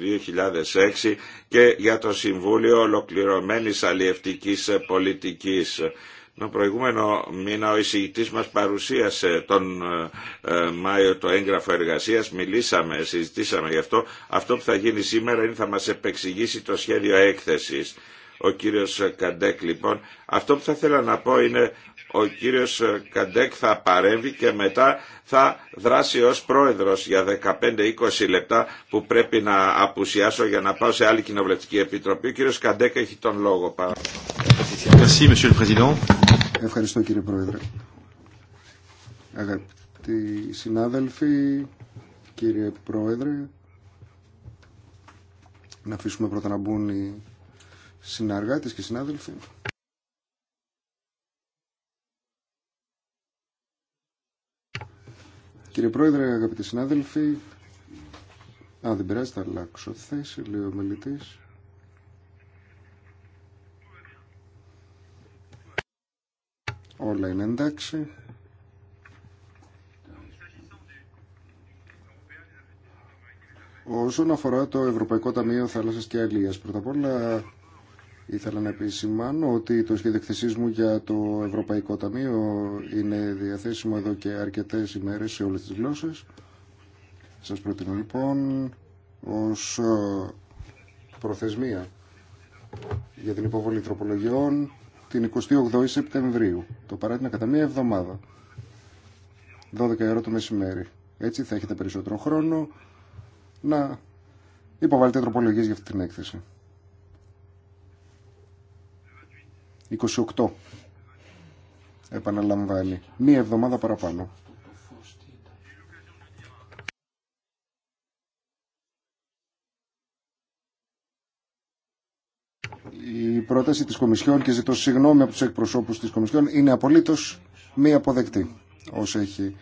2006 και για το Συμβούλιο Ολοκληρωμένης Αλλιευτικής Πολιτικής. Τον προηγούμενο μήνα ο εισηγητής μας παρουσίασε τον ε, ε, Μάιο το έγγραφο εργασίας, μιλήσαμε, συζητήσαμε γι' αυτό. Αυτό που θα γίνει σήμερα είναι θα μας επεξηγήσει το σχέδιο έκθεσης ο κύριος Καντέκ λοιπόν. Αυτό που θα ήθελα να πω είναι ο κύριος Καντέκ θα παρέμβει και μετά θα δράσει ως πρόεδρος για 15-20 λεπτά που πρέπει να απουσιάσω για να πάω σε άλλη κοινοβουλευτική επιτροπή. Ο κύριος Καντέκ έχει τον λόγο. Ευχαριστώ κύριε Πρόεδρε. Αγαπητοί συνάδελφοι, κύριε Πρόεδρε, να αφήσουμε πρώτα να μπουν οι συνεργάτες και συνάδελφοι. Κύριε Πρόεδρε, αγαπητοί συνάδελφοι, αν δεν πειράζει θα αλλάξω θέση, λέει ο μελητή. Όλα είναι εντάξει. Όσον αφορά το Ευρωπαϊκό Ταμείο Θάλασσας και Αλίας, πρώτα απ' όλα Ήθελα να επισημάνω ότι το σχέδιο εκθεσή μου για το Ευρωπαϊκό Ταμείο είναι διαθέσιμο εδώ και αρκετέ ημέρε σε όλε τι γλώσσε. Σα προτείνω λοιπόν ω ε, προθεσμία για την υποβολή τροπολογιών την 28η Σεπτεμβρίου. Το παράδειγμα κατά μία εβδομάδα. 12 ώρα το μεσημέρι. Έτσι θα έχετε περισσότερο χρόνο να υποβάλλετε τροπολογίες για αυτή την έκθεση. 28 επαναλαμβάνει. Μία εβδομάδα παραπάνω. Η πρόταση της Κομισιόν και ζητώ συγγνώμη από τους εκπροσώπους της Κομισιόν είναι απολύτως μη αποδεκτή όσο έχει.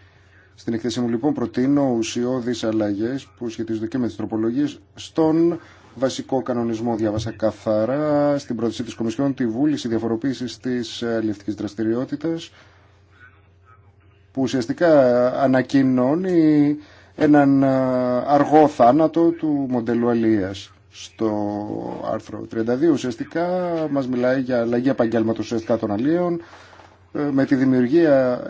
Στην εκθέση μου λοιπόν προτείνω ουσιώδεις αλλαγές που σχετίζονται και με τις τροπολογίες στον βασικό κανονισμό διάβασα καθαρά στην πρόταση της Κομισιόν τη βούληση διαφοροποίησης της αλληλευτικής ε, δραστηριότητας που ουσιαστικά ανακοινώνει έναν ε, αργό θάνατο του μοντέλου αλίας στο άρθρο 32 ουσιαστικά μας μιλάει για αλλαγή επαγγέλματος ουσιαστικά των αλλήλων με τη δημιουργία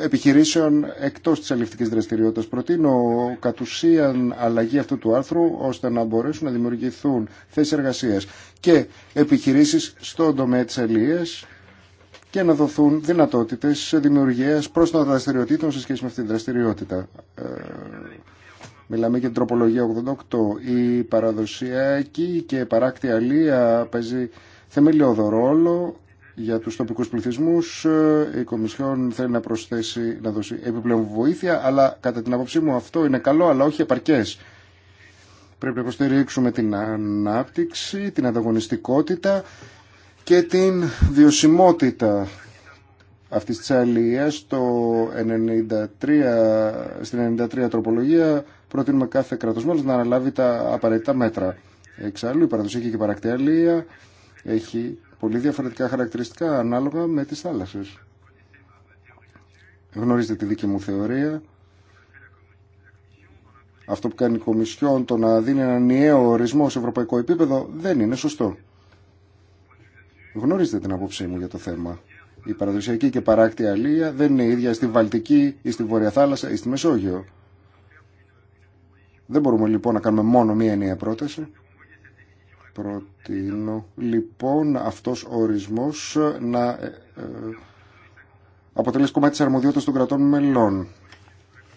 ε, επιχειρήσεων εκτός της αλληλευτικής δραστηριότητας. Προτείνω κατ' ουσίαν αλλαγή αυτού του άρθρου ώστε να μπορέσουν να δημιουργηθούν θέσεις εργασίας και επιχειρήσεις στον τομέα της αλληλείας και να δοθούν δυνατότητες δημιουργίας προς των δραστηριοτήτων σε σχέση με αυτή τη δραστηριότητα. Ε, μιλάμε για την τροπολογία 88. Η παραδοσιακή και παράκτη αλλήλεια παίζει θεμελιώδο ρόλο για τους τοπικούς πληθυσμούς. Ε, η Κομισιόν θέλει να προσθέσει, να δώσει επιπλέον βοήθεια, αλλά κατά την άποψή μου αυτό είναι καλό, αλλά όχι επαρκές. Πρέπει να υποστηρίξουμε την ανάπτυξη, την ανταγωνιστικότητα και την βιωσιμότητα αυτής της αλληλείας. στην 93 τροπολογία προτείνουμε κάθε κράτος μέλος να αναλάβει τα απαραίτητα μέτρα. Εξάλλου η παραδοσιακή και η παρακτή αλληλεία έχει πολύ διαφορετικά χαρακτηριστικά ανάλογα με τις θάλασσες. Γνωρίζετε τη δική μου θεωρία. Αυτό που κάνει η Κομισιόν, το να δίνει έναν νέο ορισμό σε ευρωπαϊκό επίπεδο, δεν είναι σωστό. Γνωρίζετε την απόψή μου για το θέμα. Η παραδοσιακή και παράκτη αλία δεν είναι ίδια στη Βαλτική ή στη Βόρεια Θάλασσα ή στη Μεσόγειο. Δεν μπορούμε λοιπόν να κάνουμε μόνο μία νέα πρόταση προτείνω λοιπόν αυτός ο ορισμός να ε, ε, αποτελέσει κομμάτι της αρμοδιότητας των κρατών μελών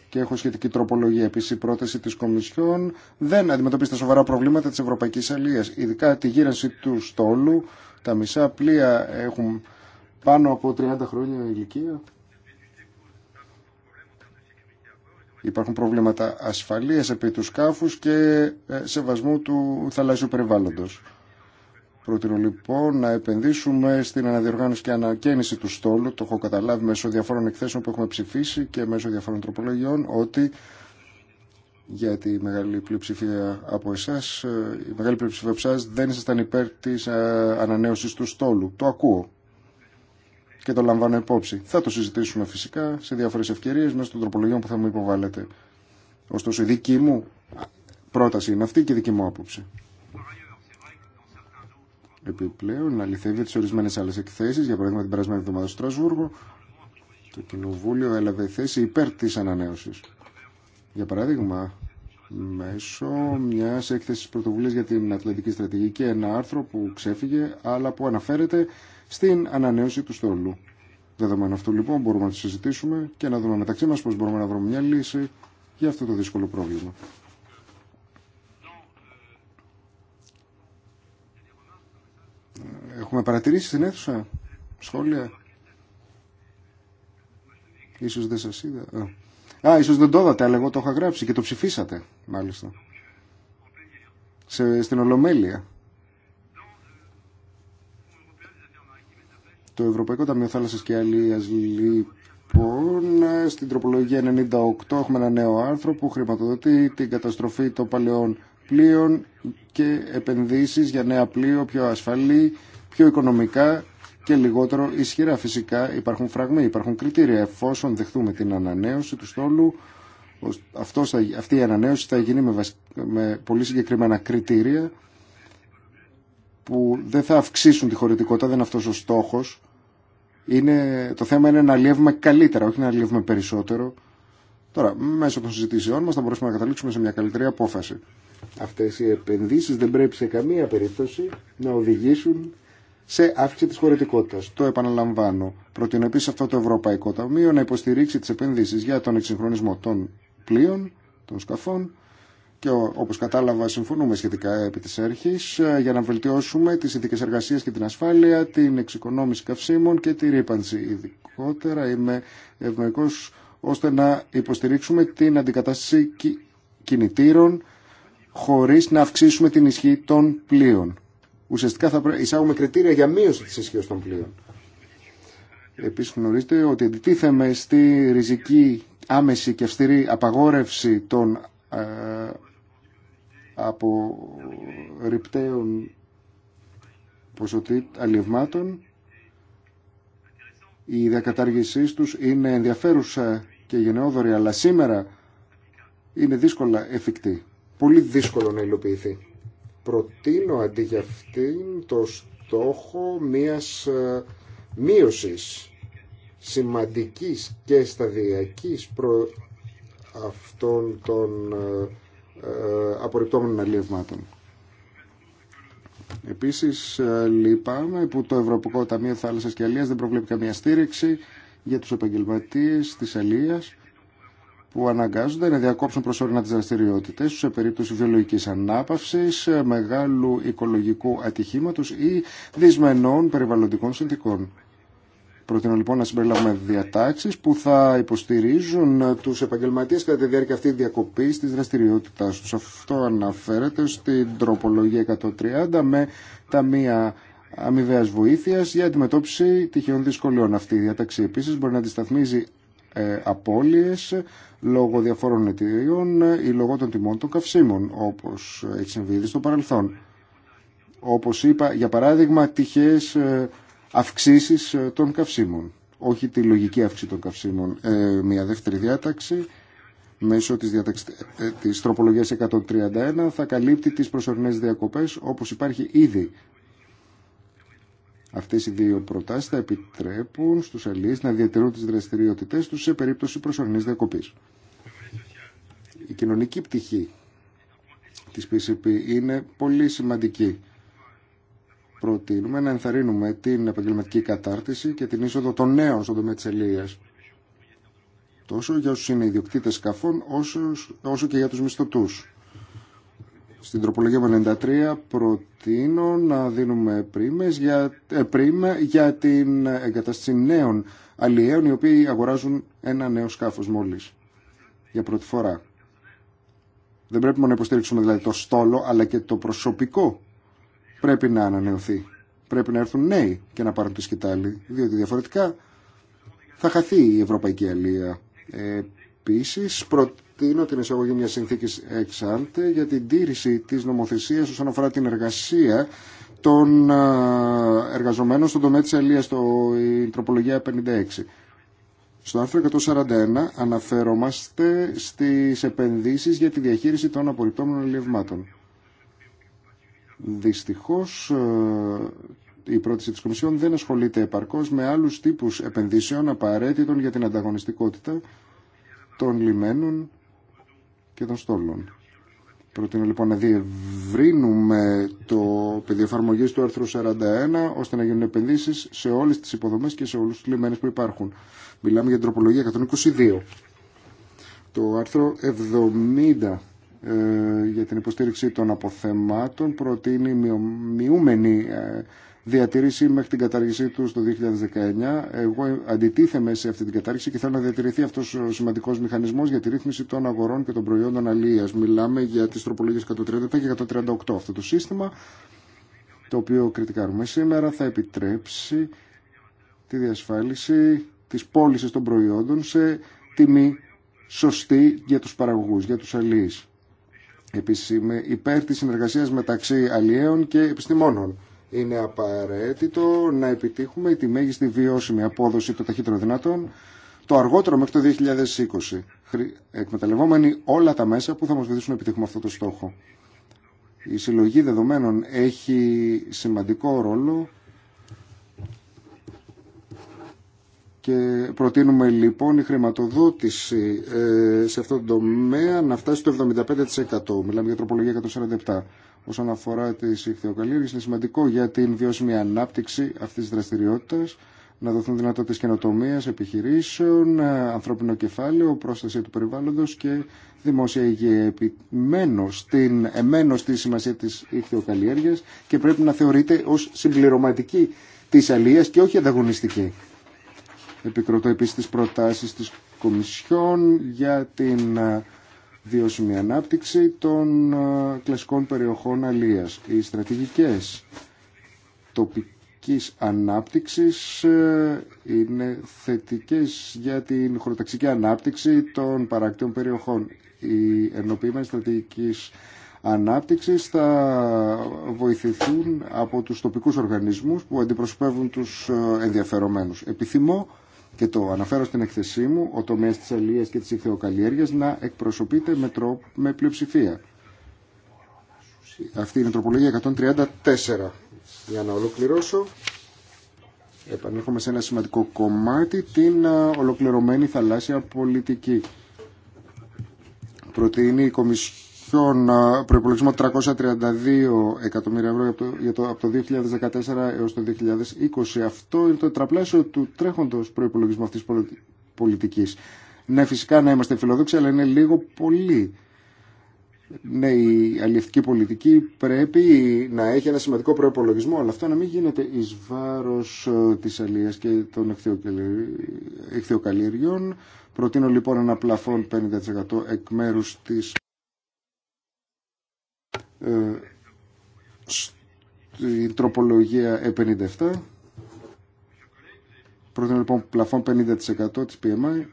και έχω σχετική τροπολογία. Επίση, η πρόταση τη Κομισιόν δεν αντιμετωπίζει τα σοβαρά προβλήματα τη ευρωπαϊκή Αλία. ειδικά τη γύρανση του στόλου. Τα μισά πλοία έχουν πάνω από 30 χρόνια ηλικία Υπάρχουν προβλήματα ασφαλείας επί του σκάφους και ε, σεβασμού του θαλάσσιου περιβάλλοντος. Προτείνω λοιπόν να επενδύσουμε στην αναδιοργάνωση και ανακαίνιση του στόλου. Το έχω καταλάβει μέσω διαφόρων εκθέσεων που έχουμε ψηφίσει και μέσω διαφόρων τροπολογιών ότι για τη μεγάλη πλειοψηφία από εσά, ε, η μεγάλη πλειοψηφία από εσά δεν ήσασταν υπέρ τη ε, ανανέωση του στόλου. Το ακούω και το λαμβάνω υπόψη. Θα το συζητήσουμε φυσικά σε διάφορε ευκαιρίε μέσα των τροπολογιών που θα μου υποβάλλετε. Ωστόσο η δική μου πρόταση είναι αυτή και η δική μου άποψη. Επιπλέον, αληθεύει ότι σε ορισμένε άλλε εκθέσει, για παράδειγμα την περασμένη εβδομάδα στο Στρασβούργο, το Κοινοβούλιο έλαβε θέση υπέρ τη ανανέωση. Για παράδειγμα, μέσω μια έκθεση πρωτοβουλία για την Ατλαντική Στρατηγική, ένα άρθρο που ξέφυγε, αλλά που αναφέρεται στην ανανέωση του στόλου. Δεδομένου αυτού λοιπόν μπορούμε να συζητήσουμε και να δούμε μεταξύ μας πώς μπορούμε να βρούμε μια λύση για αυτό το δύσκολο πρόβλημα. Ε, έχουμε παρατηρήσει στην αίθουσα σχόλια. Ίσως δεν σας είδα. Α, ίσως δεν το είδατε, αλλά εγώ το είχα γράψει και το ψηφίσατε, μάλιστα. Σε, στην Ολομέλεια. Το Ευρωπαϊκό Ταμείο Θάλασσα και Αλία λοιπόν στην τροπολογία 98 έχουμε ένα νέο άρθρο που χρηματοδοτεί την καταστροφή των παλαιών πλοίων και επενδύσεις για νέα πλοίο πιο ασφαλή, πιο οικονομικά και λιγότερο ισχυρά. Φυσικά υπάρχουν φραγμοί, υπάρχουν κριτήρια. Εφόσον δεχτούμε την ανανέωση του στόλου, αυτή η ανανέωση θα γίνει με πολύ συγκεκριμένα κριτήρια που δεν θα αυξήσουν τη χωρητικότητα, δεν είναι αυτός ο στόχος. Είναι, το θέμα είναι να αλλιεύουμε καλύτερα, όχι να αλλιεύουμε περισσότερο. Τώρα, μέσω των συζητήσεών μας θα μπορέσουμε να καταλήξουμε σε μια καλύτερη απόφαση. Αυτές οι επενδύσεις δεν πρέπει σε καμία περίπτωση να οδηγήσουν σε αύξηση της χωρητικότητας. Το επαναλαμβάνω. Προτείνω επίσης αυτό το Ευρωπαϊκό Ταμείο να υποστηρίξει τις επενδύσεις για τον εξυγχρονισμό των πλοίων, των σκαφών, και όπως κατάλαβα συμφωνούμε σχετικά επί της αρχής ε, για να βελτιώσουμε τις ειδικές εργασίες και την ασφάλεια, την εξοικονόμηση καυσίμων και τη ρήπανση. Ειδικότερα είμαι ευνοϊκός ώστε να υποστηρίξουμε την αντικατάσταση κινητήρων χωρίς να αυξήσουμε την ισχύ των πλοίων. Ουσιαστικά θα εισάγουμε κριτήρια για μείωση της ισχύω των πλοίων. Επίση γνωρίζετε ότι αντιτίθεμε στη ριζική άμεση και αυστηρή απαγόρευση των ε, από ρηπταίων ποσοτή αλλιευμάτων. Η διακατάργησή τους είναι ενδιαφέρουσα και γενναιόδορη, αλλά σήμερα είναι δύσκολα εφικτή. Πολύ δύσκολο να υλοποιηθεί. Προτείνω αντί για αυτήν το στόχο μιας ε, μείωσης σημαντικής και σταδιακής προ αυτών των ε, ε, απορριπτόμενων αλλιευμάτων. Επίσης, ε, λυπάμαι που το Ευρωπαϊκό Ταμείο Θάλασσας και Αλία δεν προβλέπει καμία στήριξη για τους επαγγελματίε τη Αλία που αναγκάζονται να διακόψουν προσωρινά τις δραστηριότητε τους σε περίπτωση βιολογική ανάπαυση ε, μεγάλου οικολογικού ατυχήματος ή δυσμενών περιβαλλοντικών συνθήκων. Προτείνω λοιπόν να συμπεριλάβουμε διατάξει που θα υποστηρίζουν του επαγγελματίε κατά τη διάρκεια αυτή διακοπή τη δραστηριότητά του. Αυτό αναφέρεται στην τροπολογία 130 με ταμεία αμοιβαία βοήθεια για αντιμετώπιση τυχαίων δυσκολιών. Αυτή η διατάξη επίση μπορεί να αντισταθμίζει ε, απώλειες λόγω διαφόρων εταιρείων ή λόγω των τιμών των καυσίμων, όπω έχει συμβεί στο παρελθόν. Όπω είπα, για παράδειγμα, τυχέ. Αυξήσει ε, των καυσίμων, όχι τη λογική αύξηση των καυσίμων. Ε, μια δεύτερη διάταξη μέσω της, τροπολογία ε, της τροπολογίας 131 θα καλύπτει τις προσωρινές διακοπές όπως υπάρχει ήδη. Αυτές οι δύο προτάσεις θα επιτρέπουν στους αλληλεί να διατηρούν τις δραστηριότητές τους σε περίπτωση προσωρινής διακοπής. Η κοινωνική πτυχή της PCP είναι πολύ σημαντική προτείνουμε να ενθαρρύνουμε την επαγγελματική κατάρτιση και την είσοδο των νέων στον τομέα της ελίας. Τόσο για όσους είναι ιδιοκτήτες σκαφών, όσο, και για τους μισθωτούς. Στην τροπολογία 93 προτείνω να δίνουμε πρίμες για, ε, για την εγκατάσταση νέων αλλιέων οι οποίοι αγοράζουν ένα νέο σκάφος μόλις για πρώτη φορά. Δεν πρέπει μόνο να υποστηρίξουμε δηλαδή το στόλο αλλά και το προσωπικό πρέπει να ανανεωθεί. Πρέπει να έρθουν νέοι και να πάρουν τη σκητάλη, διότι διαφορετικά θα χαθεί η Ευρωπαϊκή Αλία. Επίση, προτείνω την εισαγωγή μια συνθήκη εξάντε για την τήρηση τη νομοθεσία όσον αφορά την εργασία των εργαζομένων στον τομέα τη Αλία, στο τροπολογία 56. Στο άρθρο 141 αναφερόμαστε στις επενδύσεις για τη διαχείριση των απορριπτόμενων ελευμάτων. Δυστυχώς ε, η πρόταση της Κομισιόν δεν ασχολείται επαρκώς με άλλους τύπους επενδύσεων απαραίτητων για την ανταγωνιστικότητα των λιμένων και των στόλων. Προτείνω λοιπόν να διευρύνουμε το πεδίο εφαρμογή του άρθρου 41 ώστε να γίνουν επενδύσεις σε όλες τις υποδομές και σε όλους τους λιμένες που υπάρχουν. Μιλάμε για την τροπολογία 122. Το άρθρο 70 ε, για την υποστήριξη των αποθεμάτων προτείνει μειούμενη ε, διατήρηση μέχρι την κατάργησή του το 2019. Εγώ αντιτίθεμαι σε αυτή την κατάργηση και θέλω να διατηρηθεί αυτός ο σημαντικό μηχανισμός για τη ρύθμιση των αγορών και των προϊόντων αλίας. Μιλάμε για τις τροπολογίες 137 και 138. Αυτό το σύστημα, το οποίο κριτικάρουμε σήμερα, θα επιτρέψει τη διασφάλιση της πώληση των προϊόντων σε τιμή σωστή για τους παραγωγούς, για τους αλληλεί. Επίσης είμαι υπέρ της συνεργασίας μεταξύ αλλιέων και επιστημόνων. Είναι απαραίτητο να επιτύχουμε τη μέγιστη βιώσιμη απόδοση των ταχύτερων δυνατών το αργότερο μέχρι το 2020, εκμεταλλευόμενοι όλα τα μέσα που θα μας βοηθήσουν να επιτύχουμε αυτό το στόχο. Η συλλογή δεδομένων έχει σημαντικό ρόλο Και προτείνουμε λοιπόν η χρηματοδότηση ε, σε αυτό το τομέα να φτάσει στο 75%. Μιλάμε για τροπολογία 147. Όσον αφορά τι ηχθειοκαλλιέργειε, είναι σημαντικό για την βιώσιμη ανάπτυξη αυτή τη δραστηριότητα να δοθούν δυνατότητε καινοτομία, επιχειρήσεων, ε, ανθρώπινο κεφάλαιο, πρόσθεση του περιβάλλοντο και δημόσια υγεία. Επιμένω στην, εμένω στη σημασία τη ηχθειοκαλλιέργεια και πρέπει να θεωρείται ω συμπληρωματική τη αλληλεία και όχι ανταγωνιστική. Επικροτώ επίσης τις προτάσεις της Κομισιόν για την ε, βιώσιμη ανάπτυξη των ε, κλασικών περιοχών αλίας. Οι στρατηγικές τοπικής ανάπτυξης ε, είναι θετικές για την χωροταξική ανάπτυξη των παράκτων περιοχών. Οι ενοποιημένες στρατηγικής ανάπτυξης θα βοηθηθούν από τους τοπικούς οργανισμούς που αντιπροσωπεύουν τους ενδιαφερομένους. Επιθυμώ και το αναφέρω στην εκθεσή μου, ο τομέας της αλληλείας και της ηχθεοκαλλιέργειας να εκπροσωπείται με, τρο... με πλειοψηφία. Αυτή είναι η τροπολογία 134. Για να ολοκληρώσω, επανέρχομαι σε ένα σημαντικό κομμάτι, την ολοκληρωμένη θαλάσσια πολιτική. Προτείνει η Κομισιόν στον προϋπολογισμό 332 εκατομμύρια ευρώ από το, για το, από το 2014 έως το 2020. Αυτό είναι το τετραπλάσιο του τρέχοντος προϋπολογισμού αυτής της πολιτικής. Ναι, φυσικά να είμαστε φιλοδόξοι, αλλά είναι λίγο πολύ. Ναι, η αλληλευτική πολιτική πρέπει να έχει ένα σημαντικό προπολογισμό, αλλά αυτό να μην γίνεται εις βάρος της αλληλείας και των εχθειοκαλλιεργιών. Προτείνω λοιπόν ένα πλαφόν 50% εκ μέρους της ε, στην τροπολογία E57. Ε, Πρώτον λοιπόν πλαφόν 50% της PMI.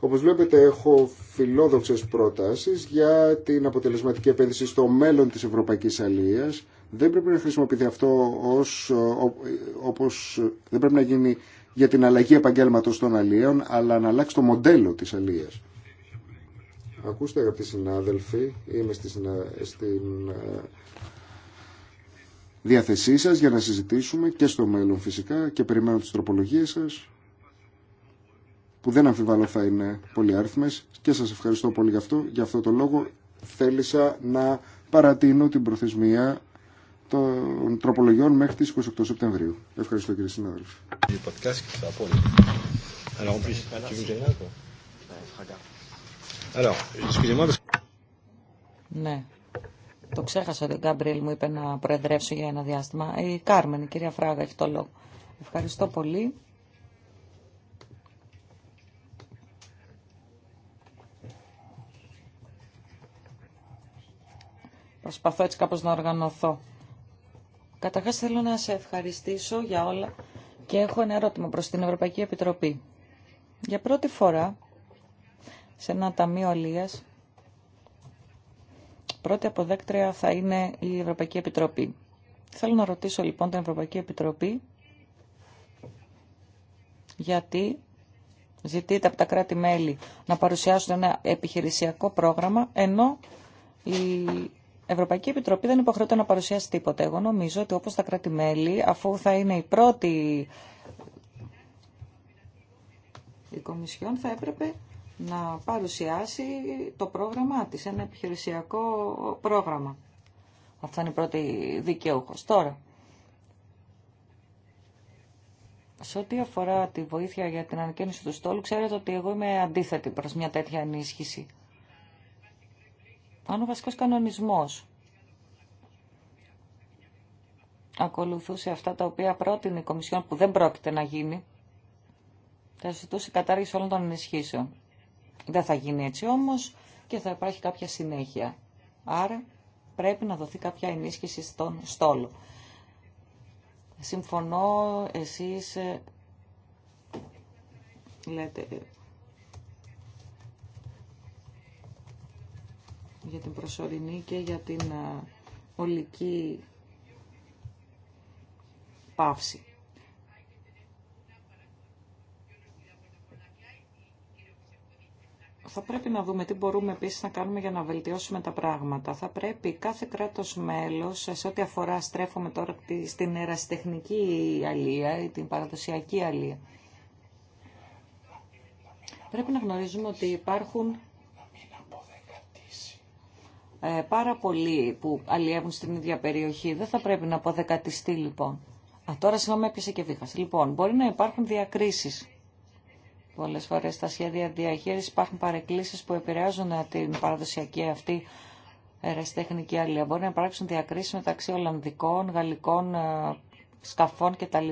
Όπως βλέπετε έχω φιλόδοξες προτάσεις για την αποτελεσματική επένδυση στο μέλλον της Ευρωπαϊκής Αλίας. Δεν πρέπει να χρησιμοποιηθεί αυτό ως, όπως δεν πρέπει να γίνει για την αλλαγή επαγγέλματος των αλίων, αλλά να αλλάξει το μοντέλο της αλίας. Ακούστε αγαπητοί συνάδελφοι, είμαι στην, στην ε, διάθεσή σας για να συζητήσουμε και στο μέλλον φυσικά και περιμένω τις τροπολογίες σας που δεν αμφιβάλλω θα είναι πολύ και σας ευχαριστώ πολύ γι' αυτό. Γι' αυτό το λόγο θέλησα να παρατείνω την προθεσμία των τροπολογιών μέχρι τις 28 Σεπτεμβρίου. Ευχαριστώ κύριε συνάδελφοι. Ναι. Το ξέχασα ότι ο Γκάμπριελ μου είπε να προεδρεύσω για ένα διάστημα. Η Κάρμεν, η κυρία Φράγα, έχει το λόγο. Ευχαριστώ πολύ. Προσπαθώ έτσι κάπως να οργανωθώ. Καταρχάς θέλω να σε ευχαριστήσω για όλα και έχω ένα ερώτημα προς την Ευρωπαϊκή Επιτροπή. Για πρώτη φορά σε ένα ταμείο αλίας. Πρώτη αποδέκτρια θα είναι η Ευρωπαϊκή Επιτροπή. Θέλω να ρωτήσω λοιπόν την Ευρωπαϊκή Επιτροπή γιατί ζητείται από τα κράτη-μέλη να παρουσιάσουν ένα επιχειρησιακό πρόγραμμα ενώ η Ευρωπαϊκή Επιτροπή δεν υποχρεώται να παρουσιάσει τίποτα. Εγώ νομίζω ότι όπως τα κράτη-μέλη, αφού θα είναι η πρώτη η Κομισιόν, θα έπρεπε να παρουσιάσει το πρόγραμμά της, ένα επιχειρησιακό πρόγραμμα. Αυτό είναι η πρώτη δικαιούχος. Τώρα, σε ό,τι αφορά τη βοήθεια για την ανακαίνιση του στόλου, ξέρετε ότι εγώ είμαι αντίθετη προς μια τέτοια ενίσχυση. Αν ο βασικός κανονισμός ακολουθούσε αυτά τα οποία πρότεινε η Κομισιόν που δεν πρόκειται να γίνει, θα ζητούσε κατάργηση όλων των ενισχύσεων. Δεν θα γίνει έτσι όμως και θα υπάρχει κάποια συνέχεια. Άρα πρέπει να δοθεί κάποια ενίσχυση στον στόλο. Συμφωνώ εσείς ε, λέτε ε, για την προσωρινή και για την ε, ολική πάυση. θα πρέπει να δούμε τι μπορούμε επίσης να κάνουμε για να βελτιώσουμε τα πράγματα. Θα πρέπει κάθε κράτος μέλος, σε ό,τι αφορά στρέφουμε τώρα στην ερασιτεχνική αλία ή την παραδοσιακή αλία, πρέπει να γνωρίζουμε ότι υπάρχουν ε, πάρα πολλοί που αλλιεύουν στην ίδια περιοχή. Δεν θα πρέπει να αποδεκατιστεί λοιπόν. Α, τώρα συγγνώμη έπιασε και βήχας. Λοιπόν, μπορεί να υπάρχουν διακρίσεις Πολλές φορές στα σχέδια διαχείρισης υπάρχουν παρεκκλήσεις που επηρεάζουν την παραδοσιακή αυτή ερεστέχνικη αλία. Μπορεί να υπάρξουν διακρίσεις μεταξύ Ολλανδικών, Γαλλικών ε, σκαφών κτλ.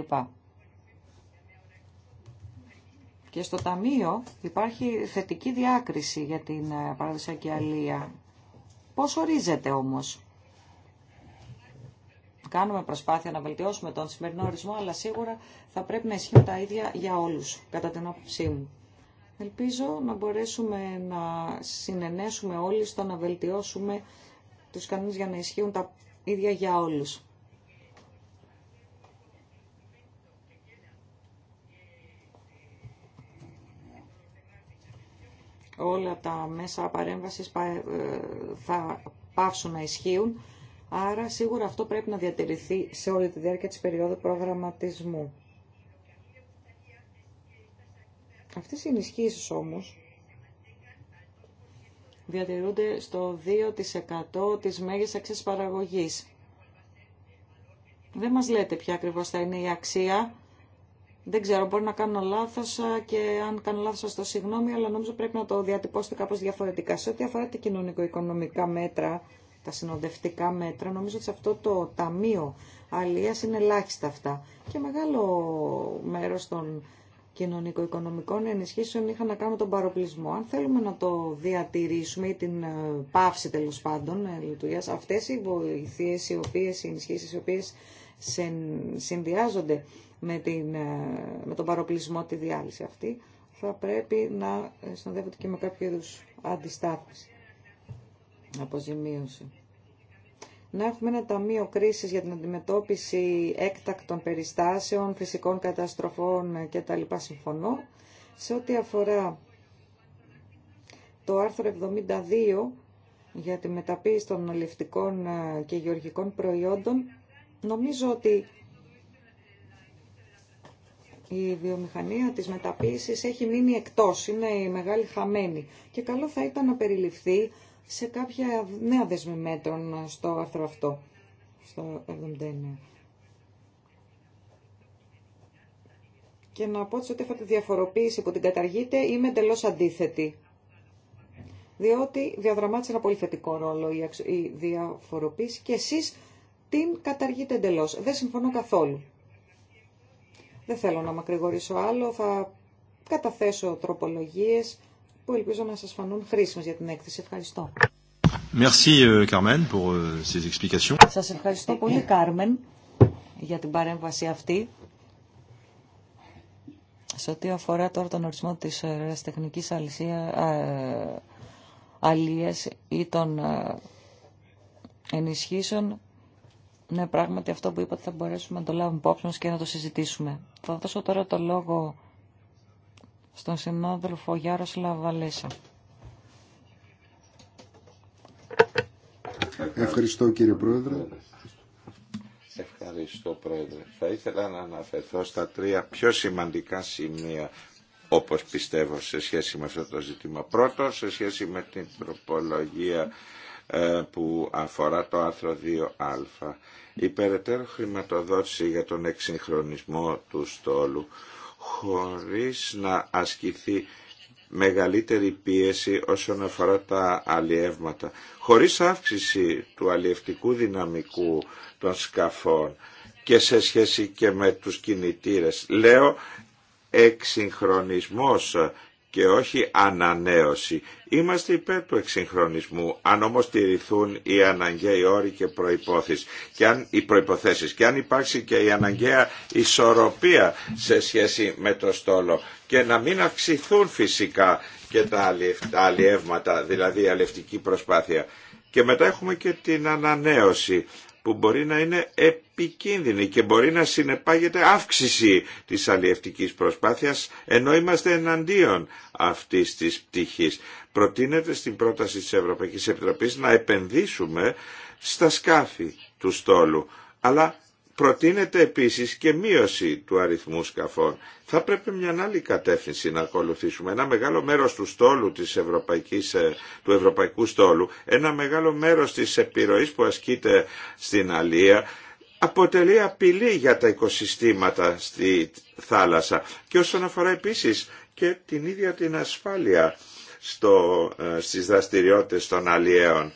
Και στο Ταμείο υπάρχει θετική διάκριση για την ε, παραδοσιακή αλία. Πώς ορίζεται όμως κάνουμε προσπάθεια να βελτιώσουμε τον σημερινό ορισμό, αλλά σίγουρα θα πρέπει να ισχύουν τα ίδια για όλους, κατά την άποψή μου. Ελπίζω να μπορέσουμε να συνενέσουμε όλοι στο να βελτιώσουμε τους κανόνες για να ισχύουν τα ίδια για όλους. Όλα τα μέσα παρέμβασης ε, θα πάψουν να ισχύουν Άρα σίγουρα αυτό πρέπει να διατηρηθεί σε όλη τη διάρκεια της περίοδου προγραμματισμού. Αυτές οι ενισχύσει όμως διατηρούνται στο 2% της μέγιστης αξίας παραγωγής. Δεν μας λέτε ποια ακριβώς θα είναι η αξία. Δεν ξέρω, μπορεί να κάνω λάθος και αν κάνω λάθος στο συγγνώμη, αλλά νομίζω πρέπει να το διατυπώσετε κάπως διαφορετικά. Σε ό,τι αφορά τα κοινωνικο-οικονομικά μέτρα, τα συνοδευτικά μέτρα. Νομίζω ότι σε αυτό το ταμείο αλίας είναι ελάχιστα αυτά. Και μεγάλο μέρος των κοινωνικο-οικονομικών ενισχύσεων είχαν να κάνουν τον παροπλισμό. Αν θέλουμε να το διατηρήσουμε ή την ε, πάυση τέλο πάντων ε, λειτουργία, αυτέ οι βοηθείε, οι οποίε, οι ενισχύσει, οι οποίε συνδυάζονται με, την, ε, με τον παροπλισμό, τη διάλυση αυτή, θα πρέπει να συνοδεύονται και με κάποιο είδου αντιστάθμιση αποζημίωση. Να έχουμε ένα ταμείο κρίσης για την αντιμετώπιση έκτακτων περιστάσεων, φυσικών καταστροφών κτλ. Συμφωνώ. Σε ό,τι αφορά το άρθρο 72 για τη μεταποίηση των ολευτικών και γεωργικών προϊόντων, νομίζω ότι η βιομηχανία της μεταποίησης έχει μείνει εκτός, είναι η μεγάλη χαμένη και καλό θα ήταν να περιληφθεί σε κάποια νέα δεσμή στο άρθρο αυτό, στο 79. Και να πω ότι ό,τι τη διαφοροποίηση που την καταργείτε είμαι εντελώ αντίθετη. Διότι διαδραμάτισε ένα πολύ θετικό ρόλο η διαφοροποίηση και εσείς την καταργείτε εντελώ. Δεν συμφωνώ καθόλου. Δεν θέλω να μακρηγορήσω άλλο, θα καταθέσω τροπολογίες που ελπίζω να σας φανούν χρήσιμες για την έκθεση. Ευχαριστώ. Merci, euh, euh, Σας ευχαριστώ πολύ, Κάρμεν, για την παρέμβαση αυτή. Σε ό,τι αφορά τώρα τον ορισμό της ε, τεχνικής αλληλεία ε, ή των ε, ενισχύσεων, ναι, πράγματι αυτό που είπατε θα μπορέσουμε να το λάβουμε υπόψη μας και να το συζητήσουμε. Θα δώσω τώρα το λόγο στον συνάδελφο Γιάροσλα Βαλέσα. Ευχαριστώ κύριε Πρόεδρε. Ευχαριστώ Πρόεδρε. Θα ήθελα να αναφερθώ στα τρία πιο σημαντικά σημεία όπως πιστεύω σε σχέση με αυτό το ζήτημα. Πρώτο, σε σχέση με την τροπολογία ε, που αφορά το άρθρο 2α. Η περαιτέρω χρηματοδότηση για τον εξυγχρονισμό του στόλου χωρίς να ασκηθεί μεγαλύτερη πίεση όσον αφορά τα αλλιεύματα, χωρίς αύξηση του αλλιευτικού δυναμικού των σκαφών και σε σχέση και με τους κινητήρες. Λέω εξυγχρονισμός και όχι ανανέωση. Είμαστε υπέρ του εξυγχρονισμού, αν όμω τηρηθούν οι αναγκαίοι όροι και προϋπόθεσεις και αν, οι προϋποθέσεις και αν υπάρξει και η αναγκαία ισορροπία σε σχέση με το στόλο και να μην αυξηθούν φυσικά και τα αλλιεύματα, δηλαδή η αλλιευτική προσπάθεια. Και μετά έχουμε και την ανανέωση που μπορεί να είναι επικίνδυνη και μπορεί να συνεπάγεται αύξηση της αλλιευτικής προσπάθειας ενώ είμαστε εναντίον αυτής της πτυχής. Προτείνεται στην πρόταση της Ευρωπαϊκής Επιτροπής να επενδύσουμε στα σκάφη του στόλου αλλά Προτείνεται επίσης και μείωση του αριθμού σκαφών. Θα πρέπει μια άλλη κατεύθυνση να ακολουθήσουμε. Ένα μεγάλο μέρος του στόλου της Ευρωπαϊκής, ε, του Ευρωπαϊκού Στόλου, ένα μεγάλο μέρος της επιρροής που ασκείται στην Αλία, αποτελεί απειλή για τα οικοσυστήματα στη θάλασσα και όσον αφορά επίσης και την ίδια την ασφάλεια στο, ε, στις δραστηριότητες των Αλιαίων.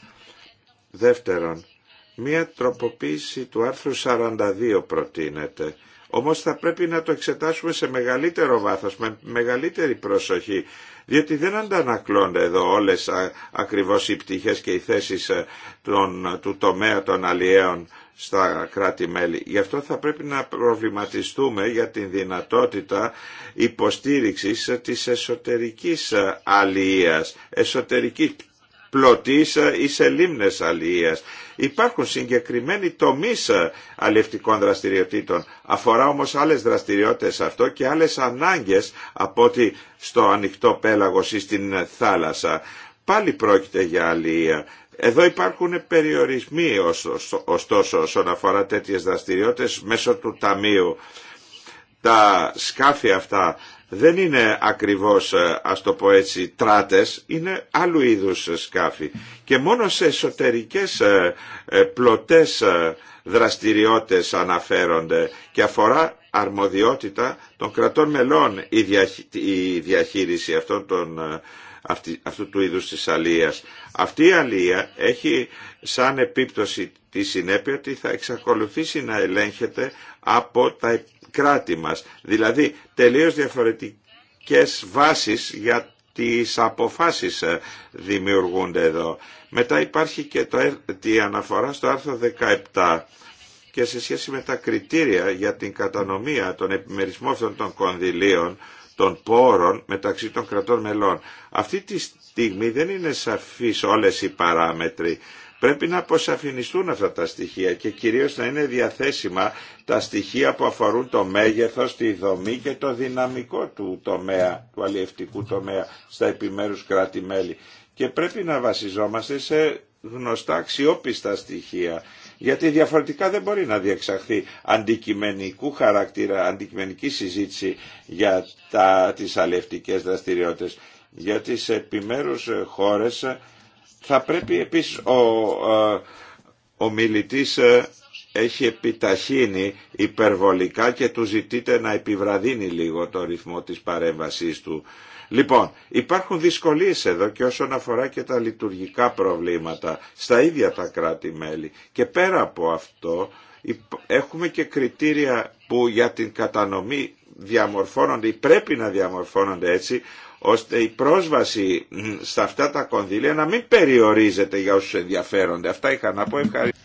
Δεύτερον, Μία τροποποίηση του άρθρου 42 προτείνεται. Όμως θα πρέπει να το εξετάσουμε σε μεγαλύτερο βάθος, με μεγαλύτερη προσοχή, διότι δεν αντανακλώνται εδώ όλες ακριβώς οι πτυχές και οι θέσεις ε, των, του τομέα των αλλιέων στα κράτη-μέλη. Γι' αυτό θα πρέπει να προβληματιστούμε για την δυνατότητα υποστήριξης ε, της εσωτερικής ε, αλληλείας, εσωτερικής πλωτής ε, ή σε λίμνε αλληλεία. Υπάρχουν συγκεκριμένοι τομείς ε, αλληλευτικών δραστηριοτήτων. Αφορά όμως άλλες δραστηριότητες αυτό και άλλες ανάγκες από ότι στο ανοιχτό πέλαγος ή στην θάλασσα. Πάλι πρόκειται για αλληλεία. Εδώ υπάρχουν περιορισμοί ωστόσο όσον αφορά τέτοιες δραστηριότητες μέσω του Ταμείου. Τα σκάφη αυτά δεν είναι ακριβώς, ε, ας το πω έτσι, τράτες, είναι άλλου είδους σκάφη. Και μόνο σε εσωτερικές ε, ε, πλωτές δραστηριότητες αναφέρονται και αφορά αρμοδιότητα των κρατών μελών η διαχείριση αυτού του είδους της αλίας. Αυτή η αλία έχει σαν επίπτωση τη συνέπεια ότι θα εξακολουθήσει να ελέγχεται από τα κράτη Δηλαδή τελείως διαφορετικές βάσεις για τις αποφάσεις ε, δημιουργούνται εδώ. Μετά υπάρχει και το, τη αναφορά στο άρθρο 17 και σε σχέση με τα κριτήρια για την κατανομία, των επιμερισμό αυτών των κονδυλίων, των πόρων μεταξύ των κρατών μελών. Αυτή τη στιγμή δεν είναι σαφείς όλες οι παράμετροι. Πρέπει να αποσαφινιστούν αυτά τα στοιχεία και κυρίως να είναι διαθέσιμα τα στοιχεία που αφορούν το μέγεθος, τη δομή και το δυναμικό του τομέα, του αλλιευτικού τομέα στα επιμέρους κράτη-μέλη. Και πρέπει να βασιζόμαστε σε γνωστά αξιόπιστα στοιχεία γιατί διαφορετικά δεν μπορεί να διεξαχθεί αντικειμενικού χαρακτήρα, αντικειμενική συζήτηση για τα, τις δραστηριότητε. δραστηριότητες. Για τι επιμέρους χώρες θα πρέπει επίσης ο, ε, ο μιλητής ε, έχει επιταχύνει υπερβολικά και του ζητείτε να επιβραδύνει λίγο το ρυθμό της παρέμβασής του. Λοιπόν, υπάρχουν δυσκολίες εδώ και όσον αφορά και τα λειτουργικά προβλήματα στα ίδια τα κράτη-μέλη. Και πέρα από αυτό έχουμε και κριτήρια που για την κατανομή διαμορφώνονται ή πρέπει να διαμορφώνονται έτσι ώστε η πρόσβαση στα αυτά τα κονδύλια να μην περιορίζεται για όσους ενδιαφέρονται. Αυτά είχα να πω. Ευχαριστώ.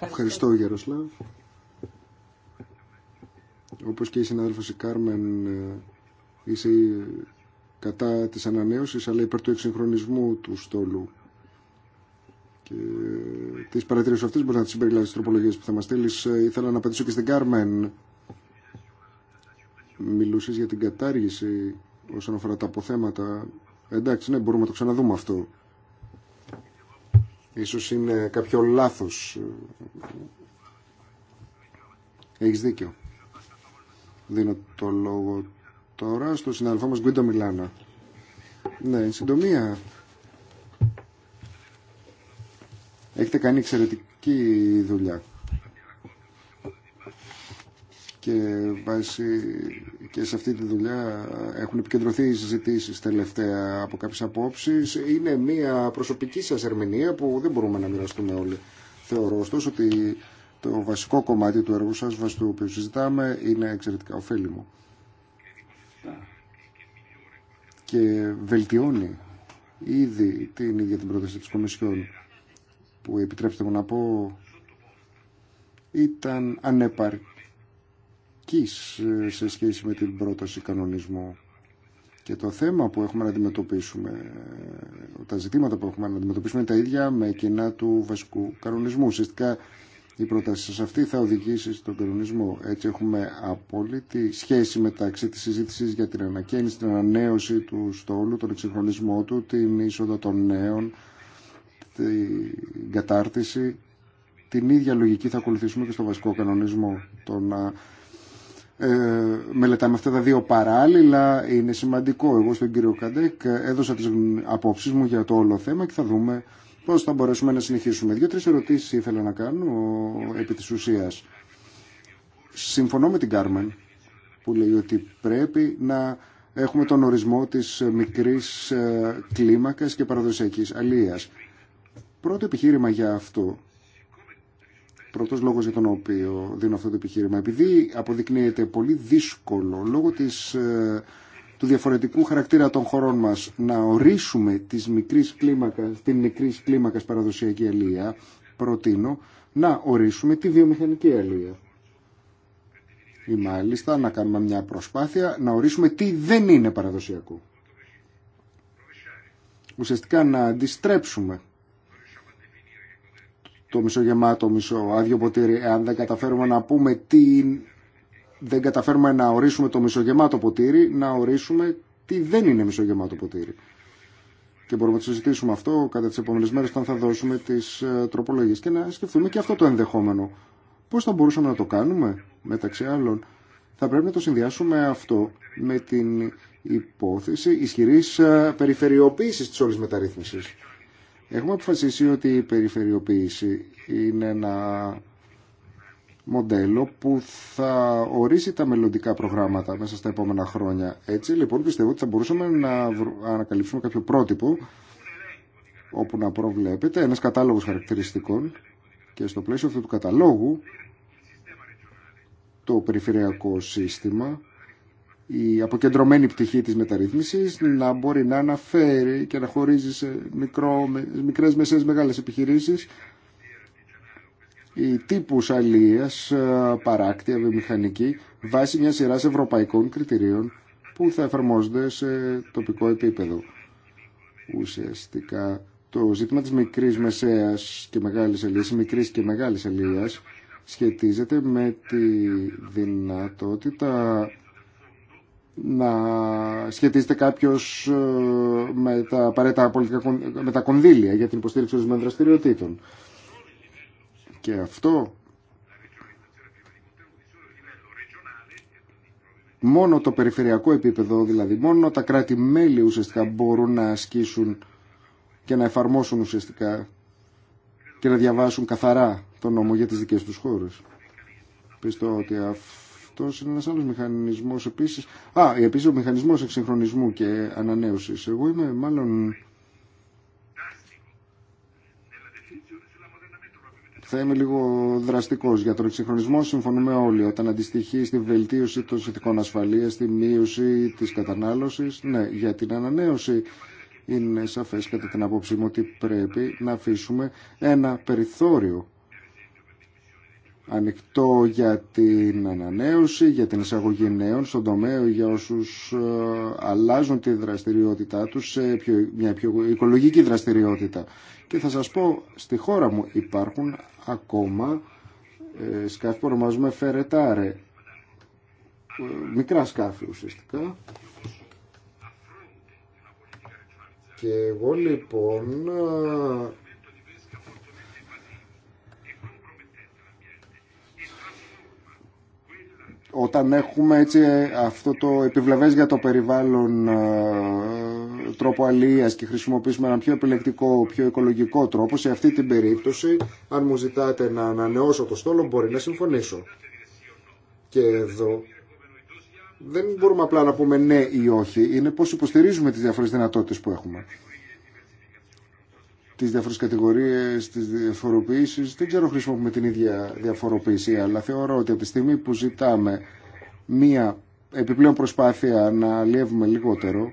Ευχαριστώ Γιαροσλάβ. Όπως και η συνάδελφος η Κάρμεν ε, είσαι κατά της ανανέωσης αλλά υπέρ του εξυγχρονισμού του στόλου. Και τις παρατηρήσεις αυτές μπορεί να τις συμπεριλάβεις στις τροπολογίες που θα μας στείλεις. Ε, ήθελα να απαντήσω και στην Κάρμεν μιλούσες για την κατάργηση όσον αφορά τα αποθέματα. Εντάξει, ναι, μπορούμε να το ξαναδούμε αυτό. Ίσως είναι κάποιο λάθος. Έχεις δίκιο. Δίνω το λόγο τώρα στο συναδελφό μας Γκουίντο Μιλάνα. Ναι, συντομία. Έχετε κάνει εξαιρετική δουλειά και, και σε αυτή τη δουλειά έχουν επικεντρωθεί οι συζητήσει τελευταία από κάποιες απόψεις. Είναι μια προσωπική σας ερμηνεία που δεν μπορούμε να μοιραστούμε όλοι. Θεωρώ ωστόσο ότι το βασικό κομμάτι του έργου σας, βάσει του οποίου συζητάμε, είναι εξαιρετικά ωφέλιμο. Και βελτιώνει ήδη την ίδια την πρόταση της Κομισιόν, που επιτρέψτε μου να πω ήταν ανεπαρκή ε, σε σχέση με την πρόταση κανονισμού. Και το θέμα που έχουμε να αντιμετωπίσουμε, ε, τα ζητήματα που έχουμε να αντιμετωπίσουμε είναι τα ίδια με κοινά του βασικού κανονισμού. Ουσιαστικά η πρόταση σας αυτή θα οδηγήσει στον κανονισμό. Έτσι έχουμε απόλυτη σχέση μεταξύ τη συζήτηση για την ανακαίνιση, την ανανέωση του στόλου, τον εξυγχρονισμό του, την είσοδο των νέων, την κατάρτιση. Την ίδια λογική θα ακολουθήσουμε και στο βασικό κανονισμό. Το να ε, μελετάμε αυτά τα δύο παράλληλα είναι σημαντικό. Εγώ στον κύριο Καντέκ έδωσα τι απόψει μου για το όλο θέμα και θα δούμε πώς θα μπορέσουμε να συνεχίσουμε. Δύο-τρεις ερωτήσεις ήθελα να κάνω επί τη ουσίας. Συμφωνώ με την Κάρμεν που λέει ότι πρέπει να έχουμε τον ορισμό της μικρής ε, κλίμακας και παραδοσιακής αλίας. Πρώτο επιχείρημα για αυτό πρώτος λόγος για τον οποίο δίνω αυτό το επιχείρημα. Επειδή αποδεικνύεται πολύ δύσκολο λόγω της, ε, του διαφορετικού χαρακτήρα των χωρών μας να ορίσουμε τις μικρής κλίμακας, την μικρή κλίμακα παραδοσιακή αλία, προτείνω να ορίσουμε τη βιομηχανική αλία. Ή μάλιστα να κάνουμε μια προσπάθεια να ορίσουμε τι δεν είναι παραδοσιακό. Ουσιαστικά να αντιστρέψουμε το μισογεμάτο, μισό άδειο ποτήρι. Εάν δεν καταφέρουμε να πούμε τι δεν καταφέρουμε να ορίσουμε το μισογεμάτο ποτήρι, να ορίσουμε τι δεν είναι μισογεμάτο ποτήρι. Και μπορούμε να το συζητήσουμε αυτό κατά τι επόμενε μέρε όταν θα δώσουμε τι ε, τροπολογίε και να σκεφτούμε και αυτό το ενδεχόμενο. Πώ θα μπορούσαμε να το κάνουμε μεταξύ άλλων. Θα πρέπει να το συνδυάσουμε αυτό με την υπόθεση ισχυρή ε, περιφερειοποίηση τη όλη μεταρρύθμιση. Έχουμε αποφασίσει ότι η περιφερειοποίηση είναι ένα μοντέλο που θα ορίσει τα μελλοντικά προγράμματα μέσα στα επόμενα χρόνια. Έτσι λοιπόν πιστεύω ότι θα μπορούσαμε να ανακαλύψουμε κάποιο πρότυπο όπου να προβλέπεται ένας κατάλογος χαρακτηριστικών και στο πλαίσιο αυτού του καταλόγου το περιφερειακό σύστημα η αποκεντρωμένη πτυχή της μεταρρύθμισης να μπορεί να αναφέρει και να χωρίζει σε μικρό, μικρές, μεσαίες, μεγάλες επιχειρήσεις οι τύπους αλίας, ε, παράκτια, βιομηχανική, βάσει μια σειράς ευρωπαϊκών κριτηρίων που θα εφαρμόζονται σε τοπικό επίπεδο. Ουσιαστικά το ζήτημα της μικρής μεσαίας και μεγάλης αλίας, και μεγάλης σχετίζεται με τη δυνατότητα να σχετίζεται κάποιο ε, με τα απαραίτητα πολιτικά με τα κονδύλια για την υποστήριξη των δραστηριοτήτων. Και αυτό μόνο το περιφερειακό επίπεδο, δηλαδή μόνο τα κράτη-μέλη ουσιαστικά μπορούν να ασκήσουν και να εφαρμόσουν ουσιαστικά και να διαβάσουν καθαρά τον νόμο για τις δικές τους χώρες. Πιστώ ότι αυτό αυτό είναι ένα άλλο μηχανισμό επίση. Α, επίση ο μηχανισμό εξυγχρονισμού και ανανέωση. Εγώ είμαι μάλλον. Θα είμαι λίγο δραστικό για τον εξυγχρονισμό. Συμφωνούμε όλοι. Όταν αντιστοιχεί στη βελτίωση των συνθηκών ασφαλεία, στη μείωση τη κατανάλωση. Ναι, για την ανανέωση είναι σαφέ κατά την απόψη μου ότι πρέπει να αφήσουμε ένα περιθώριο ανοιχτό για την ανανέωση, για την εισαγωγή νέων στον τομέα για όσους ε, αλλάζουν τη δραστηριότητά τους σε μια πιο οικολογική δραστηριότητα. Και θα σας πω, στη χώρα μου υπάρχουν ακόμα ε, σκάφη που ονομάζουμε φερετάρε, ε, μικρά σκάφη ουσιαστικά. Και εγώ λοιπόν ε, όταν έχουμε έτσι αυτό το επιβλαβές για το περιβάλλον ε, τρόπο αλληλεία και χρησιμοποιήσουμε έναν πιο επιλεκτικό, πιο οικολογικό τρόπο, σε αυτή την περίπτωση, αν μου ζητάτε να ανανεώσω το στόλο, μπορεί να συμφωνήσω. Και εδώ δεν μπορούμε απλά να πούμε ναι ή όχι, είναι πώς υποστηρίζουμε τις διάφορες δυνατότητες που έχουμε τις διάφορες κατηγορίες, τις διαφοροποιήσεις. Δεν ξέρω χρησιμοποιούμε την ίδια διαφοροποίηση, αλλά θεωρώ ότι από τη στιγμή που ζητάμε μία επιπλέον προσπάθεια να αλλιεύουμε λιγότερο,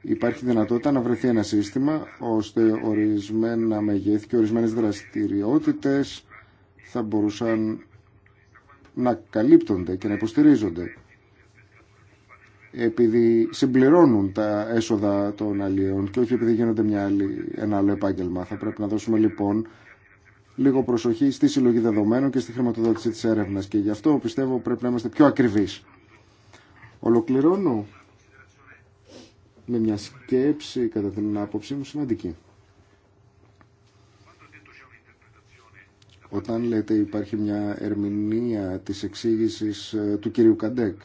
υπάρχει δυνατότητα να βρεθεί ένα σύστημα ώστε ορισμένα μεγέθη και ορισμένες δραστηριότητες θα μπορούσαν να καλύπτονται και να υποστηρίζονται επειδή συμπληρώνουν τα έσοδα των αλλιών και όχι επειδή γίνονται μια άλλη, ένα άλλο επάγγελμα. Θα πρέπει να δώσουμε λοιπόν λίγο προσοχή στη συλλογή δεδομένων και στη χρηματοδότηση της έρευνας και γι' αυτό πιστεύω πρέπει να είμαστε πιο ακριβείς. Ολοκληρώνω με μια σκέψη κατά την άποψή μου σημαντική. Όταν λέτε υπάρχει μια ερμηνεία της εξήγησης ε, του κυρίου Καντέκ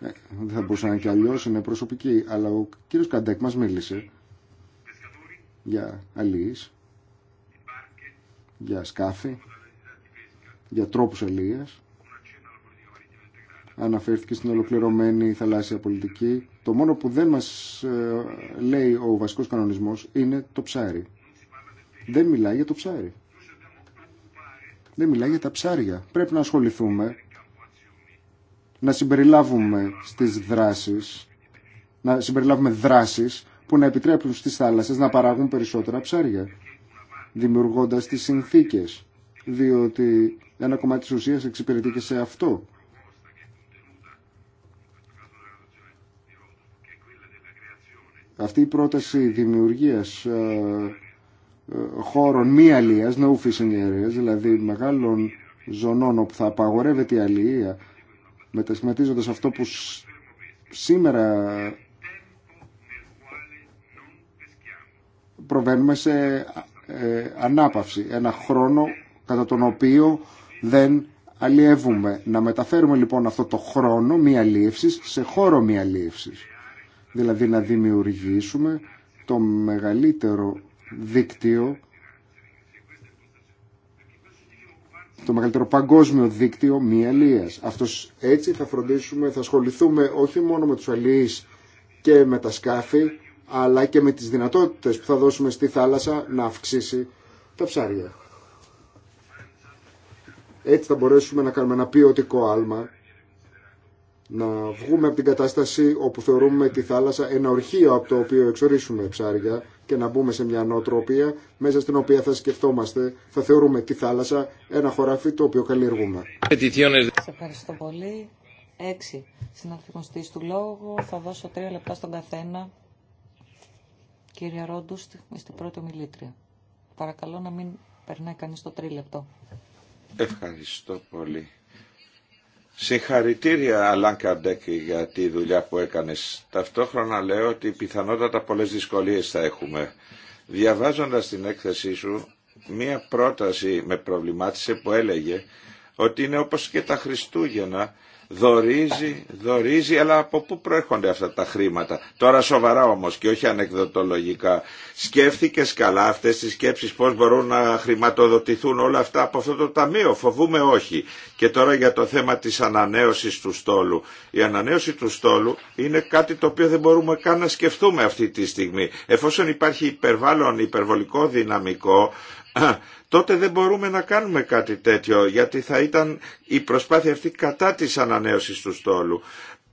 δεν θα μπορούσε να είναι και αλλιώ, είναι προσωπική. Αλλά ο κύριο Καντέκ μα μίλησε για αλληλεί, για σκάφη, για τρόπου αλληλεία. Αναφέρθηκε στην ολοκληρωμένη θαλάσσια πολιτική. Το μόνο που δεν μας ε, λέει ο βασικός κανονισμός είναι το ψάρι. Δεν μιλάει για το ψάρι. Δεν μιλάει για τα ψάρια. Πρέπει να ασχοληθούμε να συμπεριλάβουμε στις δράσεις, να συμπεριλάβουμε δράσεις που να επιτρέπουν στις θάλασσες να παράγουν περισσότερα ψάρια, δημιουργώντας τις συνθήκες, διότι ένα κομμάτι της ουσίας εξυπηρετεί και σε αυτό. Αυτή η πρόταση δημιουργίας ε, ε, χώρων μη αλίας, no fishing areas, δηλαδή μεγάλων ζωνών όπου θα απαγορεύεται η αλία, μετασχηματίζοντας αυτό που σήμερα προβαίνουμε σε ε, ανάπαυση, ένα χρόνο κατά τον οποίο δεν αλλιεύουμε. Να μεταφέρουμε λοιπόν αυτό το χρόνο μια αλλιεύσης σε χώρο μια αλλιεύσης. Δηλαδή να δημιουργήσουμε το μεγαλύτερο δίκτυο το μεγαλύτερο παγκόσμιο δίκτυο μη Αυτός έτσι θα φροντίσουμε, θα ασχοληθούμε όχι μόνο με τους αλληλεί και με τα σκάφη, αλλά και με τις δυνατότητες που θα δώσουμε στη θάλασσα να αυξήσει τα ψάρια. Έτσι θα μπορέσουμε να κάνουμε ένα ποιοτικό άλμα να βγούμε από την κατάσταση όπου θεωρούμε τη θάλασσα ένα ορχείο από το οποίο εξορίσουμε ψάρια και να μπούμε σε μια νοοτροπία μέσα στην οποία θα σκεφτόμαστε, θα θεωρούμε τη θάλασσα ένα χωράφι το οποίο καλλιεργούμε. Σε ευχαριστώ πολύ. Έξι συναρθιμοστής του λόγου. Θα δώσω τρία λεπτά στον καθένα. Κύριε Ρόντου είστε πρώτη ομιλήτρια. Παρακαλώ να μην περνάει κανείς το τρίλεπτο. Ευχαριστώ πολύ. Συγχαρητήρια Αλάν Καρντέκ για τη δουλειά που έκανες. Ταυτόχρονα λέω ότι πιθανότατα πολλές δυσκολίες θα έχουμε. Διαβάζοντας την έκθεσή σου, μία πρόταση με προβλημάτισε που έλεγε ότι είναι όπως και τα Χριστούγεννα δορίζει, δορίζει, αλλά από πού προέρχονται αυτά τα χρήματα. Τώρα σοβαρά όμως και όχι ανεκδοτολογικά. Σκέφτηκες καλά αυτές τις σκέψεις πώς μπορούν να χρηματοδοτηθούν όλα αυτά από αυτό το ταμείο. Φοβούμε όχι. Και τώρα για το θέμα της ανανέωσης του στόλου. Η ανανέωση του στόλου είναι κάτι το οποίο δεν μπορούμε καν να σκεφτούμε αυτή τη στιγμή. Εφόσον υπάρχει υπερβάλλον, υπερβολικό δυναμικό τότε δεν μπορούμε να κάνουμε κάτι τέτοιο γιατί θα ήταν η προσπάθεια αυτή κατά της ανανέωσης του στόλου.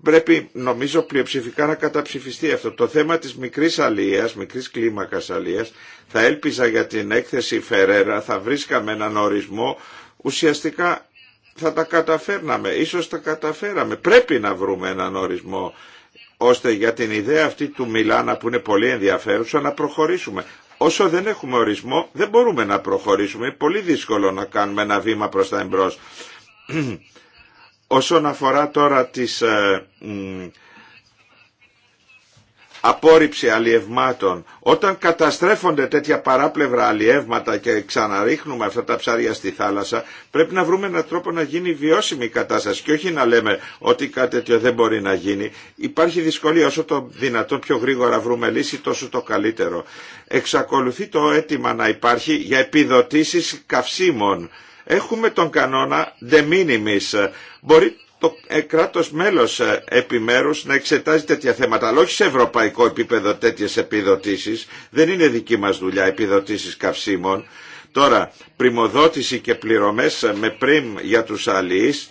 Πρέπει νομίζω πλειοψηφικά να καταψηφιστεί αυτό. Το θέμα της μικρής αλίας, μικρής κλίμακας αλίας, θα έλπιζα για την έκθεση Φερέρα, θα βρίσκαμε έναν ορισμό ουσιαστικά θα τα καταφέρναμε, ίσως τα καταφέραμε. Πρέπει να βρούμε έναν ορισμό ώστε για την ιδέα αυτή του Μιλάνα που είναι πολύ ενδιαφέρουσα να προχωρήσουμε. Όσο δεν έχουμε ορισμό δεν μπορούμε να προχωρήσουμε. Είναι πολύ δύσκολο να κάνουμε ένα βήμα προς τα εμπρός. Όσον αφορά τώρα τις ε, απόρριψη αλλιευμάτων. Όταν καταστρέφονται τέτοια παράπλευρα αλλιεύματα και ξαναρίχνουμε αυτά τα ψάρια στη θάλασσα, πρέπει να βρούμε έναν τρόπο να γίνει βιώσιμη η κατάσταση και όχι να λέμε ότι κάτι τέτοιο δεν μπορεί να γίνει. Υπάρχει δυσκολία όσο το δυνατόν πιο γρήγορα βρούμε λύση τόσο το καλύτερο. Εξακολουθεί το αίτημα να υπάρχει για επιδοτήσεις καυσίμων. Έχουμε τον κανόνα de minimis. Μπορεί το ε, κράτος μέλος ε, επιμέρους να εξετάζει τέτοια θέματα, αλλά όχι σε ευρωπαϊκό επίπεδο τέτοιες επιδοτήσεις. Δεν είναι δική μας δουλειά επιδοτήσεις καυσίμων. Τώρα, πρημοδότηση και πληρωμές ε, με πριμ για τους αλληλείς,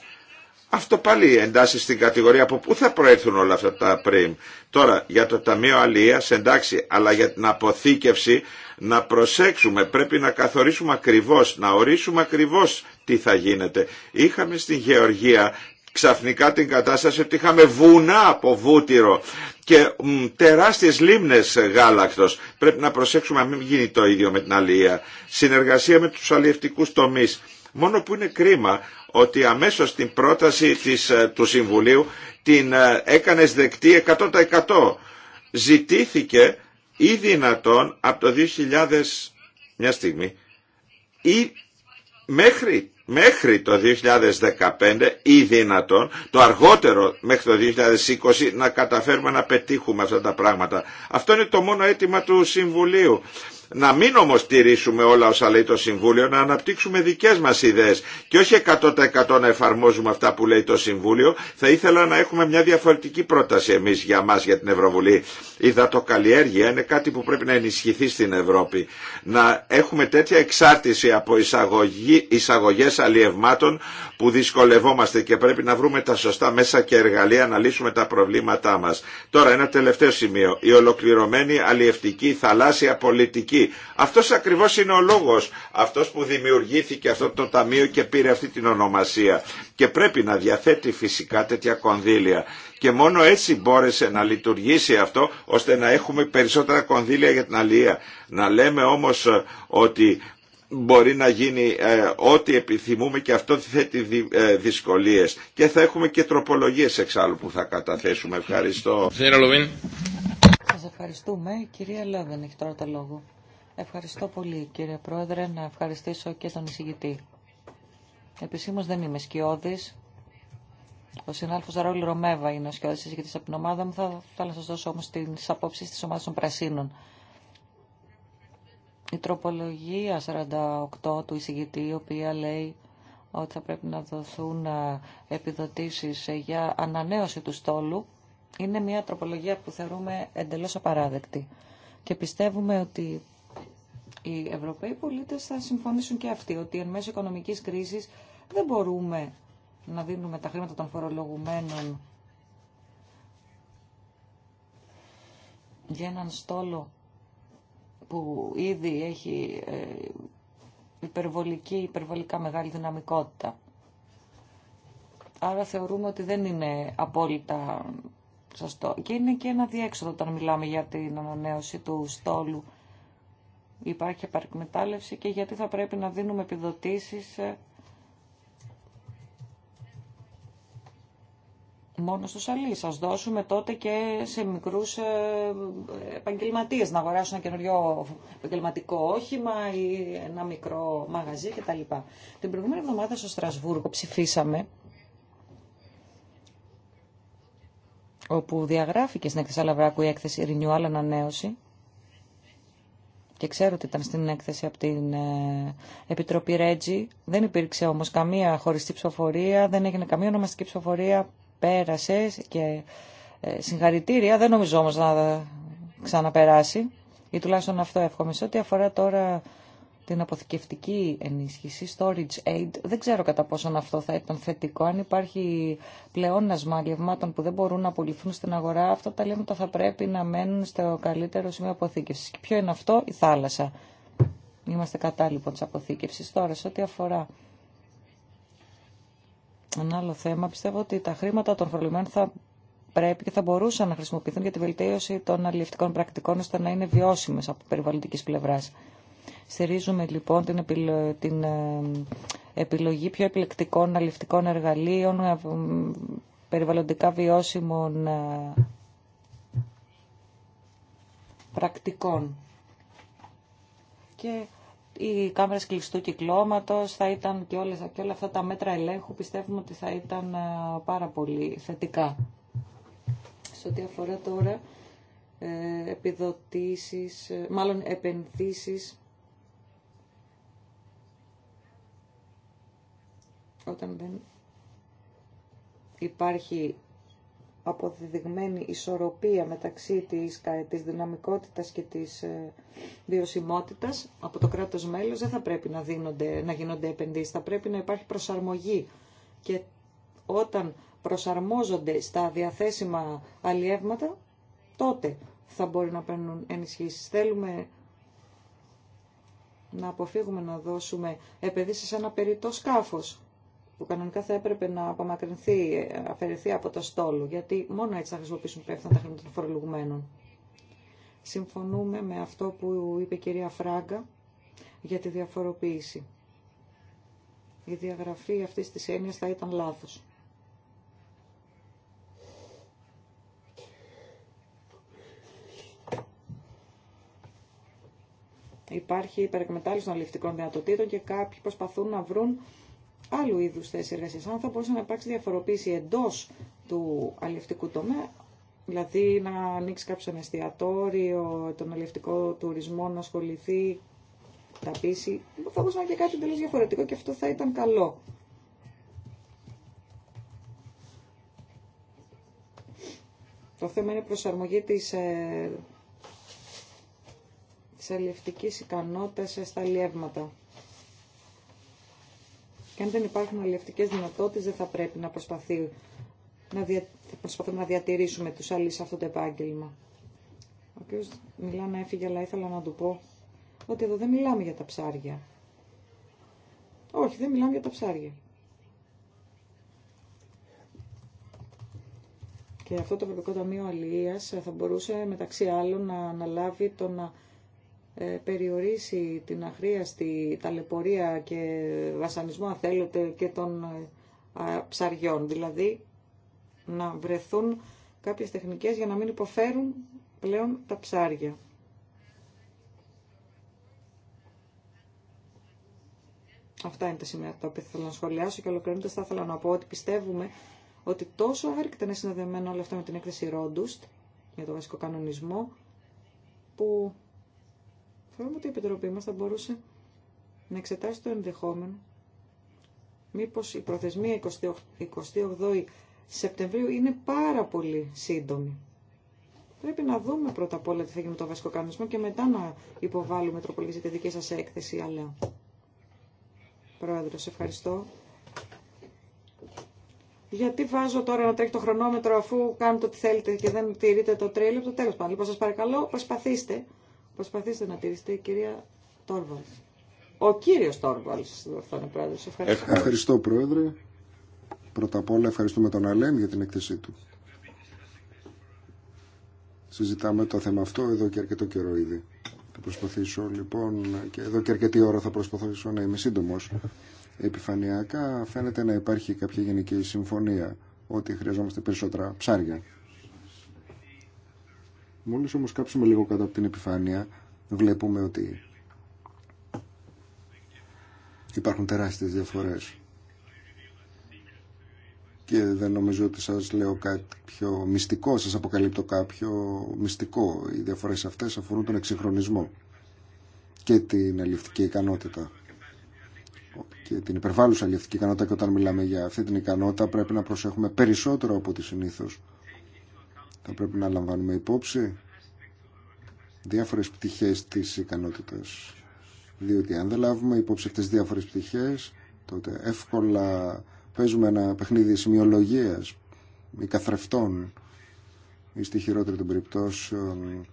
αυτό πάλι εντάσσει στην κατηγορία από πού θα προέρθουν όλα αυτά τα πριμ. Τώρα, για το Ταμείο αλία εντάξει, αλλά για την αποθήκευση να προσέξουμε, πρέπει να καθορίσουμε ακριβώς, να ορίσουμε ακριβώς τι θα γίνεται. Είχαμε στην Γεωργία ξαφνικά την κατάσταση ότι είχαμε βουνά από βούτυρο και μ, τεράστιες λίμνες ε, γάλακτος. Πρέπει να προσέξουμε να μην γίνει το ίδιο με την αλληλεία. Συνεργασία με τους αλληλευτικούς τομείς. Μόνο που είναι κρίμα ότι αμέσως την πρόταση της, ε, του Συμβουλίου την ε, έκανες δεκτή 100%. Ζητήθηκε ή δυνατόν από το 2000 μια στιγμή ή μέχρι μέχρι το 2015 ή δυνατόν, το αργότερο μέχρι το 2020 να καταφέρουμε να πετύχουμε αυτά τα πράγματα. Αυτό είναι το μόνο αίτημα του Συμβουλίου να μην όμως τηρήσουμε όλα όσα λέει το Συμβούλιο, να αναπτύξουμε δικές μας ιδέες και όχι 100% να εφαρμόζουμε αυτά που λέει το Συμβούλιο. Θα ήθελα να έχουμε μια διαφορετική πρόταση εμείς για μας για την Ευρωβουλή. Η δατοκαλλιέργεια είναι κάτι που πρέπει να ενισχυθεί στην Ευρώπη. Να έχουμε τέτοια εξάρτηση από εισαγωγή, εισαγωγές αλλιευμάτων που δυσκολευόμαστε και πρέπει να βρούμε τα σωστά μέσα και εργαλεία να λύσουμε τα προβλήματά μας. Τώρα ένα τελευταίο σημείο. Η ολοκληρωμένη αλλιευτική θαλάσσια πολιτική αυτός ακριβώς είναι ο λόγος, αυτός που δημιουργήθηκε αυτό το ταμείο και πήρε αυτή την ονομασία. Και πρέπει να διαθέτει φυσικά τέτοια κονδύλια. Και μόνο έτσι μπόρεσε να λειτουργήσει αυτό ώστε να έχουμε περισσότερα κονδύλια για την αλληλεία. Να λέμε όμως ε, ότι μπορεί να γίνει ε, ό,τι επιθυμούμε και αυτό θέτει δυ, ε, δυσκολίες. Και θα έχουμε και τροπολογίες εξάλλου που θα καταθέσουμε. Ευχαριστώ. Σας ευχαριστούμε. Κυρία Λέβεν έχει τώρα το λόγο. Ευχαριστώ πολύ κύριε Πρόεδρε, να ευχαριστήσω και τον εισηγητή. Επισήμως δεν είμαι σκιώδης. Ο συνάδελφο Ρόλι Ρωμέβα είναι ο σκιώδη εισηγητή από την ομάδα μου. Θα ήθελα να σα δώσω όμω τι απόψει τη ομάδα των Πρασίνων. Η τροπολογία 48 του εισηγητή, η οποία λέει ότι θα πρέπει να δοθούν ε, επιδοτήσεις για ανανέωση του στόλου, είναι μια τροπολογία που θεωρούμε εντελώς απαράδεκτη. Και πιστεύουμε ότι οι Ευρωπαίοι πολίτες θα συμφωνήσουν και αυτοί ότι εν μέσω οικονομικής κρίσης δεν μπορούμε να δίνουμε τα χρήματα των φορολογουμένων για έναν στόλο που ήδη έχει ε, υπερβολική, υπερβολικά μεγάλη δυναμικότητα. Άρα θεωρούμε ότι δεν είναι απόλυτα σωστό. Και είναι και ένα διέξοδο όταν μιλάμε για την ανανέωση του στόλου υπάρχει επαρκμετάλλευση και γιατί θα πρέπει να δίνουμε επιδοτήσεις ε, μόνο στους αλλοί. Σας δώσουμε τότε και σε μικρούς ε, επαγγελματίες να αγοράσουν ένα καινούριο επαγγελματικό όχημα ή ένα μικρό μαγαζί κτλ. Την προηγούμενη εβδομάδα στο Στρασβούργο ψηφίσαμε όπου διαγράφηκε στην έκθεση Αλαβράκου η έκθεση Renewal ανανέωση, και ξέρω ότι ήταν στην έκθεση από την ε, Επιτροπή Ρέτζη. Δεν υπήρξε όμως καμία χωριστή ψηφοφορία, δεν έγινε καμία ονομαστική ψηφοφορία, πέρασε και ε, συγχαρητήρια. Δεν νομίζω όμως να ξαναπεράσει ή τουλάχιστον αυτό εύχομαι. Σε ό,τι αφορά τώρα την αποθηκευτική ενίσχυση, storage aid. Δεν ξέρω κατά πόσο αυτό θα ήταν θετικό. Αν υπάρχει πλεόνασμα γευμάτων που δεν μπορούν να απολυθούν στην αγορά, αυτά τα λέματα θα πρέπει να μένουν στο καλύτερο σημείο αποθήκευση. Και ποιο είναι αυτό, η θάλασσα. Είμαστε κατά λοιπόν τη αποθήκευση. Τώρα, σε ό,τι αφορά ένα άλλο θέμα, πιστεύω ότι τα χρήματα των φορολογημένων θα πρέπει και θα μπορούσαν να χρησιμοποιηθούν για τη βελτίωση των αλληλευτικών πρακτικών ώστε να είναι βιώσιμε από περιβαλλοντική πλευρά. Στηρίζουμε λοιπόν την, την ε, επιλογή πιο επιλεκτικών αληφτικών εργαλείων, ε, περιβαλλοντικά βιώσιμων ε, πρακτικών. Και οι κάμερες κλειστού κυκλώματος θα ήταν και, όλες, και όλα αυτά τα μέτρα ελέγχου πιστεύουμε ότι θα ήταν πάρα πολύ θετικά. Σε ό,τι αφορά τώρα επιδοτήσεις, μάλλον επενδύσεις όταν δεν υπάρχει αποδεδειγμένη ισορροπία μεταξύ της, της δυναμικότητας και της ε, βιωσιμότητας από το κράτος μέλος δεν θα πρέπει να, δίνονται, να γίνονται επενδύσεις, θα πρέπει να υπάρχει προσαρμογή και όταν προσαρμόζονται στα διαθέσιμα αλλιεύματα τότε θα μπορεί να παίρνουν ενισχύσεις. Θέλουμε να αποφύγουμε να δώσουμε επενδύσεις σε ένα περιττό σκάφος που κανονικά θα έπρεπε να απομακρυνθεί, αφαιρεθεί από το στόλο, γιατί μόνο έτσι θα χρησιμοποιήσουν πέφτουν τα χρήματα των φορολογουμένων. Συμφωνούμε με αυτό που είπε η κυρία Φράγκα για τη διαφοροποίηση. Η διαγραφή αυτής της έννοια θα ήταν λάθος. Υπάρχει υπερεκμετάλλευση των αλληλευτικών δυνατοτήτων και κάποιοι προσπαθούν να βρουν άλλου είδους θέσεις εργασίας. Αν θα μπορούσε να υπάρξει διαφοροποίηση εντός του αλληλευτικού τομέα, δηλαδή να ανοίξει κάποιο ένα εστιατόριο, τον αλληλευτικό τουρισμό να ασχοληθεί, να πείσει, θα μπορούσε να είναι και κάτι εντελώς διαφορετικό και αυτό θα ήταν καλό. Το θέμα είναι η προσαρμογή της, ε, της ικανότητας στα αλληλεύματα. Και αν δεν υπάρχουν αλληλευτικές δυνατότητες, δεν θα πρέπει να, προσπαθεί, να δια, προσπαθούμε να διατηρήσουμε τους άλλους σε αυτό το επάγγελμα. Ο μιλά να έφυγε, αλλά ήθελα να του πω ότι εδώ δεν μιλάμε για τα ψάρια. Όχι, δεν μιλάμε για τα ψάρια. Και αυτό το Ευρωπαϊκό Ταμείο Αλληλείας θα μπορούσε μεταξύ άλλων να αναλάβει το να ε, περιορίσει την αχρίαστη ταλαιπωρία και βασανισμό, αν θέλετε, και των ε, ψαριών. Δηλαδή, να βρεθούν κάποιες τεχνικές για να μην υποφέρουν πλέον τα ψάρια. Αυτά είναι τα σημεία τα οποία θέλω να σχολιάσω και ολοκληρώνοντα θα ήθελα να πω ότι πιστεύουμε ότι τόσο άρρηκτα είναι συνδεδεμένο όλα αυτά με την έκθεση Ρόντουστ για το βασικό κανονισμό που Θεωρούμε ότι η Επιτροπή μας θα μπορούσε να εξετάσει το ενδεχόμενο μήπως η προθεσμία 28, Σεπτεμβρίου είναι πάρα πολύ σύντομη. Πρέπει να δούμε πρώτα απ' όλα τι θα γίνει με το βασικό κανονισμό και μετά να υποβάλουμε για τη δική σας έκθεση. Αλλά, Πρόεδρος, ευχαριστώ. Γιατί βάζω τώρα να τρέχει το χρονόμετρο αφού κάνετε ό,τι θέλετε και δεν τηρείτε το τρέλιο από το τέλος πάντων. Λοιπόν, σας παρακαλώ, προσπαθήστε Προσπαθήστε να τηρήσετε η κυρία Τόρβαλ. Ο κύριος Τόρβαλ, διορθώνει πρόεδρος. Ε, ευχαριστώ. Ευχαριστώ πρόεδρε. Πρώτα απ' όλα ευχαριστούμε τον Αλέν για την εκθεσή του. Συζητάμε το θέμα αυτό εδώ και αρκετό καιρό ήδη. Θα προσπαθήσω λοιπόν και εδώ και αρκετή ώρα θα προσπαθήσω να είμαι σύντομο. Επιφανειακά φαίνεται να υπάρχει κάποια γενική συμφωνία ότι χρειαζόμαστε περισσότερα ψάρια Μόλις όμως κάψουμε λίγο κάτω από την επιφάνεια, βλέπουμε ότι υπάρχουν τεράστιες διαφορές. Και δεν νομίζω ότι σας λέω κάτι πιο μυστικό, σας αποκαλύπτω κάποιο μυστικό. Οι διαφορές αυτές αφορούν τον εξυγχρονισμό και την αλληλευτική ικανότητα και την υπερβάλλουσα αλληλευτική ικανότητα και όταν μιλάμε για αυτή την ικανότητα πρέπει να προσέχουμε περισσότερο από ό,τι συνήθως θα πρέπει να λαμβάνουμε υπόψη διάφορες πτυχές της ικανότητας. Διότι αν δεν λάβουμε υπόψη αυτές τις διάφορες πτυχές, τότε εύκολα παίζουμε ένα παιχνίδι σημειολογίας ή καθρεφτών ή στη χειρότερη των περιπτώσεων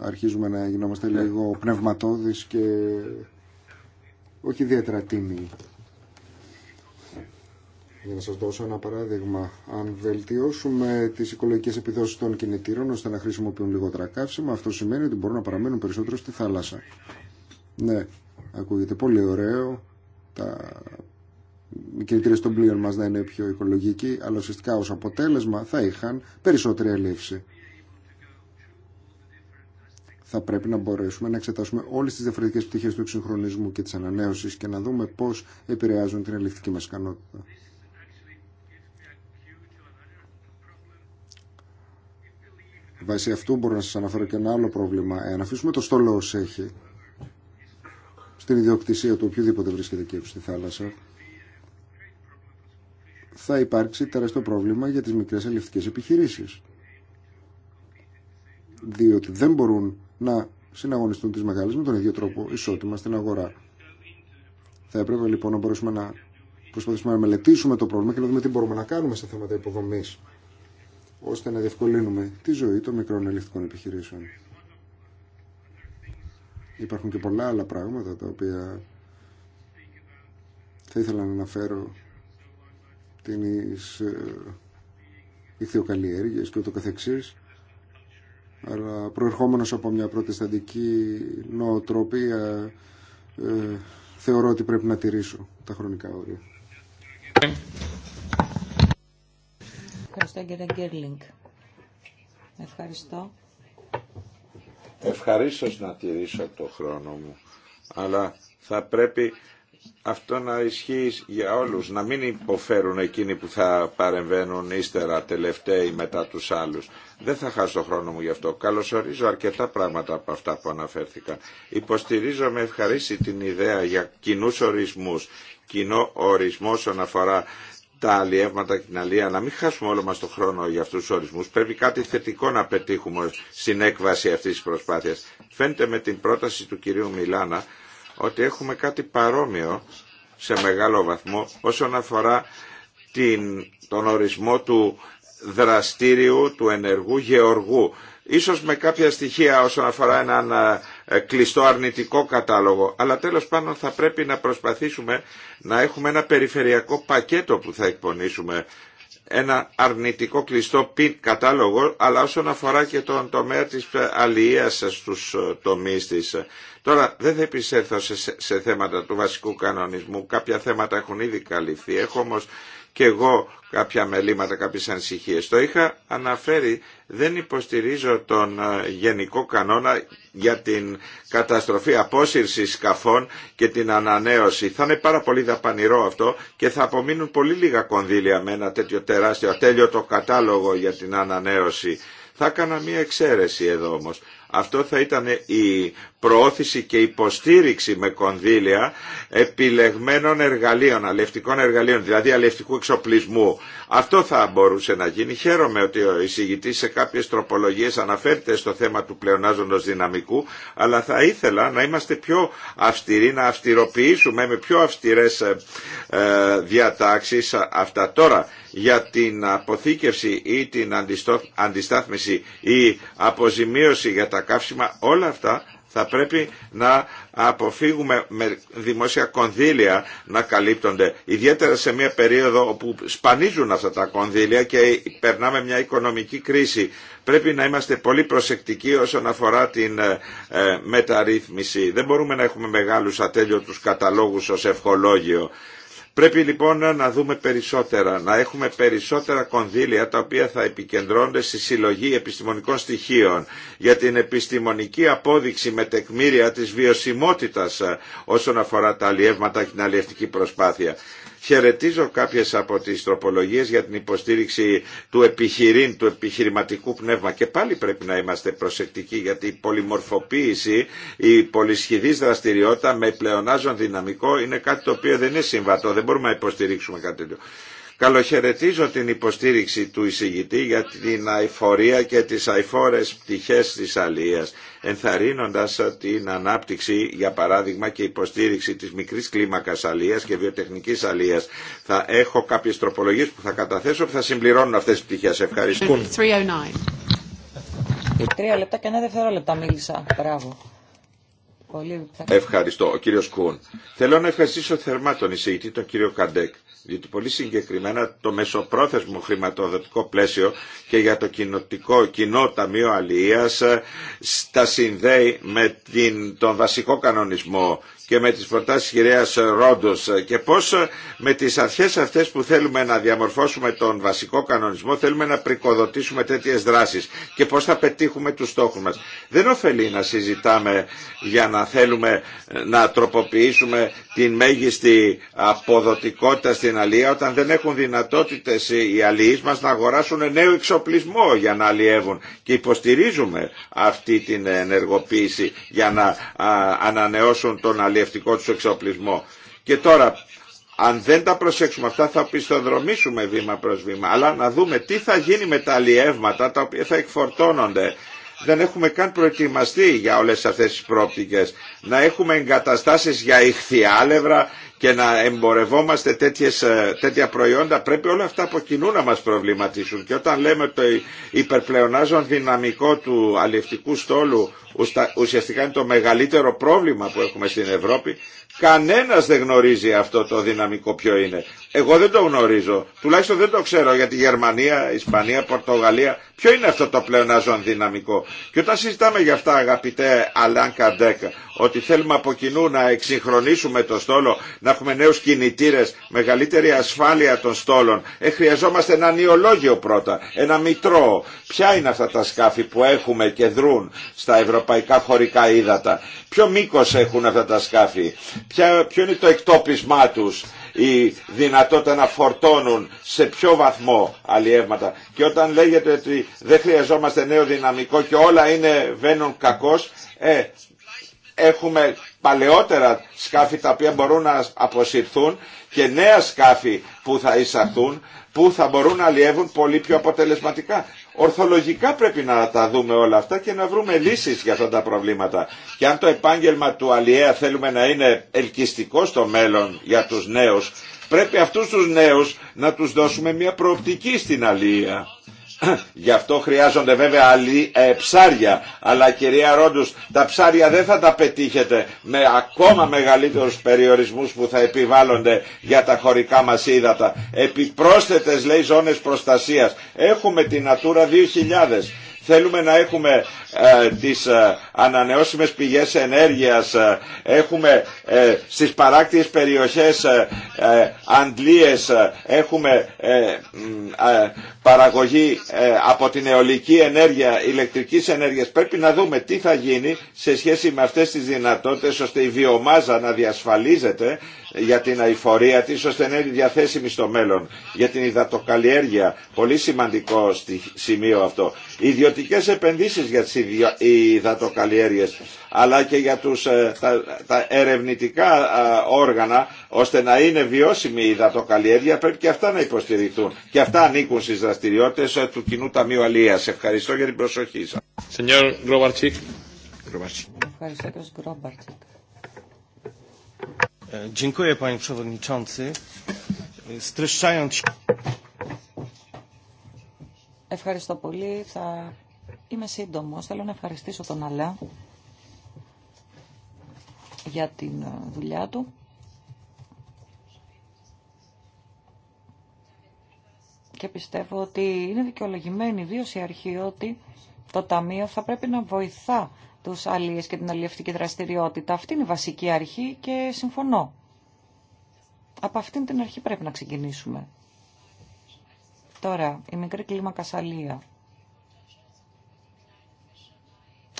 αρχίζουμε να γινόμαστε ναι. λίγο πνευματώδεις και όχι ιδιαίτερα τίμοι για να σας δώσω ένα παράδειγμα, αν βελτιώσουμε τις οικολογικές επιδόσεις των κινητήρων ώστε να χρησιμοποιούν λιγότερα καύσιμα, αυτό σημαίνει ότι μπορούν να παραμένουν περισσότερο στη θάλασσα. Ναι, ακούγεται πολύ ωραίο, τα... οι κινητήρε των πλοίων μα να είναι πιο οικολογικοί, αλλά ουσιαστικά ω αποτέλεσμα θα είχαν περισσότερη αλήφση. Θα πρέπει να μπορέσουμε να εξετάσουμε όλε τι διαφορετικέ πτυχέ του εξυγχρονισμού και τη ανανέωση και να δούμε πώ επηρεάζουν την ελληνική μα ικανότητα. Βάσει αυτού μπορώ να σας αναφέρω και ένα άλλο πρόβλημα. Εάν αφήσουμε το στόλο ως έχει στην ιδιοκτησία του οποιοδήποτε βρίσκεται εκεί στη θάλασσα, θα υπάρξει τεράστιο πρόβλημα για τις μικρές αλληλευτικές επιχειρήσεις. Διότι δεν μπορούν να συναγωνιστούν τις μεγάλες με τον ίδιο τρόπο ισότιμα στην αγορά. Θα έπρεπε λοιπόν να μπορέσουμε να προσπαθήσουμε να μελετήσουμε το πρόβλημα και να δούμε τι μπορούμε να κάνουμε σε θέματα υποδομής ώστε να διευκολύνουμε τη ζωή των μικρών ελευθερικών επιχειρήσεων. Υπάρχουν και πολλά άλλα πράγματα τα οποία θα ήθελα να αναφέρω την ε, ηχθειοκαλλιέργειες και ούτω καθεξής αλλά προερχόμενος από μια πρωτεσταντική νοοτροπία ε, θεωρώ ότι πρέπει να τηρήσω τα χρονικά όρια. Ευχαριστώ κύριε Γκέρλινγκ. Ευχαριστώ. Ευχαρίστω να τηρήσω το χρόνο μου, αλλά θα πρέπει αυτό να ισχύει για όλους, να μην υποφέρουν εκείνοι που θα παρεμβαίνουν ύστερα, τελευταίοι μετά τους άλλους. Δεν θα χάσω το χρόνο μου γι' αυτό. Καλωσορίζω αρκετά πράγματα από αυτά που αναφέρθηκα. Υποστηρίζω με ευχαρίστη την ιδέα για κοινού ορισμούς, κοινό ορισμό όσον αφορά τα αλλιεύματα και την αλλία, να μην χάσουμε όλο μας το χρόνο για αυτούς τους ορισμούς. Πρέπει κάτι θετικό να πετύχουμε στην έκβαση αυτής της προσπάθειας. Φαίνεται με την πρόταση του κυρίου Μιλάνα ότι έχουμε κάτι παρόμοιο σε μεγάλο βαθμό όσον αφορά την, τον ορισμό του δραστήριου, του ενεργού γεωργού. Ίσως με κάποια στοιχεία όσον αφορά έναν ε, ε, κλειστό αρνητικό κατάλογο. Αλλά τέλος πάντων θα πρέπει να προσπαθήσουμε να έχουμε ένα περιφερειακό πακέτο που θα εκπονήσουμε ένα αρνητικό κλειστό κατάλογο, αλλά όσον αφορά και τον τομέα της ε, αλληλείας στους ε, τομείς της. Τώρα δεν θα επισέλθω σε, θέματα του βασικού κανονισμού, κάποια θέματα έχουν ήδη καλυφθεί. Έχω όμως και εγώ κάποια μελήματα, κάποιες ανησυχίες. Το είχα αναφέρει, δεν υποστηρίζω τον ε, γενικό κανόνα για την καταστροφή απόσυρση σκαφών και την ανανέωση. Θα είναι πάρα πολύ δαπανηρό αυτό και θα απομείνουν πολύ λίγα κονδύλια με ένα τέτοιο τεράστιο το κατάλογο για την ανανέωση. Θα έκανα μία εξαίρεση εδώ όμως. Αυτό θα ήταν η προώθηση και υποστήριξη με κονδύλια επιλεγμένων εργαλείων, αλευτικών εργαλείων, δηλαδή αλευτικού εξοπλισμού. Αυτό θα μπορούσε να γίνει. Χαίρομαι ότι ο εισηγητής σε κάποιες τροπολογίες αναφέρεται στο θέμα του πλεονάζοντος δυναμικού, αλλά θα ήθελα να είμαστε πιο αυστηροί, να αυστηροποιήσουμε με πιο αυστηρές ε, ε, διατάξεις αυτά τώρα για την αποθήκευση ή την αντιστάθμιση ή αποζημίωση για τα καύσιμα, όλα αυτά θα πρέπει να αποφύγουμε με δημόσια κονδύλια να καλύπτονται. Ιδιαίτερα σε μια περίοδο όπου σπανίζουν αυτά τα κονδύλια και περνάμε μια οικονομική κρίση. Πρέπει να είμαστε πολύ προσεκτικοί όσον αφορά την ε, μεταρρύθμιση. Δεν μπορούμε να έχουμε μεγάλους ατέλειωτους καταλόγους ως ευχολόγιο. Πρέπει λοιπόν να δούμε περισσότερα, να έχουμε περισσότερα κονδύλια τα οποία θα επικεντρώνονται στη συλλογή επιστημονικών στοιχείων για την επιστημονική απόδειξη με τεκμήρια της βιωσιμότητας ε, όσον αφορά τα αλλιεύματα και την αλλιευτική προσπάθεια. Χαιρετίζω κάποιες από τις τροπολογίες για την υποστήριξη του επιχειρήν, του επιχειρηματικού πνεύμα και πάλι πρέπει να είμαστε προσεκτικοί γιατί η πολυμορφοποίηση, η πολυσχηδής δραστηριότητα με πλεονάζον δυναμικό είναι κάτι το οποίο δεν είναι συμβατό, δεν μπορούμε να υποστηρίξουμε κάτι τέτοιο. Καλοχαιρετίζω την υποστήριξη του εισηγητή για την αηφορία και τις αηφόρες πτυχές της αλίας, ενθαρρύνοντας την ανάπτυξη, για παράδειγμα, και υποστήριξη της μικρής κλίμακας αλίας και βιοτεχνικής αλίας. Θα έχω κάποιες τροπολογίες που θα καταθέσω που θα συμπληρώνουν αυτές τις πτυχές. Ευχαριστούν. Τρία λεπτά και ένα δευτερόλεπτα μίλησα. Μπράβο. Ευχαριστώ. Ο κύριος Κούν. Θέλω να ευχαριστήσω θερμά τον εισηγητή, τον κύριο Καντέκ διότι πολύ συγκεκριμένα το μεσοπρόθεσμο χρηματοδοτικό πλαίσιο και για το κοινοτικό, κοινό ταμείο αλληλείας ε, τα συνδέει με την, τον βασικό κανονισμό και με τις προτάσεις κυρίας Ρόντος και πώς ε, με τις αρχές αυτές που θέλουμε να διαμορφώσουμε τον βασικό κανονισμό θέλουμε να πρικοδοτήσουμε τέτοιες δράσεις και πώς θα πετύχουμε τους στόχους μας. Δεν ωφελεί να συζητάμε για να θέλουμε ε, να τροποποιήσουμε την μέγιστη αποδοτικότητα στην στην αλία όταν δεν έχουν δυνατότητες οι αλίες μας να αγοράσουν νέο εξοπλισμό για να αλλιεύουν και υποστηρίζουμε αυτή την ενεργοποίηση για να ανανεώσουν τον αλλιευτικό τους εξοπλισμό. Και τώρα αν δεν τα προσέξουμε αυτά θα πιστοδρομήσουμε βήμα προς βήμα αλλά να δούμε τι θα γίνει με τα αλλιεύματα τα οποία θα εκφορτώνονται δεν έχουμε καν προετοιμαστεί για όλες αυτές τις πρόπτικες. Να έχουμε εγκαταστάσεις για ηχθιάλευρα, και να εμπορευόμαστε τέτοιες, ε, τέτοια προϊόντα πρέπει όλα αυτά από κοινού να μας προβληματίσουν και όταν λέμε το υπερπλεονάζον δυναμικό του αλληλευτικού στόλου ουσιαστικά είναι το μεγαλύτερο πρόβλημα που έχουμε στην Ευρώπη Κανένας δεν γνωρίζει αυτό το δυναμικό ποιο είναι. Εγώ δεν το γνωρίζω. Τουλάχιστον δεν το ξέρω για τη Γερμανία, Ισπανία, Πορτογαλία. Ποιο είναι αυτό το πλεονάζον δυναμικό. Και όταν συζητάμε για αυτά αγαπητέ Αλάν Καντέκ, ότι θέλουμε από κοινού να εξυγχρονίσουμε το στόλο, να έχουμε νέους κινητήρες, μεγαλύτερη ασφάλεια των στόλων, ε, χρειαζόμαστε ένα νεολόγιο πρώτα, ένα μητρό. Ποια είναι αυτά τα σκάφη που έχουμε και δρούν στα ευρωπαϊκά χωρικά ύδατα. Ποιο μήκος έχουν αυτά τα σκάφη ποιο είναι το εκτόπισμά τους η δυνατότητα να φορτώνουν σε ποιο βαθμό αλλιεύματα. Και όταν λέγεται ότι δεν χρειαζόμαστε νέο δυναμικό και όλα είναι βαίνουν κακός, ε, έχουμε παλαιότερα σκάφη τα οποία μπορούν να αποσυρθούν και νέα σκάφη που θα εισαχθούν που θα μπορούν να αλλιεύουν πολύ πιο αποτελεσματικά. Ορθολογικά πρέπει να τα δούμε όλα αυτά και να βρούμε λύσεις για αυτά τα προβλήματα. Και αν το επάγγελμα του Αλιέα θέλουμε να είναι ελκυστικό στο μέλλον για τους νέους, πρέπει αυτούς τους νέους να τους δώσουμε μια προοπτική στην Αλία Γι' αυτό χρειάζονται βέβαια ε, ψάρια. Αλλά κυρία Ρόντους, τα ψάρια δεν θα τα πετύχετε με ακόμα μεγαλύτερους περιορισμούς που θα επιβάλλονται για τα χωρικά μας ύδατα. Επιπρόσθετες λέει ζώνες προστασίας. Έχουμε την Natura 2000 Θέλουμε να έχουμε ε, τις ε, ανανεώσιμες πηγές ενέργειας. Ε, έχουμε στις παράκτιες περιοχές αντλίες. Έχουμε παραγωγή από την αιωλική ενέργεια, ηλεκτρικής ενέργειας. Πρέπει να δούμε τι θα γίνει σε σχέση με αυτές τις δυνατότητες ώστε η βιομάζα να διασφαλίζεται για την αηφορία της ώστε να είναι διαθέσιμη στο μέλλον. Για την υδατοκαλλιέργεια, πολύ σημαντικό σημείο αυτό ιδιωτικές επενδύσεις για τις υδατοκαλλιέργειες αλλά και για τους, ε, τα, ερευνητικά ε, όργανα ώστε να είναι βιώσιμη η υδατοκαλλιέργεια πρέπει και αυτά να υποστηριχθούν και αυτά ανήκουν στις δραστηριότητες ε, του Κοινού Ταμείου Αλίας. Ευχαριστώ για την προσοχή σας. Dziękuję Panie Przewodniczący. Streszczając Ευχαριστώ πολύ. Θα είμαι σύντομο. Θέλω να ευχαριστήσω τον Αλέα για την ε, δουλειά του. Και πιστεύω ότι είναι δικαιολογημένη ιδίω η αρχή ότι το Ταμείο θα πρέπει να βοηθά τους αλλιές και την αλλιευτική δραστηριότητα. Αυτή είναι η βασική αρχή και συμφωνώ. Από αυτήν την αρχή πρέπει να ξεκινήσουμε. Τώρα, η μικρή κλίμακα σαλία.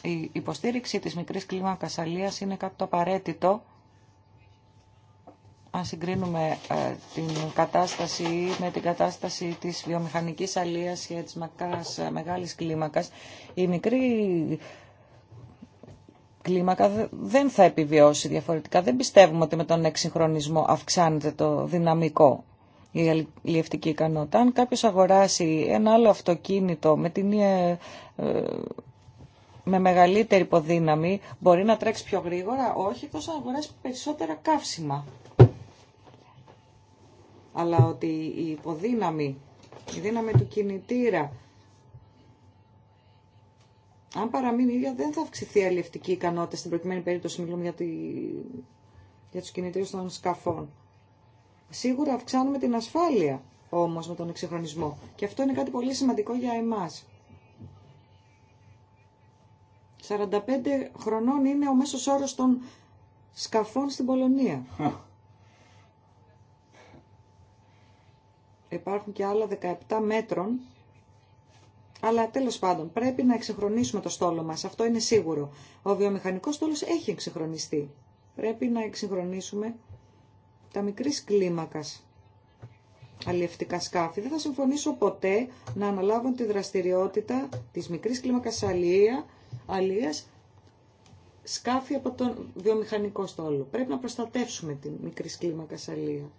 Η υποστήριξη της μικρής κλίμακας σαλίας είναι κάτι το απαραίτητο αν συγκρίνουμε ε, την κατάσταση με την κατάσταση της βιομηχανικής αλίας και της ε, μεγάλης κλίμακας, η μικρή κλίμακα δεν θα επιβιώσει διαφορετικά. Δεν πιστεύουμε ότι με τον εξυγχρονισμό αυξάνεται το δυναμικό η αλληλευτική ικανότητα. Αν κάποιο αγοράσει ένα άλλο αυτοκίνητο με την ε, ε, με μεγαλύτερη υποδύναμη μπορεί να τρέξει πιο γρήγορα. Όχι, τόσο να αγοράσει περισσότερα καύσιμα. Αλλά ότι η υποδύναμη, η δύναμη του κινητήρα, αν παραμείνει ίδια δεν θα αυξηθεί η αλληλευτική ικανότητα. Στην προκειμένη περίπτωση μιλούμε για, τη... για τους κινητήρες των σκαφών. Σίγουρα αυξάνουμε την ασφάλεια όμως με τον εξυγχρονισμό. Και αυτό είναι κάτι πολύ σημαντικό για εμάς. 45 χρονών είναι ο μέσος όρος των σκαφών στην Πολωνία. Υπάρχουν και άλλα 17 μέτρων, αλλά τέλος πάντων πρέπει να εξυγχρονίσουμε το στόλο μας, αυτό είναι σίγουρο. Ο βιομηχανικός στόλος έχει εξυγχρονιστεί. Πρέπει να εξυγχρονίσουμε τα μικρής κλίμακας αλλιευτικά σκάφη. Δεν θα συμφωνήσω ποτέ να αναλάβουν τη δραστηριότητα της μικρής κλίμακας αλλία, αλίας σκάφη από τον βιομηχανικό στόλο. Πρέπει να προστατεύσουμε τη μικρή κλίμακα αλλία.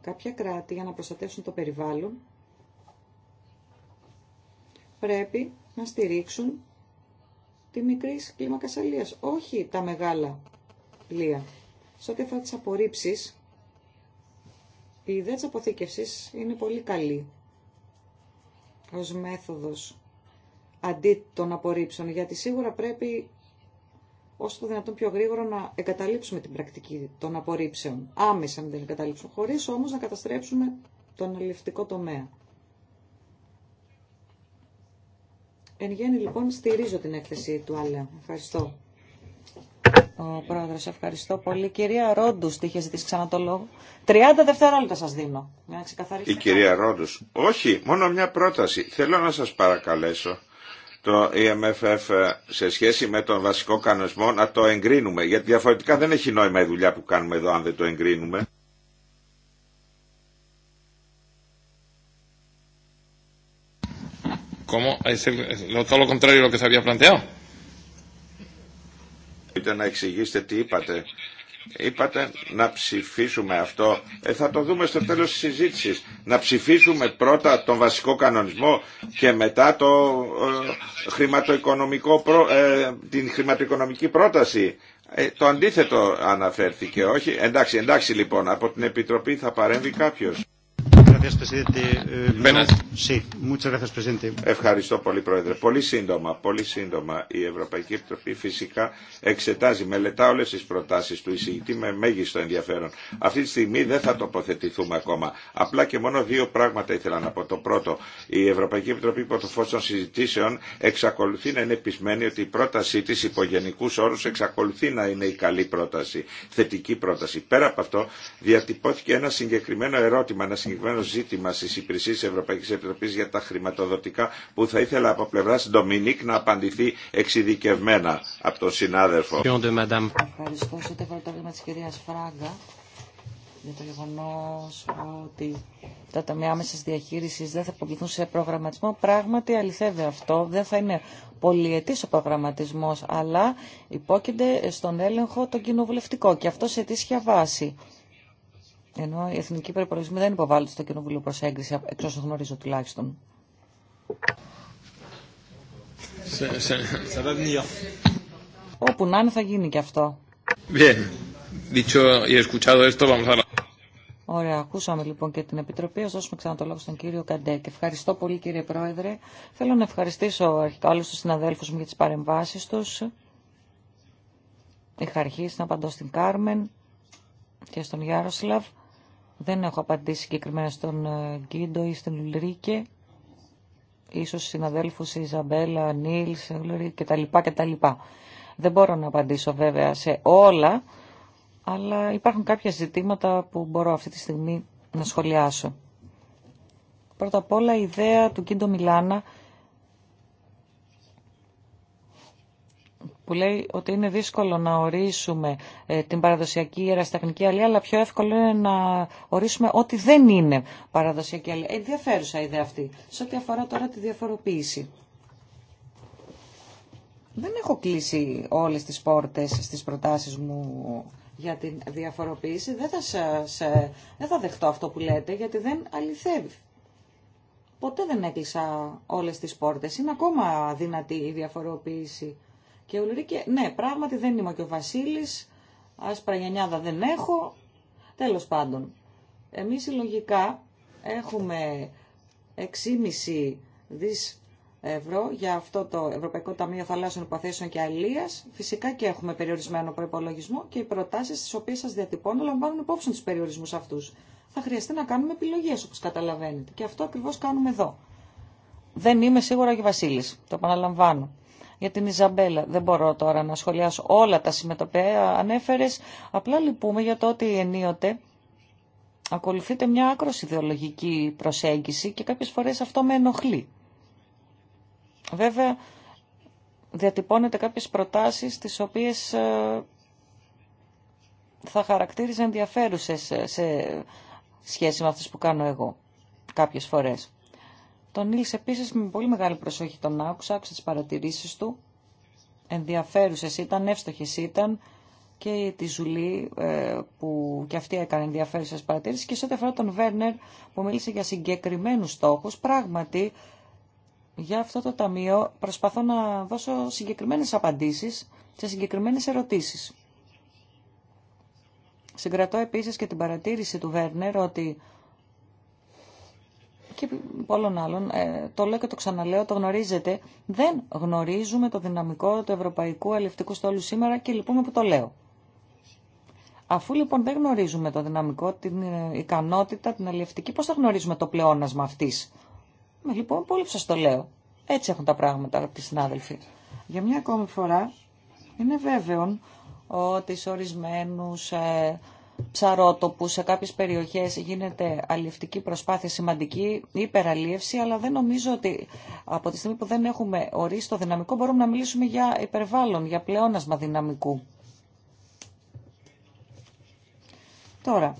Κάποια κράτη για να προστατεύσουν το περιβάλλον πρέπει να στηρίξουν τη μικρή κλίμακα αλίας, όχι τα μεγάλα πλοία. Σε ό,τι αφορά τι απορρίψει, η ιδέα τη αποθήκευση είναι πολύ καλή ω μέθοδος αντί των απορρίψεων, γιατί σίγουρα πρέπει όσο το δυνατόν πιο γρήγορα να εγκαταλείψουμε την πρακτική των απορρίψεων. Άμεσα να την εγκαταλείψουμε, χωρίς όμως να καταστρέψουμε τον αλληλευτικό τομέα. Εν γέννη λοιπόν στηρίζω την έκθεση του Άλεα. Ευχαριστώ ο πρόεδρος. Ευχαριστώ πολύ. Κυρία Ρόντου, είχε ζητήσει ξανά το λόγο. 30 δευτερόλεπτα σας δίνω. να Η κυρία Ρόντου. Όχι, μόνο μια πρόταση. Θέλω να σας παρακαλέσω το EMFF σε σχέση με τον βασικό κανονισμό να το εγκρίνουμε. Γιατί διαφορετικά δεν έχει νόημα η δουλειά που κάνουμε εδώ αν δεν το εγκρίνουμε. ¿Cómo? ¿Es el, lo, todo lo contrario de Μπορείτε να εξηγήσετε τι είπατε. Είπατε να ψηφίσουμε αυτό. Ε, θα το δούμε στο τέλος της συζήτησης. Να ψηφίσουμε πρώτα τον βασικό κανονισμό και μετά το, ε, χρηματοοικονομικό ε, την χρηματοοικονομική πρόταση. το αντίθετο αναφέρθηκε, όχι. Εντάξει, εντάξει λοιπόν, από την Επιτροπή θα παρέμβει κάποιος. Eh, Ευχαριστώ πολύ, Πρόεδρε. Πολύ σύντομα, πολύ σύντομα. Η Ευρωπαϊκή Επιτροπή φυσικά εξετάζει, μελετά όλε τι προτάσει του εισηγητή με μέγιστο ενδιαφέρον. Αυτή τη στιγμή δεν θα τοποθετηθούμε ακόμα. Απλά και μόνο δύο πράγματα ήθελα να πω. Το πρώτο, η Ευρωπαϊκή Επιτροπή υπό το φω των συζητήσεων εξακολουθεί να είναι πεισμένη ότι η πρότασή τη υπό γενικού όρου εξακολουθεί να είναι η καλή πρόταση, θετική πρόταση. Πέρα από αυτό, διατυπώθηκε ένα συγκεκριμένο ερώτημα, ένα συγκεκριμένο ζήτημα στις υπηρεσίες της Ευρωπαϊκής Επιτροπής για τα χρηματοδοτικά που θα ήθελα από πλευράς Ντομινίκ να απαντηθεί εξειδικευμένα από τον συνάδελφο. Ευχαριστώ σε τέφαρο το ρήμα της κυρίας Φράγκα για το γεγονό ότι τα ταμεία άμεση διαχείριση δεν θα αποκλειθούν σε προγραμματισμό. Πράγματι, αληθεύει αυτό. Δεν θα είναι πολυετή ο προγραμματισμό, αλλά υπόκειται στον έλεγχο τον κοινοβουλευτικό και αυτό σε αιτήσια βάση. Ενώ οι εθνικοί περιπολισμοί δεν υποβάλλονται στο Κοινοβούλιο προ έγκριση, εξ όσων γνωρίζω τουλάχιστον. Όπου να είναι θα γίνει και αυτό. Ωραία, ακούσαμε λοιπόν και την Επιτροπή. Α δώσουμε ξανά το λόγο στον κύριο Καντέκ. Ευχαριστώ πολύ κύριε Πρόεδρε. Θέλω να ευχαριστήσω αρχικά όλους τους συναδέλφους μου για τι παρεμβάσει του, Είχα αρχίσει να απαντώ στην Κάρμεν και στον Γιάροσλαβ. Δεν έχω απαντήσει συγκεκριμένα στον ε, Γκίντο ή στην Ουλρίκε. Ίσως συναδέλφους η Ιζαμπέλα, Νίλ, νιλ και τα λοιπά. Δεν μπορώ να απαντήσω βέβαια σε όλα, αλλά υπάρχουν κάποια ζητήματα που μπορώ αυτή τη στιγμή να σχολιάσω. Πρώτα απ' όλα η ιδέα του Κίντο Μιλάνα που λέει ότι είναι δύσκολο να ορίσουμε ε, την παραδοσιακή ιερασταχνική αλία, αλλά πιο εύκολο είναι να ορίσουμε ό,τι δεν είναι παραδοσιακή αλία. Ε, ενδιαφέρουσα ιδέα αυτή, σε ό,τι αφορά τώρα τη διαφοροποίηση. Δεν έχω κλείσει όλες τις πόρτες στις προτάσεις μου για την διαφοροποίηση. Δεν θα, σε δεν θα δεχτώ αυτό που λέτε, γιατί δεν αληθεύει. Ποτέ δεν έκλεισα όλες τις πόρτες. Είναι ακόμα δυνατή η διαφοροποίηση. Και Ουλρίκε, ναι, πράγματι δεν είμαι και ο Βασίλη, άσπρα γενιάδα δεν έχω, Τέλο πάντων. Εμεί συλλογικά έχουμε 6,5 δι ευρώ για αυτό το Ευρωπαϊκό Ταμείο Θαλάσσιων Υποθέσεων και Αλία. Φυσικά και έχουμε περιορισμένο προπολογισμό και οι προτάσει τι οποίε σα διατυπώνω λαμβάνουν υπόψη του περιορισμού αυτού. Θα χρειαστεί να κάνουμε επιλογέ, όπω καταλαβαίνετε και αυτό ακριβώ κάνουμε εδώ. Δεν είμαι σίγουρα και Βασίλη. το επαναλαμβάνω για την Ιζαμπέλα. Δεν μπορώ τώρα να σχολιάσω όλα τα συμμετοπέα ανέφερες. Απλά λυπούμε για το ότι ενίοτε ακολουθείται μια άκρο ιδεολογική προσέγγιση και κάποιες φορές αυτό με ενοχλεί. Βέβαια, διατυπώνεται κάποιες προτάσεις τις οποίες ε, θα χαρακτήριζαν ενδιαφέρουσες σε σχέση με αυτές που κάνω εγώ κάποιες φορές. Τον Νίλς επίσης με πολύ μεγάλη προσοχή τον άκουσα, άκουσα τις παρατηρήσεις του. Ενδιαφέρουσες ήταν, εύστοχες ήταν και τη Ζουλή ε, που και αυτή έκανε ενδιαφέρουσες παρατηρήσεις και σε ό,τι αφορά τον Βέρνερ που μίλησε για συγκεκριμένους στόχους, πράγματι για αυτό το ταμείο προσπαθώ να δώσω συγκεκριμένες απαντήσεις σε συγκεκριμένες ερωτήσεις. Συγκρατώ επίσης και την παρατήρηση του Βέρνερ ότι και πολλών άλλων, ε, το λέω και το ξαναλέω, το γνωρίζετε, δεν γνωρίζουμε το δυναμικό του ευρωπαϊκού αλληλευτικού στόλου σήμερα και λυπούμε που το λέω. Αφού λοιπόν δεν γνωρίζουμε το δυναμικό, την ε, ικανότητα, την αλληλευτική, πώς θα γνωρίζουμε το πλεόνασμα αυτής. Με, λοιπόν, πολύ το λέω. Έτσι έχουν τα πράγματα, αγαπητοί συνάδελφοι. Για μια ακόμη φορά, είναι βέβαιο ότι σε ορισμένους ε, ψαρότοπου, σε κάποιες περιοχές γίνεται αλλιευτική προσπάθεια σημαντική, υπεραλίευση, αλλά δεν νομίζω ότι από τη στιγμή που δεν έχουμε ορίσει το δυναμικό μπορούμε να μιλήσουμε για υπερβάλλον, για πλεόνασμα δυναμικού. Τώρα,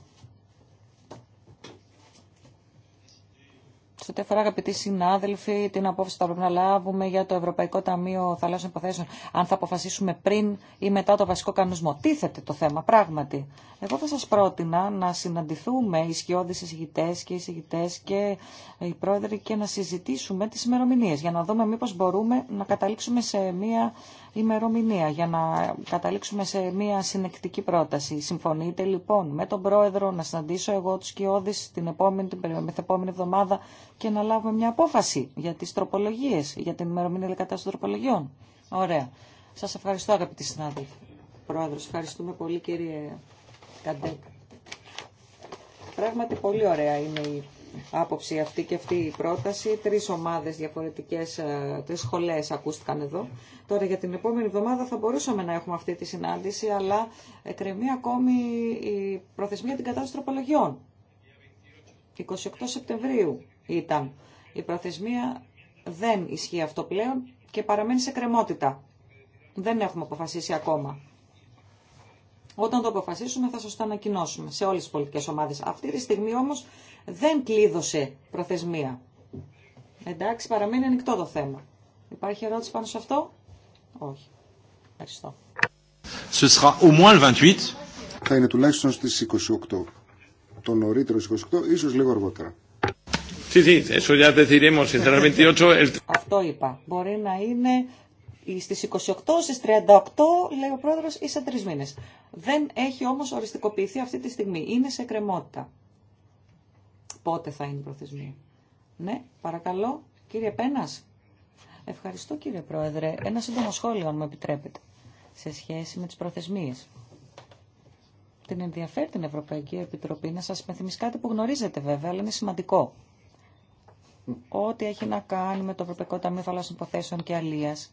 Σε ό,τι αφορά, αγαπητοί συνάδελφοι, την απόφαση θα πρέπει να λάβουμε για το Ευρωπαϊκό Ταμείο Θαλάσσιων Υποθέσεων, αν θα αποφασίσουμε πριν ή μετά το βασικό κανονισμό. Τίθεται το θέμα, πράγματι. Εγώ θα σα πρότεινα να συναντηθούμε οι σκιώδει εισηγητέ και οι εισηγητέ και οι πρόεδροι και να συζητήσουμε τι ημερομηνίε για να δούμε μήπω μπορούμε να καταλήξουμε σε μία ημερομηνία για να καταλήξουμε σε μια συνεκτική πρόταση. Συμφωνείτε λοιπόν με τον Πρόεδρο να συναντήσω εγώ τους Κιώδης την επόμενη, την μεθεπόμενη εβδομάδα και να λάβουμε μια απόφαση για τις τροπολογίες, για την ημερομηνία κατάσταση των τροπολογιών. Ωραία. Σας ευχαριστώ αγαπητοί συνάδελφοι. Πρόεδρο ευχαριστούμε πολύ κύριε Καντέκ. Πράγματι πολύ ωραία είναι η άποψη αυτή και αυτή η πρόταση. Τρεις ομάδες διαφορετικές, ε, τρει σχολές ακούστηκαν εδώ. Τώρα για την επόμενη εβδομάδα θα μπορούσαμε να έχουμε αυτή τη συνάντηση, αλλά εκρεμεί ακόμη η προθεσμία την κατάσταση τροπολογιών. 28 Σεπτεμβρίου ήταν. Η προθεσμία δεν ισχύει αυτό πλέον και παραμένει σε κρεμότητα. Δεν έχουμε αποφασίσει ακόμα. Όταν το αποφασίσουμε θα σας το ανακοινώσουμε σε όλες τις πολιτικές ομάδες. Αυτή τη στιγμή όμως δεν κλείδωσε προθεσμία. Εντάξει, παραμένει ανοιχτό το θέμα. Υπάρχει ερώτηση πάνω σε αυτό? Όχι. Ευχαριστώ. Θα είναι τουλάχιστον στις 28. Το νωρίτερο 28, ίσως λίγο αργότερα. Αυτό είπα. Μπορεί να είναι στι 28, στι 38, λέει ο πρόεδρο, ή σε τρει μήνε. Δεν έχει όμως οριστικοποιηθεί αυτή τη στιγμή. Είναι σε κρεμότητα. Πότε θα είναι η προθεσμία. Ναι, παρακαλώ, κύριε Πένας. Ευχαριστώ κύριε Πρόεδρε. Ένα σύντομο σχόλιο, αν μου επιτρέπετε, σε σχέση με τις προθεσμίες. Την ενδιαφέρει την Ευρωπαϊκή Επιτροπή να σας υπενθυμίσει κάτι που γνωρίζετε βέβαια, αλλά είναι σημαντικό. Ό,τι έχει να κάνει με το Ευρωπαϊκό Ταμείο Θαλάσσιων Υποθέσεων και Αλίας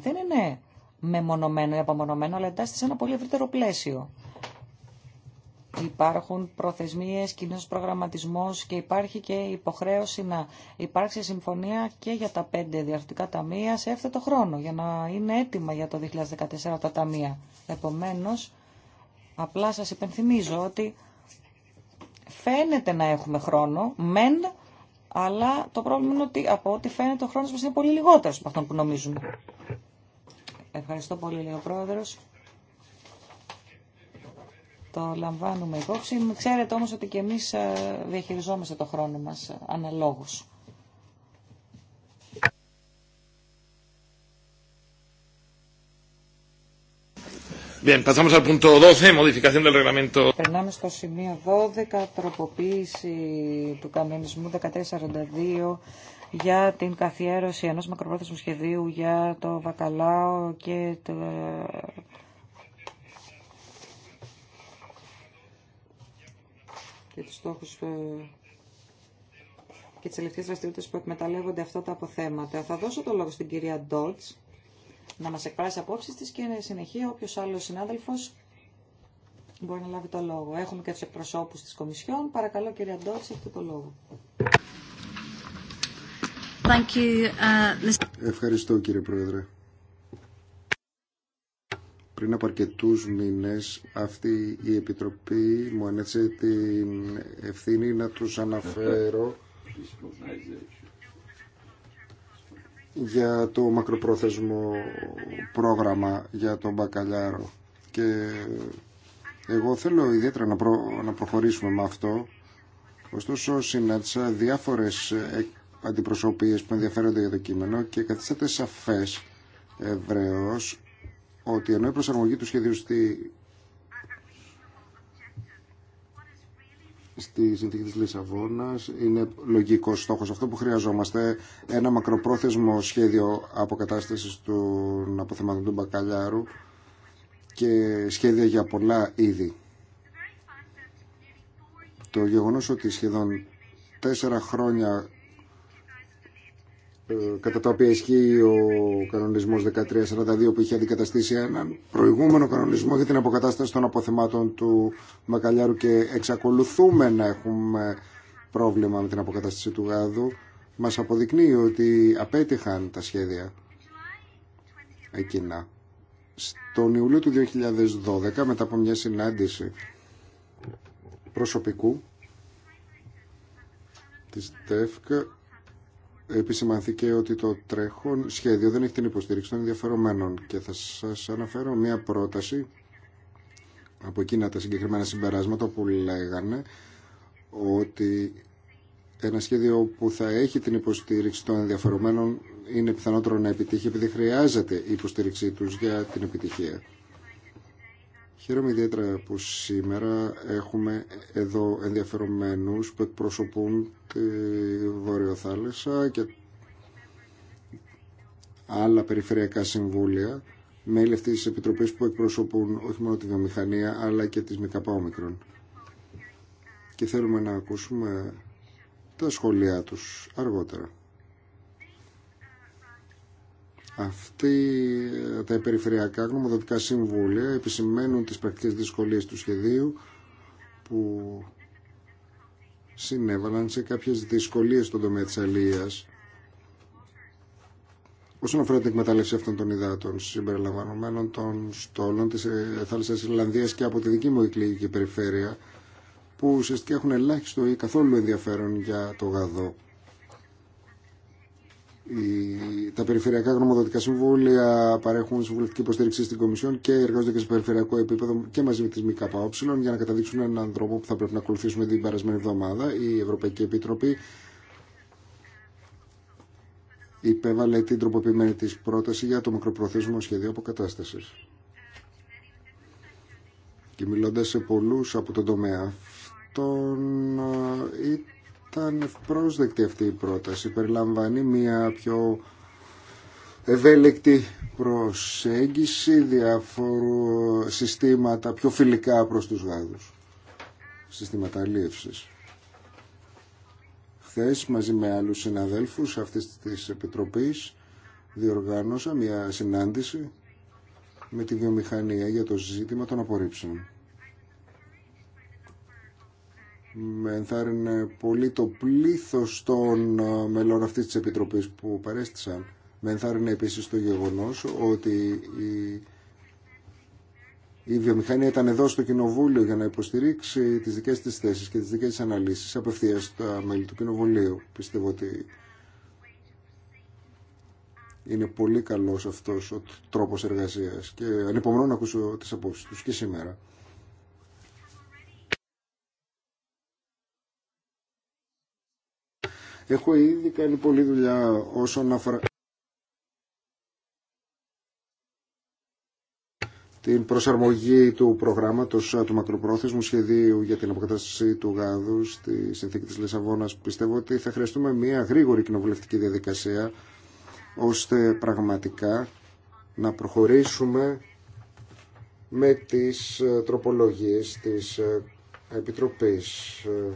δεν είναι μεμονωμένο ή απομονωμένο, αλλά εντάσσεται σε ένα πολύ ευρύτερο πλαίσιο. Υπάρχουν προθεσμίες, κοινός προγραμματισμός και υπάρχει και υποχρέωση να υπάρξει συμφωνία και για τα πέντε διαρθρωτικά ταμεία σε έφθετο χρόνο, για να είναι έτοιμα για το 2014 τα ταμεία. Επομένως, απλά σας υπενθυμίζω ότι φαίνεται να έχουμε χρόνο, μεν, αλλά το πρόβλημα είναι ότι από ό,τι φαίνεται ο χρόνος μας είναι πολύ λιγότερο από αυτόν που νομίζουμε. Ευχαριστώ πολύ, λέει ο πρόεδρο. Το λαμβάνουμε υπόψη. Ξέρετε όμως ότι και εμείς ε, διαχειριζόμαστε το χρόνο μας ε, αναλόγως. Bien, pasamos al punto 12, modificación del reglamento. Περνάμε στο σημείο 12, τροποποίηση του κανονισμού 1342 για την καθιέρωση ενός μακροπρόθεσμου σχεδίου για το βακαλάο και το... και τους στόχους ε, και τις δραστηριότητες που εκμεταλλεύονται αυτά τα αποθέματα. Θα δώσω το λόγο στην κυρία Ντότς να μας εκφράσει απόψεις της και συνεχεία όποιος άλλος συνάδελφος μπορεί να λάβει το λόγο. Έχουμε και τους εκπροσώπους της Κομισιόν. Παρακαλώ κυρία Ντότς, έχετε το λόγο. Uh, Ευχαριστώ κύριε Πρόεδρε. Πριν από αρκετού μήνε, αυτή η Επιτροπή μου ανέθεσε την ευθύνη να του αναφέρω για το μακροπρόθεσμο πρόγραμμα για τον Μπακαλιάρο. Και εγώ θέλω ιδιαίτερα να, προχωρήσουμε με αυτό. Ωστόσο, συνάντησα διάφορες αντιπροσωπείες που ενδιαφέρονται για το κείμενο και καθίσατε σαφές ευρέως ότι ενώ η προσαρμογή του σχεδίου στη, στη συνθήκη της Λισαβόνας είναι λογικός στόχος. Αυτό που χρειαζόμαστε ένα μακροπρόθεσμο σχέδιο αποκατάστασης των αποθεμάτων του μπακαλιάρου και σχέδια για πολλά είδη. Το γεγονός ότι σχεδόν τέσσερα χρόνια ε, κατά το οποία ισχύει ο κανονισμός 1342 που είχε αντικαταστήσει έναν προηγούμενο κανονισμό για την αποκατάσταση των αποθεμάτων του Μακαλιάρου και εξακολουθούμε να έχουμε πρόβλημα με την αποκατάσταση του γάδου μας αποδεικνύει ότι απέτυχαν τα σχέδια εκείνα. Στον Ιούλιο του 2012 μετά από μια συνάντηση προσωπικού της ΤΕΦΚ επισημανθήκε ότι το τρέχον σχέδιο δεν έχει την υποστήριξη των ενδιαφερομένων και θα σας αναφέρω μια πρόταση από εκείνα τα συγκεκριμένα συμπεράσματα που λέγανε ότι ένα σχέδιο που θα έχει την υποστήριξη των ενδιαφερομένων είναι πιθανότερο να επιτύχει επειδή χρειάζεται η υποστήριξή τους για την επιτυχία. Χαίρομαι ιδιαίτερα που σήμερα έχουμε εδώ ενδιαφερομένους που εκπροσωπούν τη Βόρειο και άλλα περιφερειακά συμβούλια, μέλη αυτής της Επιτροπής που εκπροσωπούν όχι μόνο τη βιομηχανία αλλά και τις ΜΚΟ. Και θέλουμε να ακούσουμε τα σχόλιά τους αργότερα. Αυτή ε, τα περιφερειακά γνωμοδοτικά συμβούλια επισημαίνουν τις πρακτικές δυσκολίες του σχεδίου που συνέβαλαν σε κάποιες δυσκολίες στον τομέα της αλίας όσον αφορά την εκμετάλλευση αυτών των υδάτων συμπεριλαμβανομένων των στόλων της ε, θάλασσας Ιρλανδίας και από τη δική μου εκλογική περιφέρεια που ουσιαστικά έχουν ελάχιστο ή καθόλου ενδιαφέρον για το γαδό τα περιφερειακά γνωμοδοτικά συμβούλια παρέχουν συμβουλευτική υποστήριξη στην Κομισιόν και εργάζονται και σε περιφερειακό επίπεδο και μαζί με τι ΜΚΟ για να καταδείξουν έναν τρόπο που θα πρέπει να ακολουθήσουμε την περασμένη εβδομάδα. Η Ευρωπαϊκή Επίτροπη υπέβαλε την τροποποιημένη τη πρόταση για το μακροπροθέσιμο σχέδιο αποκατάσταση. Και μιλώντα σε πολλού από τον τομέα αυτών, ε, ήταν ευπρόσδεκτη αυτή η πρόταση. Περιλαμβάνει μια πιο ευέλικτη προσέγγιση διάφορου συστήματα πιο φιλικά προς τους γάδους. Συστήματα αλίευσης. Χθες μαζί με άλλους συναδέλφους αυτής της Επιτροπής διοργάνωσα μια συνάντηση με τη βιομηχανία για το ζήτημα των απορρίψεων με ενθάρρυνε πολύ το πλήθος των ε, μελών αυτής της Επιτροπής που παρέστησαν. Με ενθάρρυνε επίσης το γεγονός ότι η, η βιομηχανία ήταν εδώ στο Κοινοβούλιο για να υποστηρίξει τις δικές της θέσεις και τις δικές της αναλύσεις απευθείας στα μέλη του Κοινοβουλίου. Πιστεύω ότι είναι πολύ καλός αυτός ο τρόπος εργασίας και ανυπομονώ να ακούσω τις απόψεις τους και σήμερα. Έχω ήδη κάνει πολλή δουλειά όσον αφορά την προσαρμογή του προγράμματος του μακροπρόθεσμου σχεδίου για την αποκατάσταση του γάδου στη συνθήκη της Λισαβόνας. Πιστεύω ότι θα χρειαστούμε μια γρήγορη κοινοβουλευτική διαδικασία ώστε πραγματικά να προχωρήσουμε με τις ε, τροπολογίες της ε, Επιτροπής. Ε,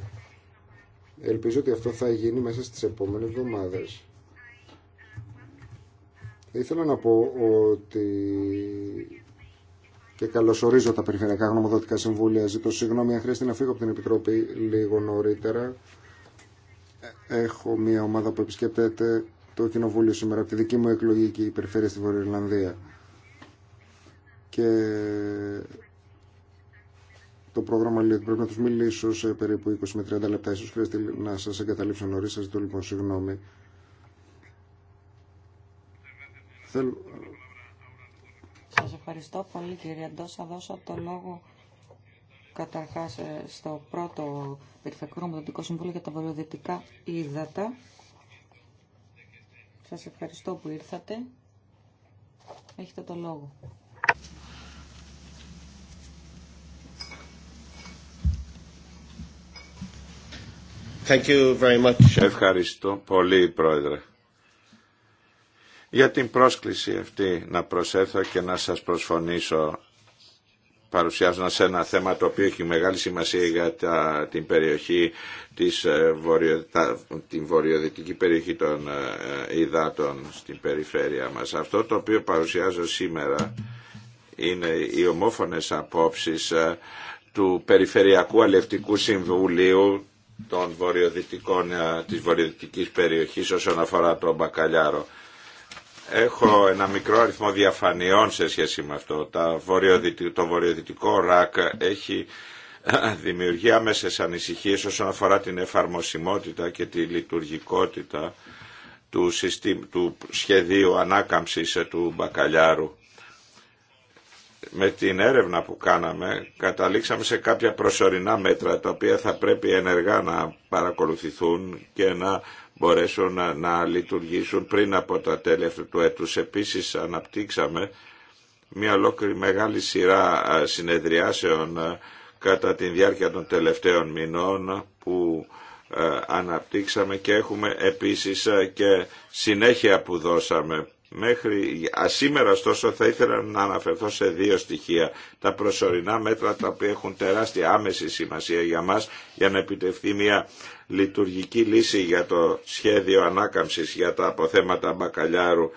Ελπίζω ότι αυτό θα γίνει μέσα στις επόμενες εβδομάδες. Ήθελα να πω ότι και καλωσορίζω τα περιφερειακά γνωμοδοτικά συμβούλια. Ζητώ συγγνώμη αν χρειάζεται να φύγω από την Επιτροπή λίγο νωρίτερα. Έχω μια ομάδα που επισκέπτεται το κοινοβούλιο σήμερα από τη δική μου εκλογική περιφέρεια στη Βορειοϊρλανδία. Και το πρόγραμμα λέει ότι πρέπει να τους μιλήσω σε περίπου 20 με 30 λεπτά. Ίσως χρειάζεται να σας εγκαταλείψω νωρίς, σας ζητώ λοιπόν συγγνώμη. Θέλω... Σας ευχαριστώ πολύ κύριε Αντό. Θα δώσω το λόγο καταρχάς ε, στο πρώτο Περιφερειακό νομοθετικό Συμβούλιο για τα Βορειοδυτικά Ήδατα. Σας ευχαριστώ που ήρθατε. Έχετε το λόγο. Ευχαριστώ πολύ, Πρόεδρε, για την πρόσκληση αυτή να προσέθω και να σας προσφωνήσω παρουσιάζοντας ένα θέμα το οποίο έχει μεγάλη σημασία για την περιοχή της, ε, την βορειοδυτική περιοχή των ε, ε, υδάτων στην περιφέρεια μας. Αυτό το οποίο παρουσιάζω σήμερα είναι οι ομόφωνες απόψεις ε, του Περιφερειακού Αλευτικού Συμβουλίου των βορειοδυτικών, ε, της βορειοδυτικής περιοχής όσον αφορά τον Μπακαλιάρο. Έχω ένα μικρό αριθμό διαφανειών σε σχέση με αυτό. το βορειοδυτικό ΡΑΚ έχει ε, δημιουργεί άμεσες ανησυχίες όσον αφορά την εφαρμοσιμότητα και τη λειτουργικότητα του, του σχεδίου ανάκαμψης ε, του Μπακαλιάρου με την έρευνα που κάναμε καταλήξαμε σε κάποια προσωρινά μέτρα τα οποία θα πρέπει ενεργά να παρακολουθηθούν και να μπορέσουν να, να λειτουργήσουν πριν από τα τέλη αυτού του έτους. Επίσης αναπτύξαμε μια ολόκληρη μεγάλη σειρά συνεδριάσεων κατά τη διάρκεια των τελευταίων μηνών που αναπτύξαμε και έχουμε επίσης και συνέχεια που δώσαμε Μέχρι σήμερα ωστόσο θα ήθελα να αναφερθώ σε δύο στοιχεία. Τα προσωρινά μέτρα τα οποία έχουν τεράστια άμεση σημασία για μας για να επιτευχθεί μια λειτουργική λύση για το σχέδιο ανάκαμψης για τα αποθέματα μπακαλιάρου.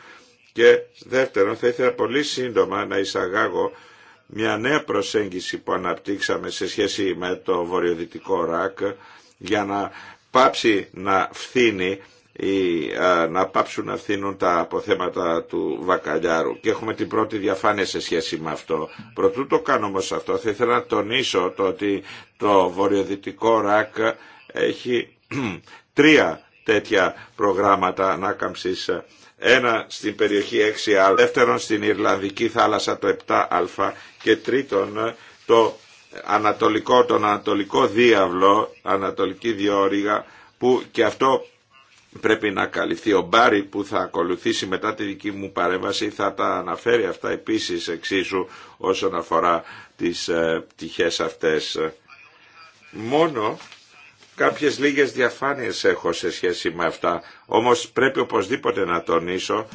Και δεύτερον θα ήθελα πολύ σύντομα να εισαγάγω μια νέα προσέγγιση που αναπτύξαμε σε σχέση με το βορειοδυτικό ΡΑΚ για να πάψει να φθήνει ή να πάψουν να φθήνουν τα αποθέματα του βακαλιάρου. Και έχουμε την πρώτη διαφάνεια σε σχέση με αυτό. Προτού το κάνω όμως αυτό, θα ήθελα να τονίσω το ότι το βορειοδυτικό ΡΑΚ έχει τρία τέτοια προγράμματα ανάκαμψης. Ένα στην περιοχή 6α, δεύτερον στην Ιρλανδική θάλασσα το 7α και τρίτον το ανατολικό, τον ανατολικό διάβλο, ανατολική διόρυγα, που και αυτό πρέπει να καλυφθεί. Ο Μπάρι που θα ακολουθήσει μετά τη δική μου παρέμβαση θα τα αναφέρει αυτά επίσης εξίσου όσον αφορά τις ε, πτυχές αυτές. Μόνο κάποιες λίγες διαφάνειες έχω σε σχέση με αυτά, όμως πρέπει οπωσδήποτε να τονίσω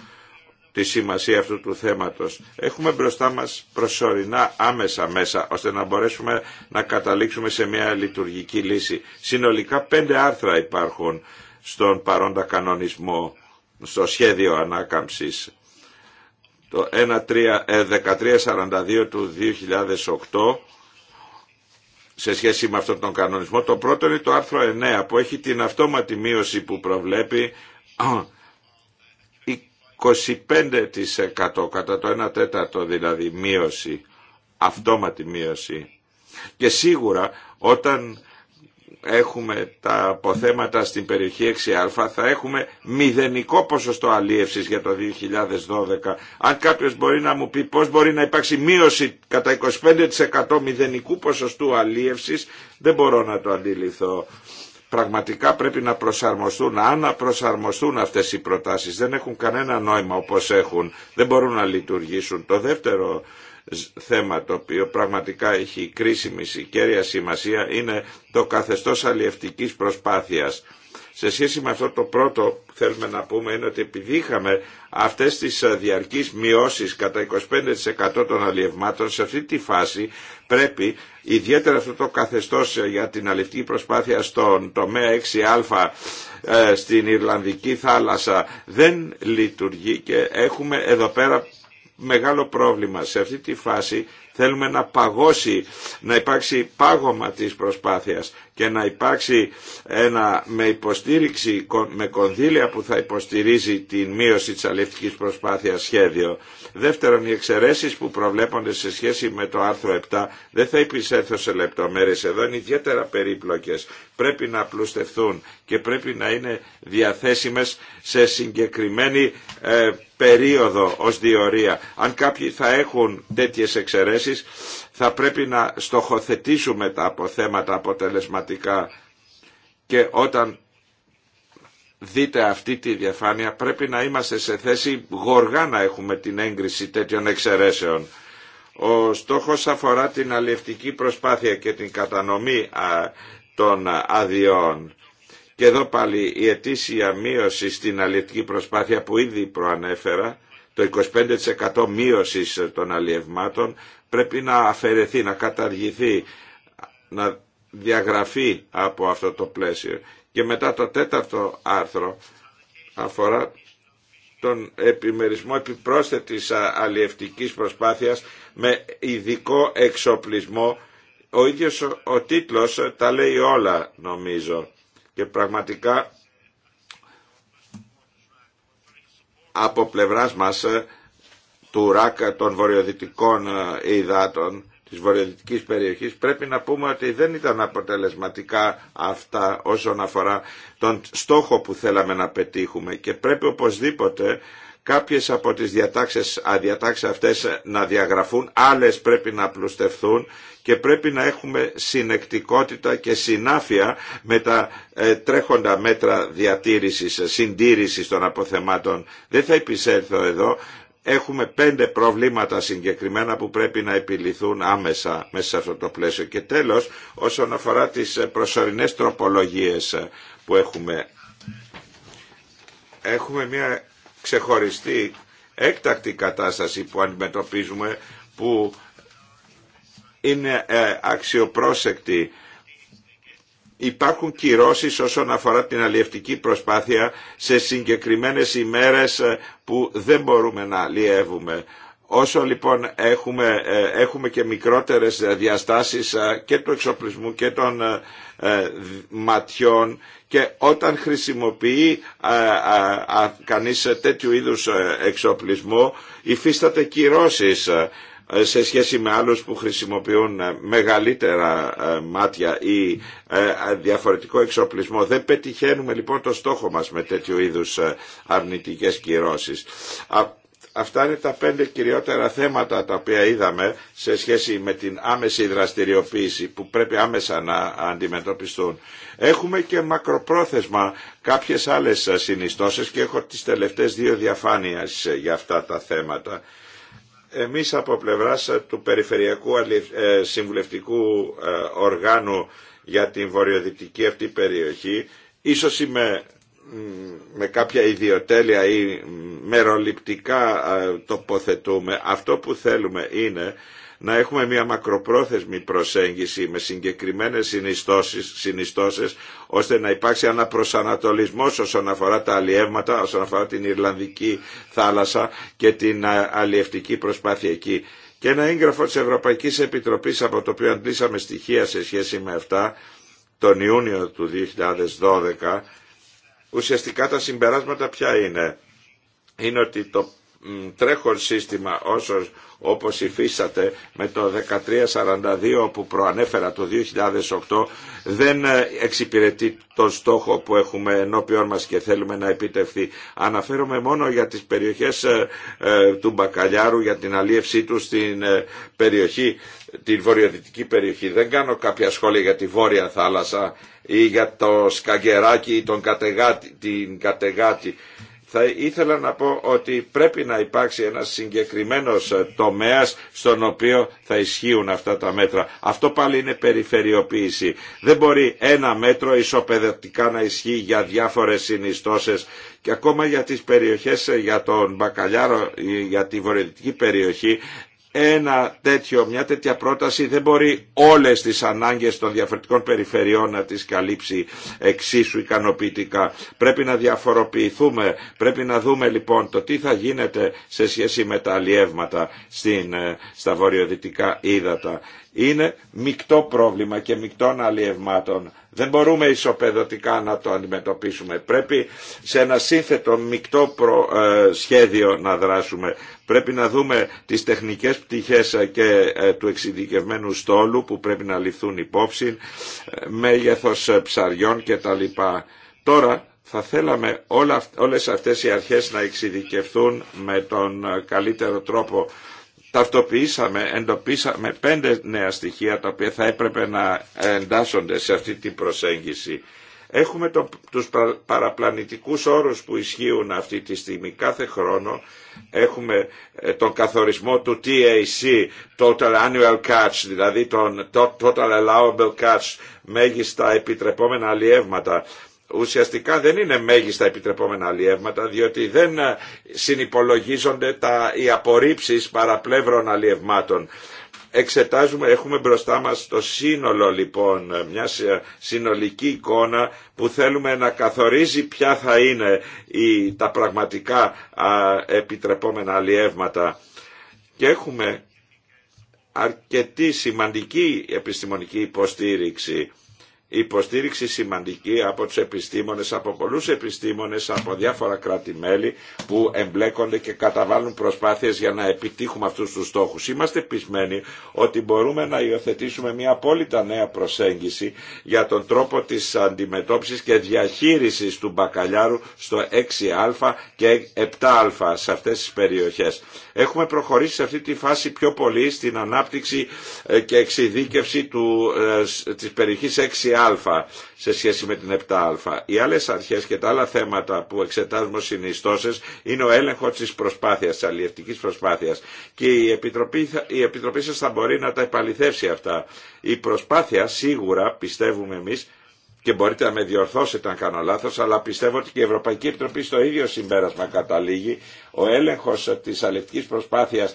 τη σημασία αυτού του θέματος. Έχουμε μπροστά μας προσωρινά άμεσα μέσα, ώστε να μπορέσουμε να καταλήξουμε σε μια λειτουργική λύση. Συνολικά πέντε άρθρα υπάρχουν στον παρόντα κανονισμό, στο σχέδιο ανάκαμψης. Το 1342 ε, του 2008 σε σχέση με αυτόν τον κανονισμό. Το πρώτο είναι το άρθρο 9 που έχει την αυτόματη μείωση που προβλέπει 25% κατά το 1 τέταρτο δηλαδή μείωση, αυτόματη μείωση. Και σίγουρα όταν έχουμε τα αποθέματα στην περιοχή 6α θα έχουμε μηδενικό ποσοστό αλίευσης για το 2012. Αν κάποιος μπορεί να μου πει πώς μπορεί να υπάρξει μείωση κατά 25% μηδενικού ποσοστού αλίευσης δεν μπορώ να το αντιληφθώ. Πραγματικά πρέπει να προσαρμοστούν, αν προσαρμοστούν αυτές οι προτάσεις δεν έχουν κανένα νόημα όπως έχουν, δεν μπορούν να λειτουργήσουν. Το δεύτερο θέμα το οποίο πραγματικά έχει κρίσιμη κέρια σημασία είναι το καθεστώς αλλιευτικής προσπάθειας. Σε σχέση με αυτό το πρώτο θέλουμε να πούμε είναι ότι επειδή είχαμε αυτές τις ε, διαρκείς μειώσεις κατά 25% των αλλιευμάτων σε αυτή τη φάση πρέπει ιδιαίτερα αυτό το καθεστώς ε, για την αλλιευτική προσπάθεια στον τομέα 6α ε, στην Ιρλανδική θάλασσα δεν λειτουργεί και έχουμε εδώ πέρα μεγάλο πρόβλημα. Σε αυτή τη φάση θέλουμε να παγώσει, να υπάρξει πάγωμα της προσπάθειας και να υπάρξει ένα με υποστήριξη, με κονδύλια που θα υποστηρίζει την μείωση της αλληλευτικής προσπάθειας σχέδιο. Δεύτερον, οι εξαιρέσεις που προβλέπονται σε σχέση με το άρθρο 7 δεν θα επισέλθω σε λεπτομέρειες. Εδώ είναι ιδιαίτερα περίπλοκες. Πρέπει να απλουστευτούν και πρέπει να είναι διαθέσιμες σε συγκεκριμένη ε, περίοδο ως διορία. Αν κάποιοι θα έχουν τέτοιες εξαιρέσεις θα πρέπει να στοχοθετήσουμε τα αποθέματα αποτελεσματικά και όταν δείτε αυτή τη διαφάνεια πρέπει να είμαστε σε θέση γοργά να έχουμε την έγκριση τέτοιων εξαιρέσεων. Ο στόχος αφορά την αλληλευτική προσπάθεια και την κατανομή των αδειών. Και εδώ πάλι η ετήσια μείωση στην αλληλευτική προσπάθεια που ήδη προανέφερα, το 25% μείωση των αλλιευμάτων πρέπει να αφαιρεθεί, να καταργηθεί, να διαγραφεί από αυτό το πλαίσιο. Και μετά το τέταρτο άρθρο αφορά τον επιμερισμό επιπρόσθετης αλλιευτικής προσπάθειας με ειδικό εξοπλισμό. Ο ίδιος ο τίτλος τα λέει όλα νομίζω και πραγματικά από πλευράς μας ε, του ΡΑΚ ε, των βορειοδυτικών ε, υδάτων της βορειοδυτικής περιοχής πρέπει να πούμε ότι δεν ήταν αποτελεσματικά αυτά όσον αφορά τον στόχο που θέλαμε να πετύχουμε και πρέπει οπωσδήποτε κάποιες από τις διατάξεις, αδιατάξεις αυτές να διαγραφούν, άλλες πρέπει να πλουστευθούν και πρέπει να έχουμε συνεκτικότητα και συνάφεια με τα ε, τρέχοντα μέτρα διατήρησης, συντήρησης των αποθεμάτων. Δεν θα επισέλθω εδώ. Έχουμε πέντε προβλήματα συγκεκριμένα που πρέπει να επιληθούν άμεσα μέσα σε αυτό το πλαίσιο. Και τέλος, όσον αφορά τις προσωρινές τροπολογίες που έχουμε, έχουμε μια ξεχωριστή έκτακτη κατάσταση που αντιμετωπίζουμε που είναι ε, αξιοπρόσεκτη. Υπάρχουν κυρώσεις όσον αφορά την αλλιευτική προσπάθεια σε συγκεκριμένες ημέρες ε, που δεν μπορούμε να αλλιεύουμε. Όσο λοιπόν έχουμε, ε, έχουμε και μικρότερες διαστάσεις και του εξοπλισμού και των ματιών και όταν χρησιμοποιεί α, κανείς τέτοιου είδους ε, εξοπλισμό υφίσταται κυρώσεις ε, σε σχέση με άλλους που χρησιμοποιούν ε, μεγαλύτερα μάτια ή διαφορετικό εξοπλισμό. Δεν πετυχαίνουμε λοιπόν το στόχο μας με τέτοιου είδους αρνητικές κυρώσεις. Αυτά είναι τα πέντε κυριότερα θέματα τα οποία είδαμε σε σχέση με την άμεση δραστηριοποίηση που πρέπει άμεσα να αντιμετωπιστούν. Έχουμε και μακροπρόθεσμα κάποιες άλλες συνιστώσεις και έχω τις τελευταίες δύο διαφάνειες για αυτά τα θέματα. Εμείς από πλευράς του Περιφερειακού ε, Συμβουλευτικού ε, Οργάνου για την βορειοδυτική αυτή περιοχή, ίσως είμαι με κάποια ιδιοτέλεια ή μεροληπτικά τοποθετούμε. Αυτό που θέλουμε είναι να έχουμε μια μακροπρόθεσμη προσέγγιση με συγκεκριμένες συνιστώσεις, συνιστώσεις ώστε να υπάρξει ένα προσανατολισμός όσον αφορά τα αλλιεύματα, όσον αφορά την Ιρλανδική θάλασσα και την αλλιευτική προσπάθεια εκεί. Και ένα έγγραφο της Ευρωπαϊκής Επιτροπής από το οποίο αντλήσαμε στοιχεία σε σχέση με αυτά τον Ιούνιο του 2012 Ουσιαστικά τα συμπεράσματα ποια είναι. Είναι ότι το τρέχον σύστημα όσο όπως υφίσατε με το 1342 που προανέφερα το 2008 δεν ε, εξυπηρετεί τον στόχο που έχουμε ενώπιόν μας και θέλουμε να επιτευχθεί. Αναφέρομαι μόνο για τις περιοχές ε, ε, του Μπακαλιάρου για την αλίευσή του στην περιοχή, την βορειοδυτική περιοχή. Δεν κάνω κάποια σχόλια για τη Βόρεια Θάλασσα ή για το Σκαγκεράκι ή τον την Κατεγάτη θα ήθελα να πω ότι πρέπει να υπάρξει ένας συγκεκριμένος ε, τομέας στον οποίο θα ισχύουν αυτά τα μέτρα. Αυτό πάλι είναι περιφερειοποίηση. Δεν μπορεί ένα μέτρο ισοπεδευτικά να ισχύει για διάφορες συνιστώσεις και ακόμα για τις περιοχές ε, για τον Μπακαλιάρο, για τη βορειοδυτική περιοχή ένα τέτοιο, μια τέτοια πρόταση δεν μπορεί όλες τις ανάγκες των διαφορετικών περιφερειών να τις καλύψει εξίσου ικανοποιητικά. Πρέπει να διαφοροποιηθούμε, πρέπει να δούμε λοιπόν το τι θα γίνεται σε σχέση με τα αλλιεύματα στην, ε, στα βορειοδυτικά ύδατα. Είναι μεικτό πρόβλημα και μεικτών αλλιευμάτων δεν μπορούμε ισοπεδωτικά να το αντιμετωπίσουμε. Πρέπει σε ένα σύνθετο μεικτό ε, σχέδιο να δράσουμε. Πρέπει να δούμε τις τεχνικές πτυχές ε, και ε, του εξειδικευμένου στόλου που πρέπει να ληφθούν υπόψη, μέγεθος ψαριών κτλ. Τώρα θα θέλαμε όλα, όλες αυτές οι αρχές να εξειδικευθούν με τον καλύτερο τρόπο ταυτοποιήσαμε, εντοπίσαμε πέντε νέα στοιχεία τα οποία θα έπρεπε να εντάσσονται σε αυτή την προσέγγιση. Έχουμε το, τους παραπλανητικούς όρους που ισχύουν αυτή τη στιγμή. Κάθε χρόνο έχουμε ε, τον καθορισμό του TAC, Total Annual Catch, δηλαδή τον Total Allowable Catch, μέγιστα επιτρεπόμενα αλλιεύματα ουσιαστικά δεν είναι μέγιστα επιτρεπόμενα αλλιεύματα διότι δεν ε, συνυπολογίζονται τα, οι απορρίψεις παραπλεύρων αλλιευμάτων. Εξετάζουμε, έχουμε μπροστά μας το σύνολο λοιπόν, ε, μια ε, συνολική εικόνα που θέλουμε να καθορίζει ποια θα είναι η, τα πραγματικά επιτρεπόμενα αλλιεύματα. Και έχουμε αρκετή σημαντική επιστημονική υποστήριξη υποστήριξη σημαντική από τους επιστήμονες, από πολλούς επιστήμονες, από διάφορα κράτη-μέλη που εμπλέκονται και καταβάλουν προσπάθειες για να επιτύχουμε αυτούς τους στόχους. Είμαστε πεισμένοι ότι μπορούμε να υιοθετήσουμε μια απόλυτα νέα προσέγγιση για τον τρόπο της αντιμετώπισης και διαχείρισης του μπακαλιάρου στο 6α και 7α σε αυτές τις περιοχές. Έχουμε προχωρήσει σε αυτή τη φάση πιο πολύ στην ανάπτυξη ε, και εξειδίκευση του, ε, της περιοχής α σε σχέση με την 7α. Οι άλλε αρχέ και τα άλλα θέματα που εξετάζουμε ω συνιστώσει είναι ο έλεγχο τη προσπάθεια, της αλλιευτική προσπάθειας και η Επιτροπή, η Επιτροπή σας θα μπορεί να τα επαληθεύσει αυτά. Η προσπάθεια σίγουρα πιστεύουμε εμεί και μπορείτε να με διορθώσετε αν κάνω λάθος, αλλά πιστεύω ότι και η Ευρωπαϊκή Επιτροπή στο ίδιο συμπέρασμα καταλήγει. Ο έλεγχος της αλευτικής προσπάθειας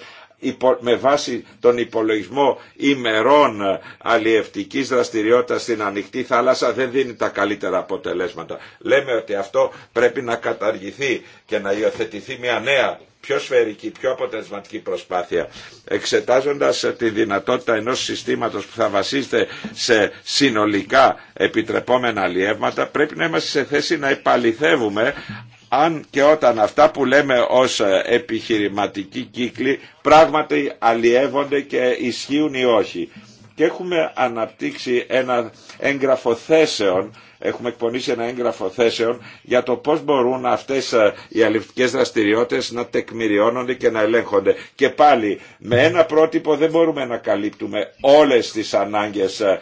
με βάση τον υπολογισμό ημερών αλλιευτικής δραστηριότητας στην ανοιχτή θάλασσα δεν δίνει τα καλύτερα αποτελέσματα. Λέμε ότι αυτό πρέπει να καταργηθεί και να υιοθετηθεί μια νέα πιο σφαιρική, πιο αποτελεσματική προσπάθεια. Εξετάζοντας τη δυνατότητα ενός συστήματος που θα βασίζεται σε συνολικά επιτρεπόμενα αλλιεύματα, πρέπει να είμαστε σε θέση να επαληθεύουμε αν και όταν αυτά που λέμε ως ε, επιχειρηματικοί κύκλοι πράγματι αλλιεύονται και ισχύουν ή όχι. Και έχουμε αναπτύξει ένα έγγραφο θέσεων, έχουμε εκπονήσει ένα έγγραφο θέσεων για το πώς μπορούν αυτές ε, οι αλληλευτικές δραστηριότητες να τεκμηριώνονται και να ελέγχονται. Και πάλι με ένα πρότυπο δεν μπορούμε να καλύπτουμε όλες τις ανάγκες ε,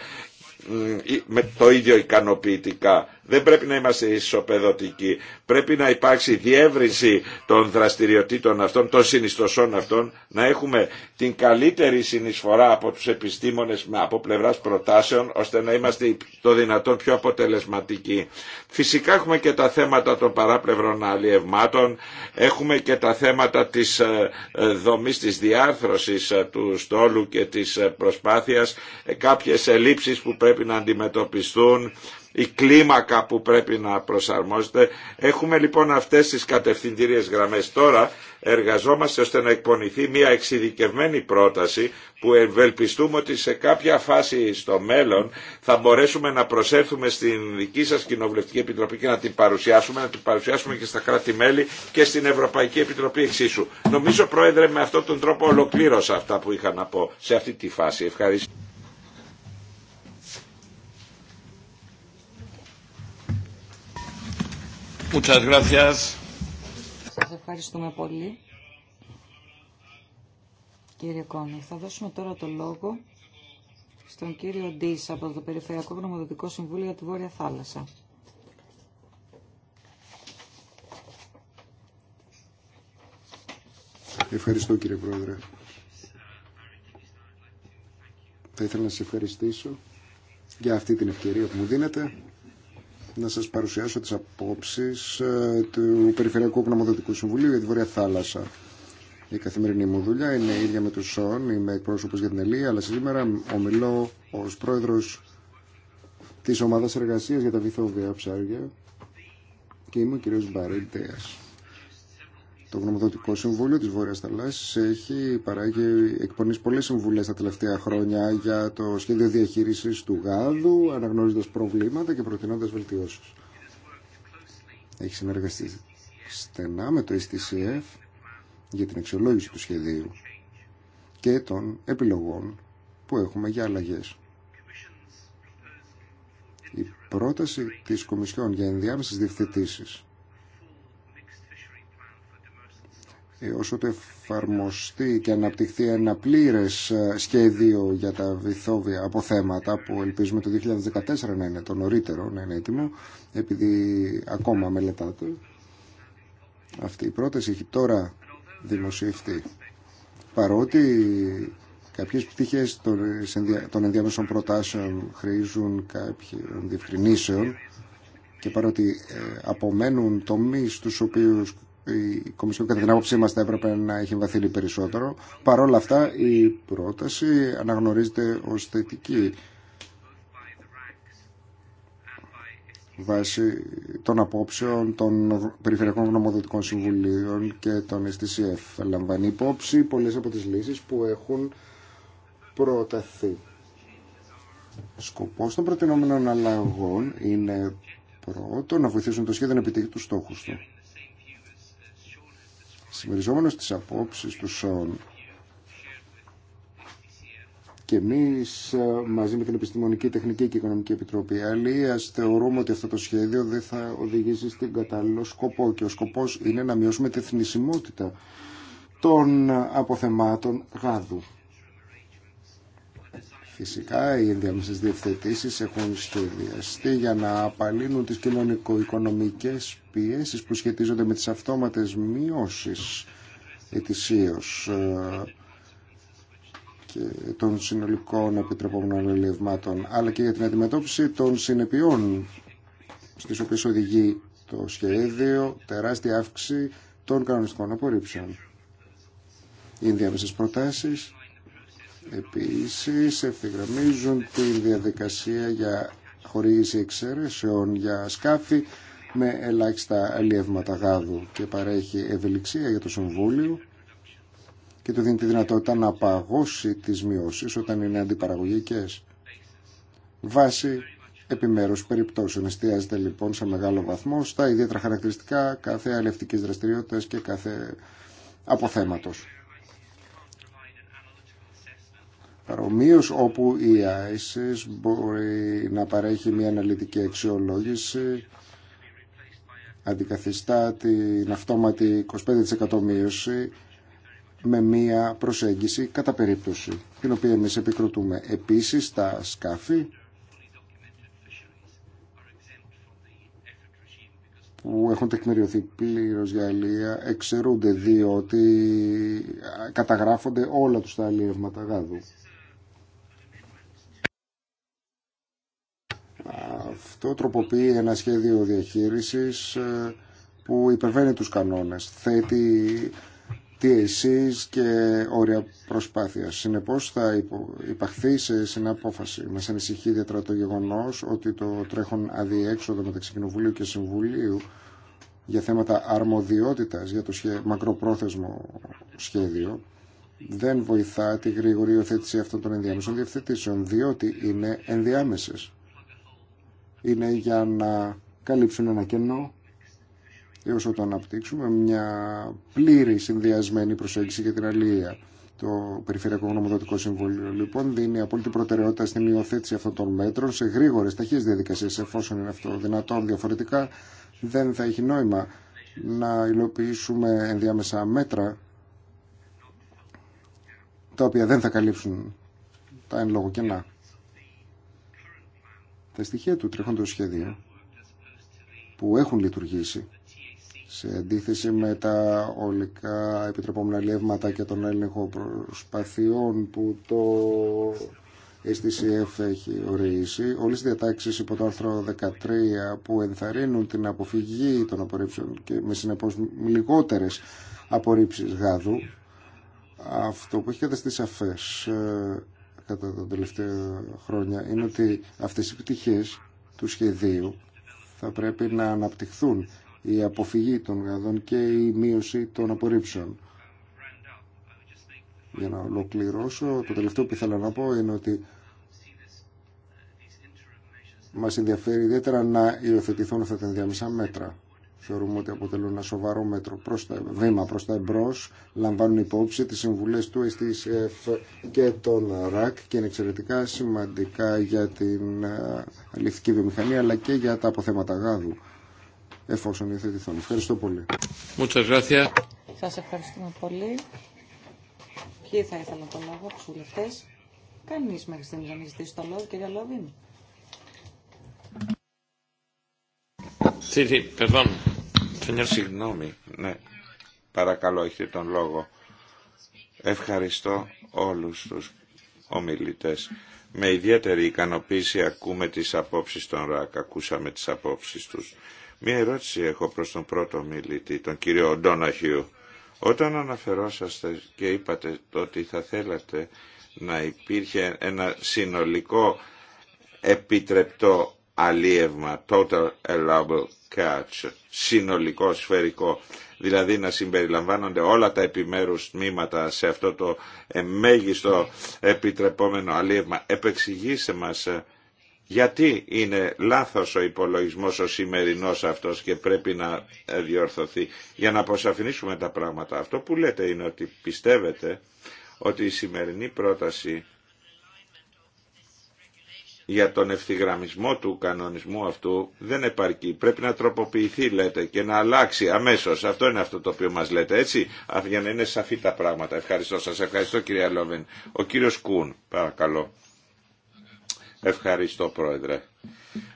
με το ίδιο ικανοποιητικά. Δεν πρέπει να είμαστε ισοπεδωτικοί. Πρέπει να υπάρξει διεύρυνση των δραστηριοτήτων αυτών, των συνιστοσών αυτών, να έχουμε την καλύτερη συνεισφορά από τους επιστήμονες από πλευράς προτάσεων, ώστε να είμαστε το δυνατόν πιο αποτελεσματικοί. Φυσικά έχουμε και τα θέματα των παράπλευρων αλλιευμάτων, έχουμε και τα θέματα της ε, ε, δομής της διάρθρωσης ε, του στόλου και της προσπάθειας, κάποιες ελλείψεις που πρέπει να αντιμετωπιστούν, η κλίμακα που πρέπει να προσαρμόζεται. Έχουμε λοιπόν αυτές τις κατευθυντηρίες γραμμές. Τώρα εργαζόμαστε ώστε να εκπονηθεί μια εξειδικευμένη πρόταση που ευελπιστούμε ότι σε κάποια φάση στο μέλλον θα μπορέσουμε να προσέλθουμε στην δική σας Κοινοβουλευτική Επιτροπή και να την παρουσιάσουμε, να την παρουσιάσουμε και στα κράτη-μέλη και στην Ευρωπαϊκή Επιτροπή εξίσου. Νομίζω, Πρόεδρε, με αυτόν τον τρόπο ολοκλήρωσα αυτά που είχα να πω σε αυτή τη φάση. Ευχαριστώ. Muchas gracias. Σας ευχαριστούμε πολύ. Κύριε Κόνη, θα δώσουμε τώρα το λόγο στον κύριο Ντίς από το Περιφερειακό Γνωμοδοτικό Συμβούλιο για τη Βόρεια Θάλασσα. Ευχαριστώ κύριε Πρόεδρε. Θα ήθελα να σας ευχαριστήσω για αυτή την ευκαιρία που μου δίνετε να σας παρουσιάσω τις απόψεις ε, του Περιφερειακού Γνωμοδοτικού Συμβουλίου για τη Βορεια Θάλασσα. Η καθημερινή μου δουλειά είναι ίδια με τους ΣΟΝ, είμαι εκπρόσωπος για την Ελία, αλλά σήμερα ομιλώ ως πρόεδρος της Ομάδας Εργασίας για τα Βυθόβια Ψάρια και είμαι ο κ. Μπαρεντέας. Το Γνωμοδοτικό Συμβούλιο της Βόρειας Θαλάσσης έχει παράγει εκπονήσει πολλές συμβουλές τα τελευταία χρόνια για το σχέδιο διαχείρισης του γάδου, αναγνωρίζοντας προβλήματα και προτείνοντας βελτιώσεις. Έχει συνεργαστεί στενά με το STCF για την αξιολόγηση του σχεδίου και των επιλογών που έχουμε για αλλαγές. Η πρόταση της Κομισιόν για ενδιάμεσες διευθετήσεις όσο το εφαρμοστεί και αναπτυχθεί ένα πλήρες ε, σχέδιο για τα βυθόβια αποθέματα που ελπίζουμε το 2014 να είναι το νωρίτερο, να είναι έτοιμο, επειδή ακόμα μελετάται. Αυτή η πρόταση έχει τώρα δημοσιευτεί. Παρότι κάποιες πτυχές των ενδιάμεσων προτάσεων χρήζουν κάποιων διευκρινήσεων και παρότι ε, απομένουν τομείς στους οποίους η Κομισιόν κατά την άποψή μας θα έπρεπε να έχει βαθύνει περισσότερο. Παρ' όλα αυτά η πρόταση αναγνωρίζεται ως θετική βάσει των απόψεων των Περιφερειακών Γνωμοδοτικών Συμβουλίων και των STCF. Λαμβάνει υπόψη πολλές από τις λύσεις που έχουν προταθεί. Σκοπός των προτείνομενων αλλαγών είναι πρώτο να βοηθήσουν το σχέδιο να επιτύχει τους στόχους του Συμμεριζόμενος τις απόψεις του ΣΟΝ και εμείς ε, μαζί με την Επιστημονική, Τεχνική και Οικονομική Επιτροπή Αλίας θεωρούμε ότι αυτό το σχέδιο δεν θα οδηγήσει στην κατάλληλο σκοπό και ο σκοπός είναι να μειώσουμε τη θνησιμότητα των αποθεμάτων γάδου. Φυσικά οι ενδιάμεσες διευθετήσεις έχουν σχεδιαστεί για να απαλύνουν τις κοινωνικο-οικονομικές πιέσεις που σχετίζονται με τις αυτόματες μειώσεις ετησίως ε, και των συνολικών επιτρεπόμενων ελευμάτων αλλά και για την αντιμετώπιση των συνεπειών στις οποίες οδηγεί το σχέδιο τεράστια αύξηση των κανονιστικών απορρίψεων. Οι ενδιάμεσες προτάσεις Επίσης ευθυγραμμίζουν τη διαδικασία για χορήγηση εξαιρέσεων για σκάφη με ελάχιστα αλλιεύματα γάδου και παρέχει ευελιξία για το Συμβούλιο και του δίνει τη δυνατότητα να παγώσει τις μειώσεις όταν είναι αντιπαραγωγικές. Βάση επιμέρους περιπτώσεων εστιάζεται λοιπόν σε μεγάλο βαθμό στα ιδιαίτερα χαρακτηριστικά κάθε αλλιευτικής δραστηριότητας και κάθε αποθέματος. Παρομοίως όπου η ISIS μπορεί να παρέχει μια αναλυτική αξιολόγηση αντικαθιστά την αυτόματη 25% μείωση με μία προσέγγιση κατά περίπτωση, την οποία εμείς επικροτούμε. Επίσης, τα σκάφη που έχουν τεκμηριωθεί πλήρως για αλεία εξαιρούνται διότι καταγράφονται όλα τους τα αλλιεύματα γάδου. Αυτό τροποποιεί ένα σχέδιο διαχείρισης ε, που υπερβαίνει τους κανόνες. Θέτει TSCs και όρια προσπάθειας. Συνεπώς θα υπαχθεί σε συναπόφαση. Μας ανησυχεί ιδιαίτερα το γεγονός ότι το τρέχον αδιέξοδο μεταξύ Κοινοβουλίου και Συμβουλίου για θέματα αρμοδιότητας για το σχέ... μακροπρόθεσμο σχέδιο δεν βοηθά τη γρήγορη υιοθέτηση αυτών των ενδιάμεσων διευθετήσεων διότι είναι ενδιάμεσες είναι για να καλύψουν ένα κενό έως όταν αναπτύξουμε μια πλήρη συνδυασμένη προσέγγιση για την αλληλεία. Το Περιφερειακό Γνωμοδοτικό Συμβούλιο λοιπόν δίνει απόλυτη προτεραιότητα στην υιοθέτηση αυτών των μέτρων σε γρήγορε ταχύε διαδικασίε εφόσον είναι αυτό δυνατόν. Διαφορετικά δεν θα έχει νόημα να υλοποιήσουμε ενδιάμεσα μέτρα τα οποία δεν θα καλύψουν τα εν λόγω κενά. Τα στοιχεία του τρέχοντος σχέδιου που έχουν λειτουργήσει σε αντίθεση με τα ολικά επιτρεπόμενα λεύματα και τον έλεγχο προσπαθειών που το STCF έχει ορίσει, όλες οι διατάξεις υπό το άρθρο 13 που ενθαρρύνουν την αποφυγή των απορρίψεων και με συνεπώς λιγότερες απορρίψεις γάδου, αυτό που έχει καταστεί σαφές ε, κατά τα τελευταία χρόνια είναι ότι αυτές οι επιτυχίες του σχεδίου θα πρέπει να αναπτυχθούν η αποφυγή των γαδών και η μείωση των απορρίψεων. Για να ολοκληρώσω, το τελευταίο που ήθελα να πω είναι ότι μας ενδιαφέρει ιδιαίτερα να υιοθετηθούν αυτά τα ενδιάμεσα μέτρα θεωρούμε ότι αποτελούν ένα σοβαρό μέτρο προς τα, βήμα προ τα εμπρό. λαμβάνουν υπόψη τι συμβουλέ του STSF και των ΡΑΚ και είναι εξαιρετικά σημαντικά για την ε, αληθική βιομηχανία αλλά και για τα αποθέματα γάδου εφόσον υιοθετηθούν. Ευχαριστώ πολύ. Σα ευχαριστούμε πολύ. Ποιοι θα ήθελαν το λόγο, του βουλευτέ. Κανείς μέχρι στιγμή δεν έχει το λόγο, κύριε Λόβιν. Sí, sí, perdón. Συγγνώμη, ναι. Παρακαλώ, έχετε τον λόγο. Ευχαριστώ όλους τους ομιλητές. Με ιδιαίτερη ικανοποίηση ακούμε τις απόψεις των ΡΑΚ, ακούσαμε τις απόψεις τους. Μία ερώτηση έχω προς τον πρώτο ομιλητή, τον κύριο Ντόναχιου. Όταν αναφερόσαστε και είπατε ότι θα θέλατε να υπήρχε ένα συνολικό επιτρεπτό αλίευμα, total allowable catch, συνολικό, σφαιρικό, δηλαδή να συμπεριλαμβάνονται όλα τα επιμέρους τμήματα σε αυτό το ε, μέγιστο επιτρεπόμενο αλίευμα. Επεξηγήσε μας ε, γιατί είναι λάθος ο υπολογισμός ο σημερινός αυτός και πρέπει να ε, διορθωθεί. Για να αποσαφηνίσουμε τα πράγματα, αυτό που λέτε είναι ότι πιστεύετε ότι η σημερινή πρόταση για τον ευθυγραμμισμό του κανονισμού αυτού δεν επαρκεί. Πρέπει να τροποποιηθεί λέτε και να αλλάξει αμέσως. Αυτό είναι αυτό το οποίο μας λέτε έτσι για να είναι σαφή τα πράγματα. Ευχαριστώ σας. Ευχαριστώ κυρία Λόβεν. Ο κύριος Κούν παρακαλώ. Ευχαριστώ πρόεδρε.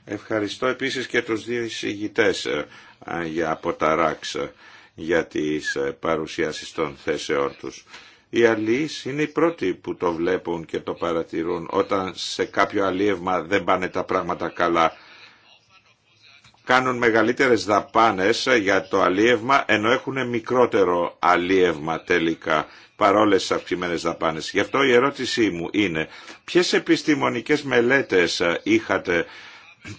Ευχαριστώ επίσης και τους δύο εισηγητές ε, για από τα ε, για τις ε, παρουσιάσεις των θέσεών τους. Οι αλληλείς είναι οι πρώτοι που το βλέπουν και το παρατηρούν όταν σε κάποιο αλλίευμα δεν πάνε τα πράγματα καλά. Κάνουν μεγαλύτερες δαπάνες για το αλλίευμα ενώ έχουν μικρότερο αλλίευμα τελικά παρόλες τις αυξημένες δαπάνες. Γι' αυτό η ερώτησή μου είναι ποιες επιστημονικές μελέτες είχατε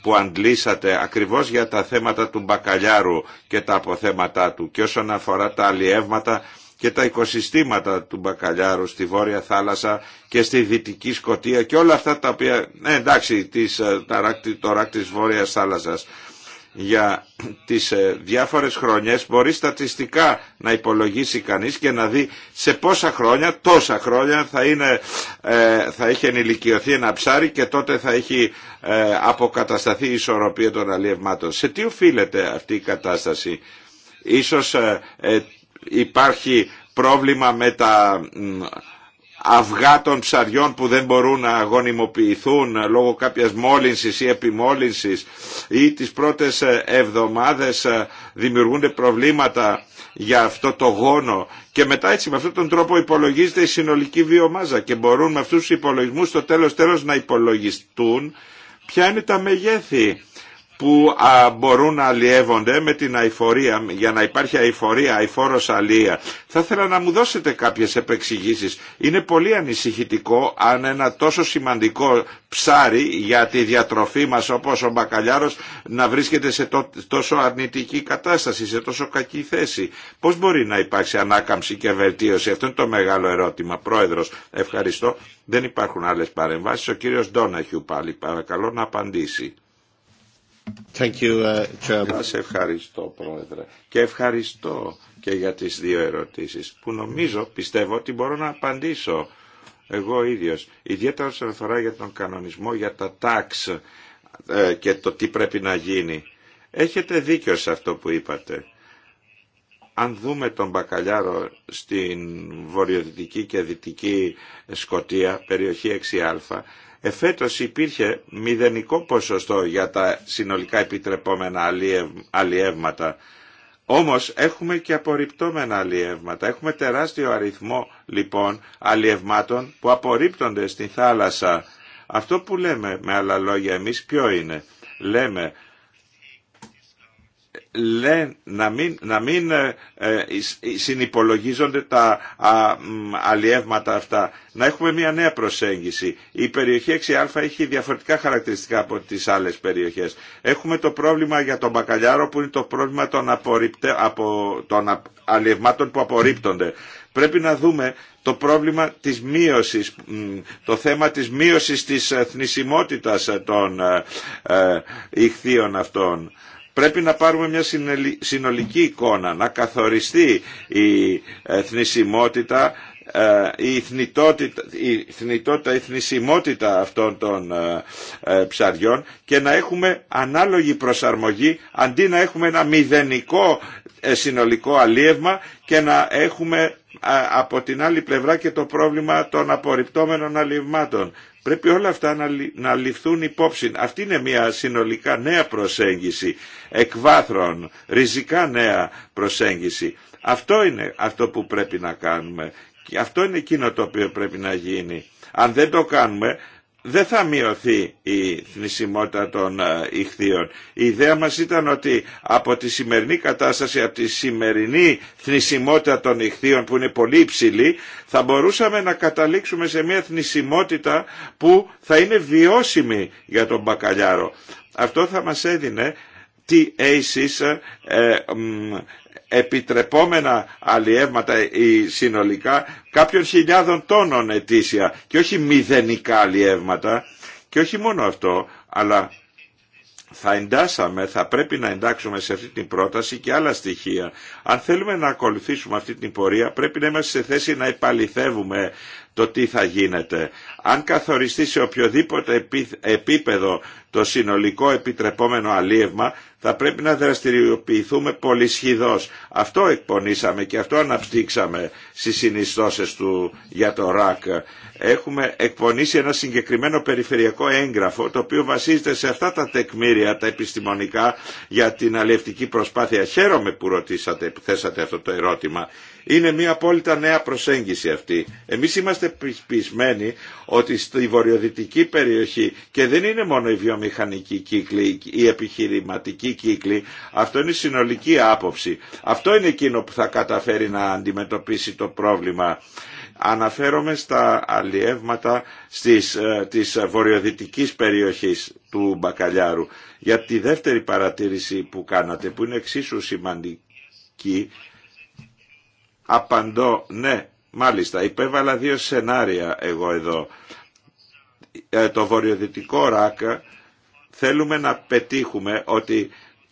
που αντλήσατε ακριβώς για τα θέματα του μπακαλιάρου και τα αποθέματά του και όσον αφορά τα αλλιεύματα και τα οικοσυστήματα του Μπακαλιάρου στη Βόρεια Θάλασσα και στη Δυτική Σκοτία και όλα αυτά τα οποία, ε, εντάξει, της, ε, το ράκ της Βόρειας Θάλασσας για τις ε, διάφορες χρονιές μπορεί στατιστικά να υπολογίσει κανείς και να δει σε πόσα χρόνια, τόσα χρόνια θα, είναι, θα έχει ενηλικιωθεί ένα ψάρι και τότε θα έχει αποκατασταθεί η ισορροπία των αλλιευμάτων. Σε τι οφείλεται αυτή η κατάσταση. Ίσως υπάρχει πρόβλημα με τα αυγά των ψαριών που δεν μπορούν να γονιμοποιηθούν λόγω κάποιας μόλυνσης ή επιμόλυνσης ή τις πρώτες ε, εβδομάδες ε, δημιουργούνται προβλήματα για αυτό το γόνο και μετά έτσι με αυτόν τον τρόπο υπολογίζεται η συνολική βιομάζα και μπορούν με αυτούς τους υπολογισμούς στο τέλος τέλος να υπολογιστούν ποια είναι τα μεγέθη που μπορούν να αλλιεύονται με την αηφορία, για να υπάρχει αηφορία, αηφόρος αλία. Θα ήθελα να μου δώσετε κάποιες επεξηγήσεις. Είναι πολύ ανησυχητικό αν ένα τόσο σημαντικό ψάρι για τη διατροφή μας όπως ο μπακαλιάρος να βρίσκεται σε τόσο αρνητική κατάσταση, σε τόσο κακή θέση. Πώς μπορεί να υπάρξει ανάκαμψη και βελτίωση. Αυτό είναι το μεγάλο ερώτημα. Πρόεδρος, ευχαριστώ. Δεν υπάρχουν άλλες παρεμβάσεις. Ο κύριος Ντόναχιου πάλι παρακαλώ να απαντήσει. Thank uh, ευχαριστώ Πρόεδρε και ευχαριστώ και για τις δύο ερωτήσεις που νομίζω, πιστεύω ότι μπορώ να απαντήσω εγώ ίδιος. Ιδιαίτερα σε αφορά για τον κανονισμό για τα τάξ ε, και το τι πρέπει να γίνει. Έχετε δίκιο σε αυτό που είπατε. Αν δούμε τον Μπακαλιάρο στην βορειοδυτική και δυτική Σκοτία, περιοχή 6α, Εφέτος υπήρχε μηδενικό ποσοστό για τα συνολικά επιτρεπόμενα αλιεύματα. Όμως έχουμε και απορριπτόμενα αλιεύματα. Έχουμε τεράστιο αριθμό λοιπόν αλλιευμάτων που απορρίπτονται στην θάλασσα. Αυτό που λέμε με άλλα λόγια εμείς ποιο είναι. Λέμε λένε να μην, να μην ε, ε συνυπολογίζονται τα α, αλλιεύματα αυτά. Να έχουμε μια νέα προσέγγιση. Η περιοχή 6α έχει διαφορετικά χαρακτηριστικά από τις άλλες περιοχές. Έχουμε το πρόβλημα για τον μπακαλιάρο που είναι το πρόβλημα των, απορριπτε, από, των αλλιευμάτων που απορρίπτονται. Πρέπει να δούμε το πρόβλημα της μείωσης, το θέμα της μείωσης της θνησιμότητας των ε, ε, ηχθείων αυτών. Πρέπει να πάρουμε μια συνολική εικόνα, να καθοριστεί η εθνισμότητα, ε, η η αυτών των ε, ε, ψαριών και να έχουμε ανάλογη προσαρμογή αντί να έχουμε ένα μηδενικό συνολικό αλίευμα και να έχουμε από την άλλη πλευρά και το πρόβλημα των απορριπτόμενων αλιευμάτων. Πρέπει όλα αυτά να ληφθούν υπόψη. Αυτή είναι μια συνολικά νέα προσέγγιση, εκβάθρων, ριζικά νέα προσέγγιση. Αυτό είναι αυτό που πρέπει να κάνουμε αυτό είναι εκείνο το οποίο πρέπει να γίνει. Αν δεν το κάνουμε δεν θα μειωθεί η θνησιμότητα των ε, ηχθείων. Η ιδέα μας ήταν ότι από τη σημερινή κατάσταση, από τη σημερινή θνησιμότητα των ηχθείων που είναι πολύ υψηλή, θα μπορούσαμε να καταλήξουμε σε μια θνησιμότητα που θα είναι βιώσιμη για τον μπακαλιάρο. Αυτό θα μας έδινε τι ε, επιτρεπόμενα αλλιεύματα συνολικά κάποιων χιλιάδων τόνων ετήσια και όχι μηδενικά αλλιεύματα και όχι μόνο αυτό αλλά θα εντάσαμε, θα πρέπει να εντάξουμε σε αυτή την πρόταση και άλλα στοιχεία. Αν θέλουμε να ακολουθήσουμε αυτή την πορεία πρέπει να είμαστε σε θέση να επαληθεύουμε το τι θα γίνεται. Αν καθοριστεί σε οποιοδήποτε επίπεδο το συνολικό επιτρεπόμενο αλίευμα, θα πρέπει να δραστηριοποιηθούμε πολυσχηδώς. Αυτό εκπονήσαμε και αυτό αναπτύξαμε στις συνιστώσεις του για το ΡΑΚ. Έχουμε εκπονήσει ένα συγκεκριμένο περιφερειακό έγγραφο, το οποίο βασίζεται σε αυτά τα τεκμήρια, τα επιστημονικά, για την αλλιευτική προσπάθεια. Χαίρομαι που ρωτήσατε, που θέσατε αυτό το ερώτημα. Είναι μια απόλυτα νέα προσέγγιση αυτή. Εμείς είμαστε πεισμένοι ότι στη βορειοδυτική περιοχή και δεν είναι μόνο η βιομηχανική κύκλη, η επιχειρηματική κύκλη, αυτό είναι η συνολική άποψη. Αυτό είναι εκείνο που θα καταφέρει να αντιμετωπίσει το πρόβλημα. Αναφέρομαι στα αλλιεύματα στις, ε, της βορειοδυτικής περιοχής του Μπακαλιάρου. Για τη δεύτερη παρατήρηση που κάνατε, που είναι εξίσου σημαντική, Απαντώ, ναι, μάλιστα, υπέβαλα δύο σενάρια εγώ εδώ. Ε, το βορειοδυτικό ρακ θέλουμε να πετύχουμε ότι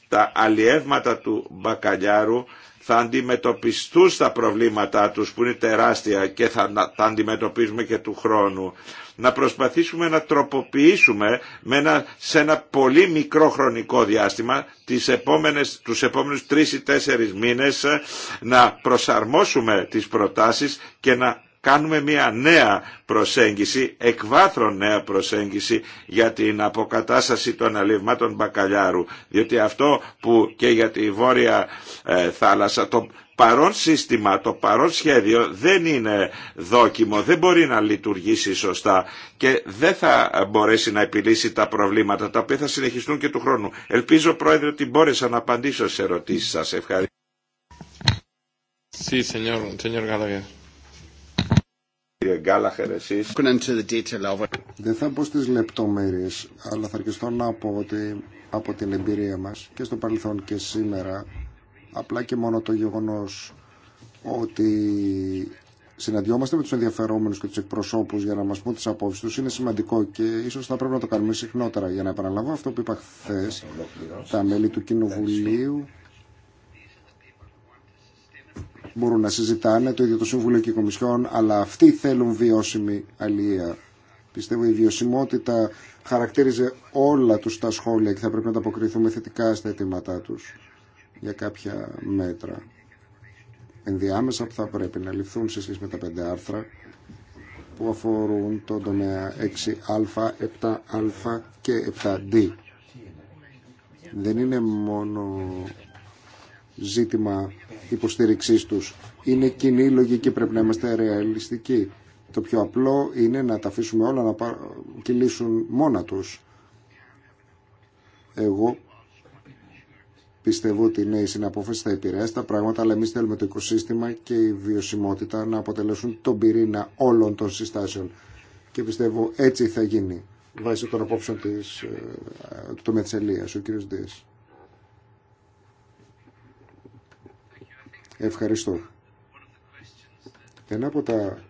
τα αλλιεύματα του μπακαλιάρου θα αντιμετωπιστούν στα προβλήματά τους που είναι τεράστια και θα τα αντιμετωπίζουμε και του χρόνου να προσπαθήσουμε να τροποποιήσουμε με ένα, σε ένα πολύ μικρό χρονικό διάστημα τις επόμενες, τους επόμενους τρεις ή τέσσερις μήνες ε, να προσαρμόσουμε τις προτάσεις και να κάνουμε μια νέα προσέγγιση, εκβάθρον νέα προσέγγιση για την αποκατάσταση των αλευμάτων μπακαλιάρου. Διότι αυτό που και για τη Βόρεια ε, Θάλασσα, το, παρόν σύστημα, το παρόν σχέδιο δεν είναι δόκιμο, δεν μπορεί να λειτουργήσει σωστά και δεν θα μπορέσει να επιλύσει τα προβλήματα τα οποία θα συνεχιστούν και του χρόνου. Ελπίζω Πρόεδρε ότι μπόρεσα να απαντήσω σε ερωτήσεις σας. Ευχαριστώ. Sí, señor, señor Δεν θα πω στις λεπτομέρειες, αλλά θα αρχιστώ να πω ότι από την εμπειρία μας και στο παρελθόν και σήμερα απλά και μόνο το γεγονός ότι συναντιόμαστε με τους ενδιαφερόμενους και τους εκπροσώπους για να μας πούν τις απόψεις τους είναι σημαντικό και ίσως θα πρέπει να το κάνουμε συχνότερα για να επαναλάβω αυτό που είπα χθε τα μέλη του Κοινοβουλίου μπορούν να συζητάνε το ίδιο το Συμβούλιο και η Κομισιόν αλλά αυτοί θέλουν βιώσιμη αλληλεία πιστεύω η βιωσιμότητα χαρακτήριζε όλα τους τα σχόλια και θα πρέπει να τα αποκριθούμε θετικά στα αιτήματά τους για κάποια μέτρα ενδιάμεσα που θα πρέπει να ληφθούν σε σχέση με τα πέντε άρθρα που αφορούν τον τομέα 6α, 7α και 7d. Δεν είναι μόνο ζήτημα υποστήριξής τους. Είναι κοινή λογική, πρέπει να είμαστε ρεαλιστικοί. Το πιο απλό είναι να τα αφήσουμε όλα να κυλήσουν μόνα τους. Εγώ Πιστεύω ότι ναι, η συναπόφαση θα επηρεάσει τα πράγματα, αλλά εμεί θέλουμε το οικοσύστημα και η βιωσιμότητα να αποτελέσουν τον πυρήνα όλων των συστάσεων. Και πιστεύω έτσι θα γίνει βάσει των απόψεων της, ε, του τομέα ο κ. Δίε. Ευχαριστώ. Ένα από τα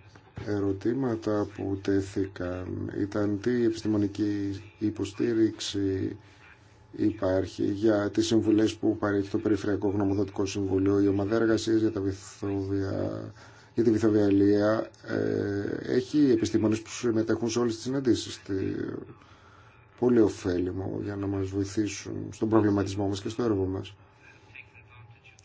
ερωτήματα που τέθηκαν ήταν τι επιστημονική υποστήριξη υπάρχει για τις συμβουλές που παρέχει το Περιφερειακό Γνωμοδοτικό Συμβουλίο. Η ομάδα εργασίας για, για τη βυθοβιαλία ε, έχει επιστήμονε που συμμετέχουν σε όλες τις συναντήσεις. Πολύ ωφέλιμο για να μας βοηθήσουν στον προβληματισμό μας και στο έργο μας.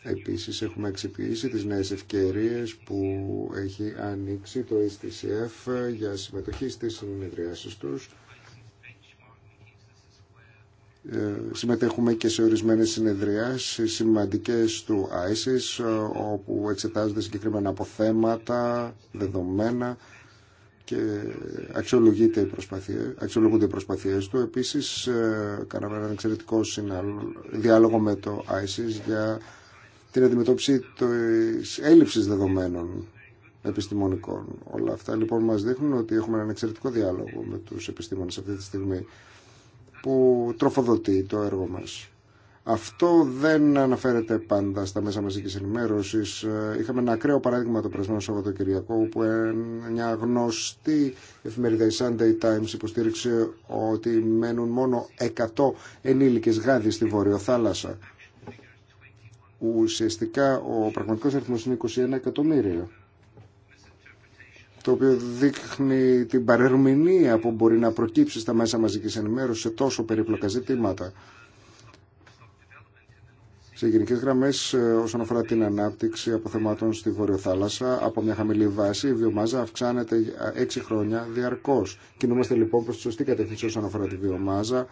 Επίσης έχουμε εξυπηρήσει τις νέες ευκαιρίες που έχει ανοίξει το STCF για συμμετοχή στις συνεδριάσεις τους ε, συμμετέχουμε και σε ορισμένες συνεδρίες σημαντικές του ISIS ε, όπου εξετάζονται συγκεκριμένα αποθέματα, δεδομένα και αξιολογείται οι αξιολογούνται οι προσπαθίες του. Επίσης ε, κάναμε έναν εξαιρετικό διάλογο με το ISIS για την αντιμετώπιση της έλλειψης δεδομένων επιστημονικών. Όλα αυτά λοιπόν μας δείχνουν ότι έχουμε έναν εξαιρετικό διάλογο με τους επιστήμονες αυτή τη στιγμή που τροφοδοτεί το έργο μας. Αυτό δεν αναφέρεται πάντα στα μέσα μαζικής ενημέρωσης. Ε, είχαμε ένα ακραίο παράδειγμα το περασμένο Σαββατοκυριακό όπου μια γνωστή εφημερίδα η Sunday Times υποστήριξε ότι μένουν μόνο 100 ενήλικες γάδι στη Βόρειο Θάλασσα. Ουσιαστικά ο πραγματικός αριθμός είναι 21 εκατομμύρια το οποίο δείχνει την παρερμηνία που μπορεί να προκύψει στα μέσα μαζικής ενημέρωσης σε τόσο περίπλοκα ζητήματα. Σε γενικέ γραμμέ, ε, όσον αφορά την ανάπτυξη αποθεμάτων στη Βόρειο Θάλασσα, από μια χαμηλή βάση η βιομάζα αυξάνεται έξι χρόνια διαρκώ. Κινούμαστε λοιπόν προ τη σωστή κατεύθυνση όσον αφορά τη βιομάζα.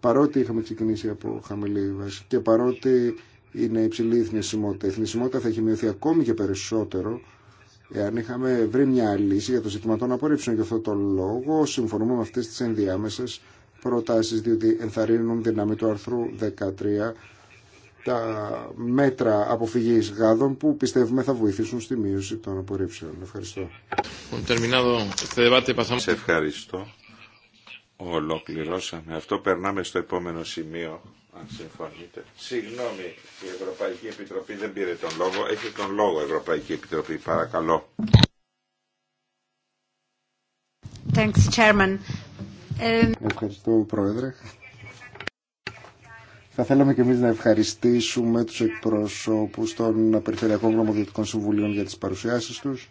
Παρότι είχαμε ξεκινήσει από χαμηλή βάση και παρότι είναι υψηλή η θνησιμότητα. Η θνησιμότητα θα έχει μειωθεί ακόμη και περισσότερο εάν είχαμε βρει μια λύση για το ζήτημα των απορρίψεων. Γι' αυτό το λόγο συμφωνούμε με αυτές τις ενδιάμεσες προτάσεις, διότι ενθαρρύνουν δυνάμει του άρθρου 13 τα μέτρα αποφυγής γάδων που πιστεύουμε θα βοηθήσουν στη μείωση των απορρίψεων. Ευχαριστώ. Σε ευχαριστώ. Ολοκληρώσαμε. Αυτό περνάμε στο επόμενο σημείο αν συμφωνείτε. Συγγνώμη, η Ευρωπαϊκή Επιτροπή δεν πήρε τον λόγο. Έχει τον λόγο η Ευρωπαϊκή Επιτροπή, παρακαλώ. Thanks, ε, Ευχαριστώ, Πρόεδρε. Θα θέλαμε και εμείς να ευχαριστήσουμε τους εκπροσώπους των Περιφερειακών Γνωμοδιωτικών Συμβουλίων για τις παρουσιάσεις τους.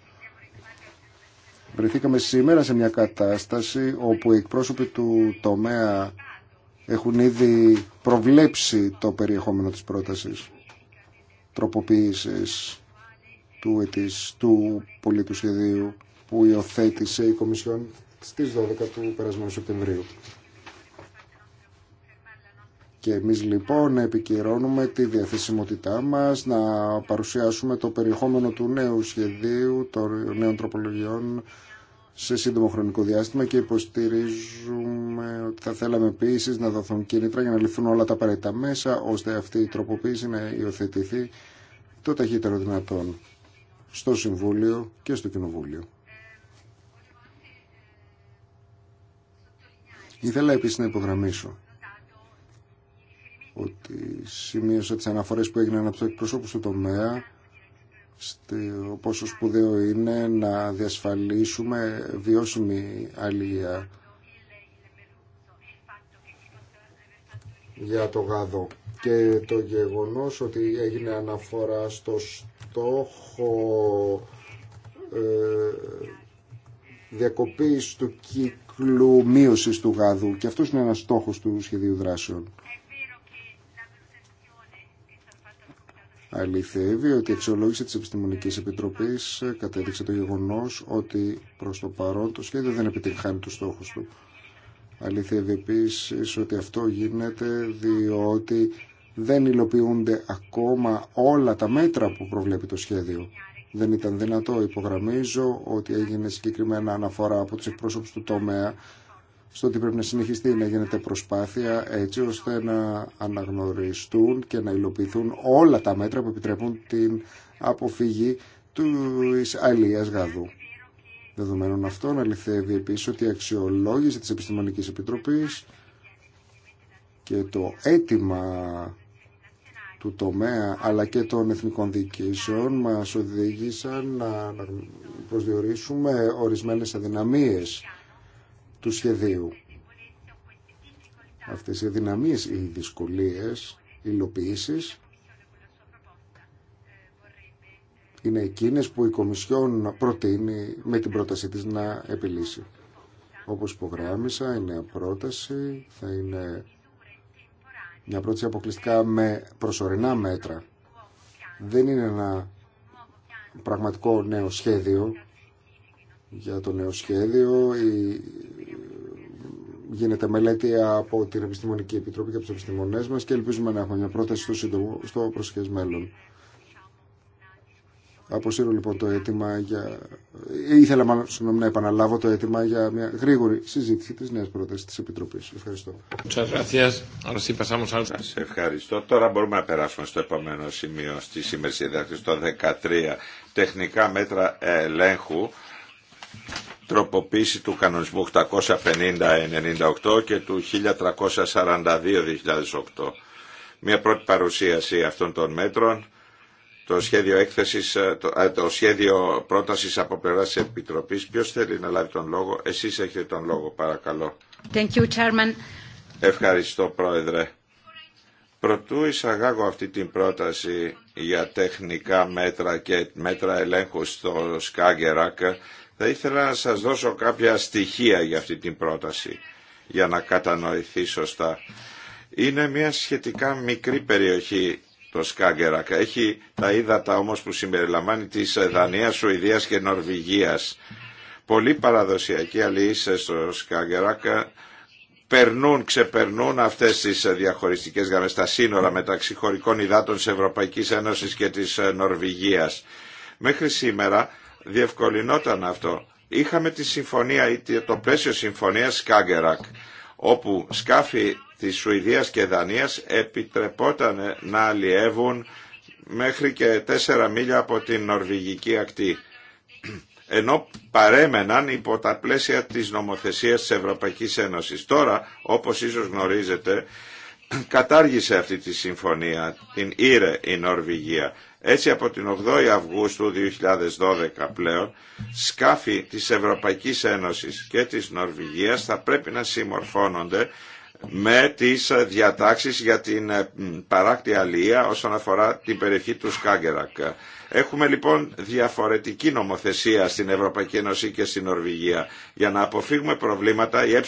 Βρεθήκαμε σήμερα σε μια κατάσταση όπου οι εκπρόσωποι του τομέα έχουν ήδη προβλέψει το περιεχόμενο της πρότασης τροποποίησης του, ετής, του πολίτου σχεδίου που υιοθέτησε η Κομισιόν στις 12 του περασμένου Σεπτεμβρίου. Και εμείς λοιπόν επικυρώνουμε τη διαθεσιμότητά μας να παρουσιάσουμε το περιεχόμενο του νέου σχεδίου των νέων τροπολογιών σε σύντομο χρονικό διάστημα και υποστηρίζουμε ότι θα θέλαμε επίση να δοθούν κίνητρα για να ληφθούν όλα τα απαραίτητα μέσα ώστε αυτή η τροποποίηση να υιοθετηθεί το ταχύτερο δυνατόν στο Συμβούλιο και στο Κοινοβούλιο. Ήθελα επίσης να υπογραμμίσω ότι σημείωσα τις αναφορές που έγιναν από το εκπροσώπους του τομέα πόσο σπουδαίο είναι να διασφαλίσουμε βιώσιμη αλληλεία για το γάδο. Και το γεγονός ότι έγινε αναφορά στο στόχο ε, διακοπής του κύκλου μείωσης του γάδου και αυτός είναι ένας στόχος του σχεδίου δράσεων. αληθεύει ότι η αξιολόγηση της Επιστημονικής Επιτροπής κατέδειξε το γεγονός ότι προς το παρόν το σχέδιο δεν επιτυγχάνει τους στόχους του. Αληθεύει επίσης ότι αυτό γίνεται διότι δεν υλοποιούνται ακόμα όλα τα μέτρα που προβλέπει το σχέδιο. Δεν ήταν δυνατό. Υπογραμμίζω ότι έγινε συγκεκριμένα αναφορά από τους εκπρόσωπους του τομέα στο ότι πρέπει να συνεχιστεί να γίνεται προσπάθεια έτσι ώστε να αναγνωριστούν και να υλοποιηθούν όλα τα μέτρα που επιτρέπουν την αποφυγή του αλίας γαδού. Δεδομένων αυτών αληθεύει επίση ότι η αξιολόγηση τη Επιστημονική Επίτροπή και το αίτημα του τομέα αλλά και των εθνικών διοικήσεων μας οδήγησαν να προσδιορίσουμε ορισμένες αδυναμίες του σχεδίου. Αυτές οι δυναμίες, οι δυσκολίες, οι υλοποιήσεις είναι εκείνες που η Κομισιόν προτείνει με την πρότασή της να επιλύσει. Όπως υπογράμισα, η νέα πρόταση θα είναι μια πρόταση αποκλειστικά με προσωρινά μέτρα. Δεν είναι ένα πραγματικό νέο σχέδιο. Για το νέο σχέδιο η γίνεται μελέτη από την Επιστημονική Επιτροπή και από του επιστημονέ μα και ελπίζουμε να έχουμε μια πρόταση στο, σύντομο, στο προσχές μέλλον. Αποσύρω λοιπόν το αίτημα για. Ήθελα συγγνώμη, να επαναλάβω το αίτημα για μια γρήγορη συζήτηση τη νέα πρόταση τη Επιτροπή. Ευχαριστώ. Σα ευχαριστώ. Τώρα μπορούμε να περάσουμε στο επόμενο σημείο στη σήμερα συντάξη, το 13. Τεχνικά μέτρα ελέγχου τροποποίηση του κανονισμού 850-98 και του 1342-2008. Μια πρώτη παρουσίαση αυτών των μέτρων, το σχέδιο, έκθεσης, ε, ε, το, σχέδιο πρότασης από πλευρά της Επιτροπής. Ποιος θέλει να λάβει τον λόγο, εσείς έχετε τον λόγο παρακαλώ. Thank you, Ευχαριστώ Πρόεδρε. Προτού εισαγάγω αυτή την πρόταση για τεχνικά μέτρα και μέτρα ελέγχου στο Σκάγκερακ, θα ήθελα να σας δώσω κάποια στοιχεία για αυτή την πρόταση, για να κατανοηθεί σωστά. Είναι μια σχετικά μικρή περιοχή το Σκάγκερακ. Έχει τα ύδατα όμως που συμπεριλαμβάνει της Δανίας, Σουηδίας και Νορβηγίας. Πολύ παραδοσιακοί αλήθεια στο Σκάγκερακ περνούν, ξεπερνούν αυτές τις διαχωριστικές γραμμές, τα σύνορα μεταξύ χωρικών υδάτων της Ευρωπαϊκής Ένωσης και της Νορβηγίας. Μέχρι σήμερα διευκολυνόταν αυτό. Είχαμε τη συμφωνία, το πλαίσιο συμφωνίας Σκάγκερακ, όπου σκάφη της Σουηδίας και Δανίας επιτρεπόταν να αλλιεύουν μέχρι και τέσσερα μίλια από την νορβηγική ακτή ενώ παρέμεναν υπό τα πλαίσια της νομοθεσίας της Ευρωπαϊκής Ένωσης. Τώρα, όπως ίσως γνωρίζετε, κατάργησε αυτή τη συμφωνία, την ήρε η Νορβηγία. Έτσι από την 8η Αυγούστου 2012 πλέον, σκάφη της Ευρωπαϊκής Ένωσης και της Νορβηγίας θα πρέπει να συμμορφώνονται με τις διατάξεις για την ε, παράκτη αλία όσον αφορά την περιοχή του Σκάγκερακ. Έχουμε λοιπόν διαφορετική νομοθεσία στην Ευρωπαϊκή Ένωση και στην Νορβηγία. Για να αποφύγουμε προβλήματα, η ΕΕ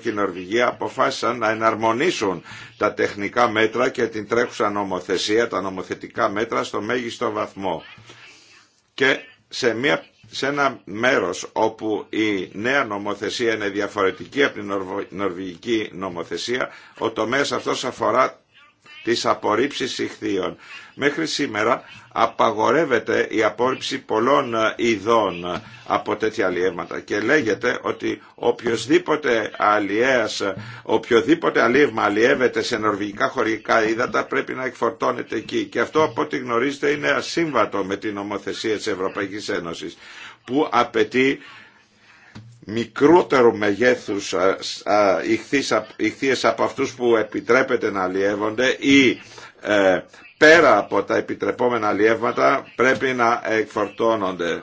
και η Νορβηγία αποφάσισαν να εναρμονίσουν τα τεχνικά μέτρα και την τρέχουσα νομοθεσία, τα νομοθετικά μέτρα στο μέγιστο βαθμό. Και σε μια ένα μέρος όπου η νέα νομοθεσία είναι διαφορετική από την νορβηγική νομοθεσία, ο τομέας αυτός αφορά τις απορρίψεις ηχθείων. Μέχρι σήμερα απαγορεύεται η απόρριψη πολλών ε, ειδών ε, από τέτοια αλλιεύματα και λέγεται ότι οποιοδήποτε αλλιέας, ε, οποιοδήποτε αλλιεύμα αλλιεύεται σε νορβηγικά χωρικά ύδατα πρέπει να εκφορτώνεται εκεί και αυτό από ό,τι γνωρίζετε είναι ασύμβατο με την νομοθεσία της Ευρωπαϊκής Ένωσης που απαιτεί μικρότερου μεγέθους ηχθείες από αυτούς που επιτρέπεται να αλλιεύονται ή πέρα από τα επιτρεπόμενα αλλιεύματα πρέπει να εκφορτώνονται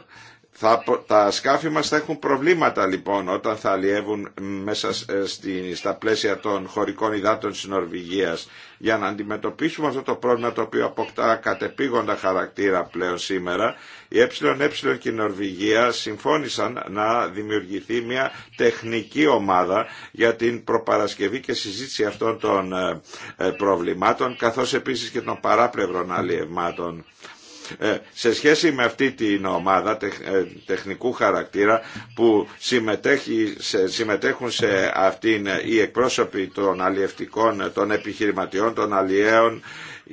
τα σκάφη μας θα έχουν προβλήματα λοιπόν όταν θα αλλιεύουν μέσα ε, στη, στα πλαίσια των χωρικών υδάτων της Νορβηγίας για να αντιμετωπίσουμε αυτό το πρόβλημα το οποίο αποκτά κατεπήγοντα χαρακτήρα πλέον σήμερα η ΕΕ και η Νορβηγία συμφώνησαν να δημιουργηθεί μια τεχνική ομάδα για την προπαρασκευή και συζήτηση αυτών των ε, ε, προβλημάτων καθώς επίσης και των παράπλευρων αλλιευμάτων. Ε, σε σχέση με αυτή την ομάδα ε, τεχνικού χαρακτήρα που συμμετέχουν σε αυτήν ε, οι εκπρόσωποι των αλλιευτικών, των επιχειρηματιών, των αλλιέων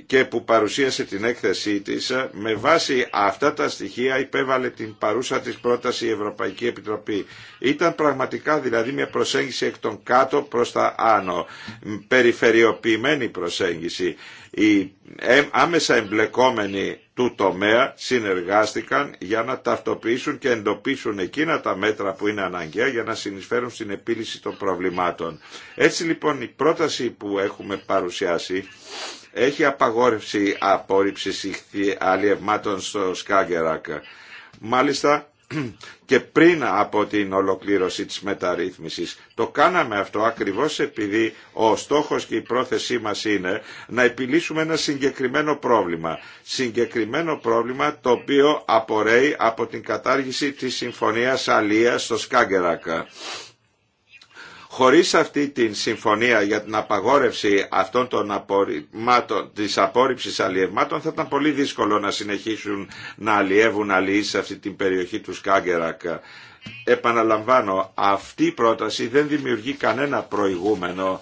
και που παρουσίασε την έκθεσή της με βάση αυτά τα στοιχεία υπέβαλε την παρούσα της πρόταση η Ευρωπαϊκή Επιτροπή. Ήταν πραγματικά δηλαδή μια προσέγγιση εκ των κάτω προς τα άνω, περιφερειοποιημένη προσέγγιση. η άμεσα εμπλεκόμενη του τομέα συνεργάστηκαν για να ταυτοποιήσουν και εντοπίσουν εκείνα τα μέτρα που είναι αναγκαία για να συνεισφέρουν στην επίλυση των προβλημάτων. Έτσι λοιπόν η πρόταση που έχουμε παρουσιάσει έχει απαγόρευση απόρριψης αλλιευμάτων στο Σκάγκερακ. Μάλιστα και πριν από την ολοκλήρωση της μεταρρύθμισης. Το κάναμε αυτό ακριβώς επειδή ο στόχος και η πρόθεσή μας είναι να επιλύσουμε ένα συγκεκριμένο πρόβλημα. Συγκεκριμένο πρόβλημα το οποίο απορρέει από την κατάργηση της Συμφωνίας Αλίας στο Σκάγκερακα. Χωρίς αυτή την συμφωνία για την απαγόρευση αυτών των απορριμμάτων, της απόρριψης αλλιευμάτων θα ήταν πολύ δύσκολο να συνεχίσουν να αλλιεύουν αλλιείς σε αυτή την περιοχή του Σκάγκερακ. Επαναλαμβάνω, αυτή η πρόταση δεν δημιουργεί κανένα προηγούμενο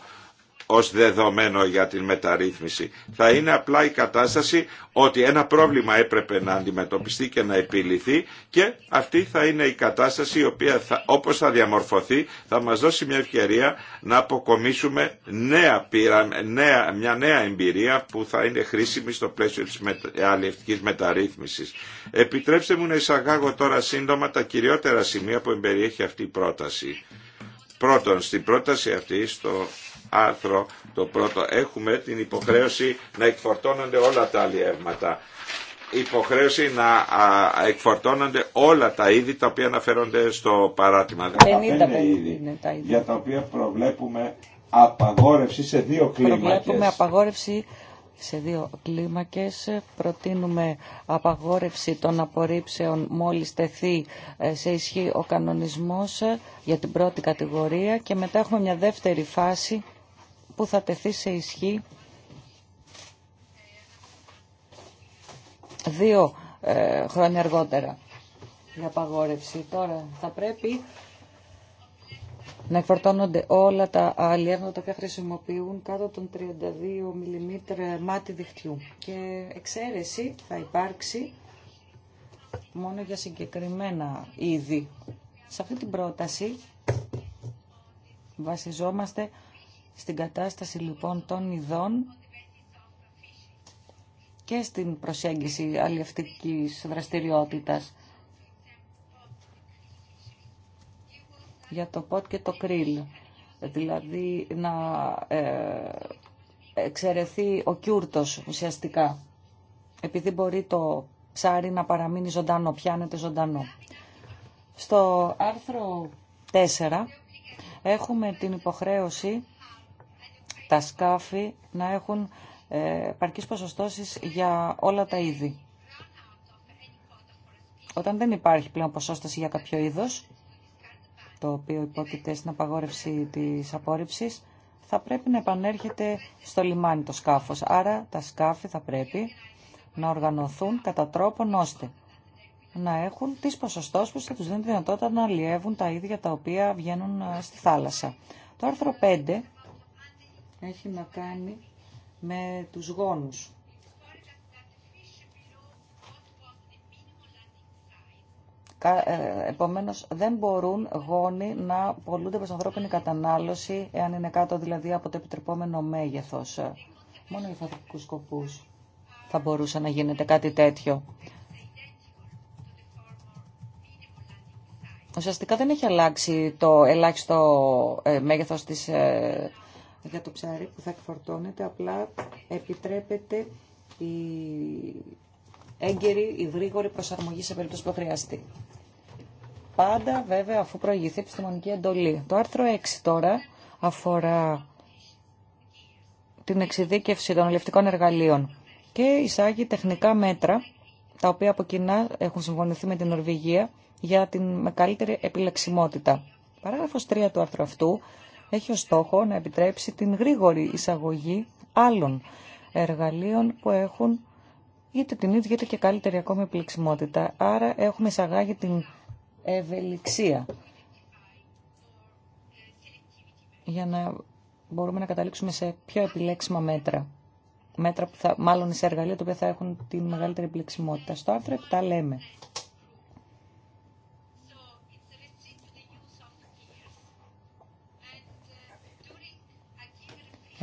ως δεδομένο για την μεταρρύθμιση. Θα είναι απλά η κατάσταση ότι ένα πρόβλημα έπρεπε να αντιμετωπιστεί και να επιληθεί και αυτή θα είναι η κατάσταση η οποία θα, όπως θα διαμορφωθεί θα μας δώσει μια ευκαιρία να αποκομίσουμε νέα νέα, μια νέα εμπειρία που θα είναι χρήσιμη στο πλαίσιο της αλληλευτικής μεταρρύθμισης. Επιτρέψτε μου να εισαγάγω τώρα σύντομα τα κυριότερα σημεία που εμπεριέχει αυτή η πρόταση. Πρώτον, στην πρόταση αυτή, στο άρθρο, το πρώτο, έχουμε την υποχρέωση να εκφορτώνονται όλα τα αλλιεύματα. Υποχρέωση να εκφορτώνονται όλα τα είδη τα οποία αναφέρονται στο παράτημα. Δεν είναι τα είδη. Για τα οποία προβλέπουμε απαγόρευση σε δύο κλίμακες. Προβλέπουμε απαγόρευση σε δύο κλίμακες. Προτείνουμε απαγόρευση των απορρίψεων μόλις τεθεί ε, σε ισχύ ο κανονισμός ε, για την πρώτη κατηγορία και μετά έχουμε μια δεύτερη φάση που θα τεθεί σε ισχύ δύο ε, χρόνια αργότερα η απαγόρευση. Τώρα θα πρέπει να εκφορτώνονται όλα τα αλλιεύματα τα οποία χρησιμοποιούν κάτω των 32 mm μάτι διχτυού. Και εξαίρεση θα υπάρξει μόνο για συγκεκριμένα είδη. Σε αυτή την πρόταση βασιζόμαστε στην κατάσταση λοιπόν των ειδών και στην προσέγγιση αλληλευτικής δραστηριότητας για το ΠΟΤ και το κρίλ. Δηλαδή να ε, εξαιρεθεί ο κιούρτος ουσιαστικά επειδή μπορεί το ψάρι να παραμείνει ζωντανό, πιάνεται ζωντανό. Στο άρθρο 4 έχουμε την υποχρέωση τα σκάφη να έχουν ε, επαρκείς ποσοστώσεις για όλα τα είδη. Όταν δεν υπάρχει πλέον ποσόσταση για κάποιο είδος, το οποίο υπόκειται στην απαγόρευση της απόρριψης, θα πρέπει να επανέρχεται στο λιμάνι το σκάφος. Άρα τα σκάφη θα πρέπει να οργανωθούν κατά τρόπον ώστε να έχουν τις ποσοστώσεις που θα τους δίνουν δυνατότητα να αλλιεύουν τα ίδια τα οποία βγαίνουν ε, στη θάλασσα. Το άρθρο 5 έχει να κάνει με τους γόνους. Ε, επομένως, δεν μπορούν γόνοι να πολλούνται προς ανθρώπινη κατανάλωση, εάν είναι κάτω δηλαδή από το επιτρεπόμενο μέγεθος. Ε, μόνο για φατρικούς σκοπούς θα μπορούσε να γίνεται κάτι τέτοιο. Ουσιαστικά δεν έχει αλλάξει το ελάχιστο ε, μέγεθος της για το ψάρι που θα εκφορτώνεται, απλά επιτρέπεται η έγκαιρη, η γρήγορη προσαρμογή σε περίπτωση που χρειαστεί. Πάντα βέβαια αφού προηγηθεί επιστημονική εντολή. Το άρθρο 6 τώρα αφορά την εξειδίκευση των ελευτικών εργαλείων και εισάγει τεχνικά μέτρα τα οποία από κοινά έχουν συμφωνηθεί με την Νορβηγία για την μεγαλύτερη επιλεξιμότητα. Παράγραφος 3 του άρθρου αυτού έχει ως στόχο να επιτρέψει την γρήγορη εισαγωγή άλλων εργαλείων που έχουν είτε την ίδια είτε και καλύτερη ακόμη επιλεξιμότητα. Άρα έχουμε εισαγάγει την ευελιξία για να μπορούμε να καταλήξουμε σε πιο επιλέξιμα μέτρα. Μέτρα που θα, μάλλον σε εργαλεία τα οποία θα έχουν τη μεγαλύτερη επιλεξιμότητα. Στο άρθρο 7 λέμε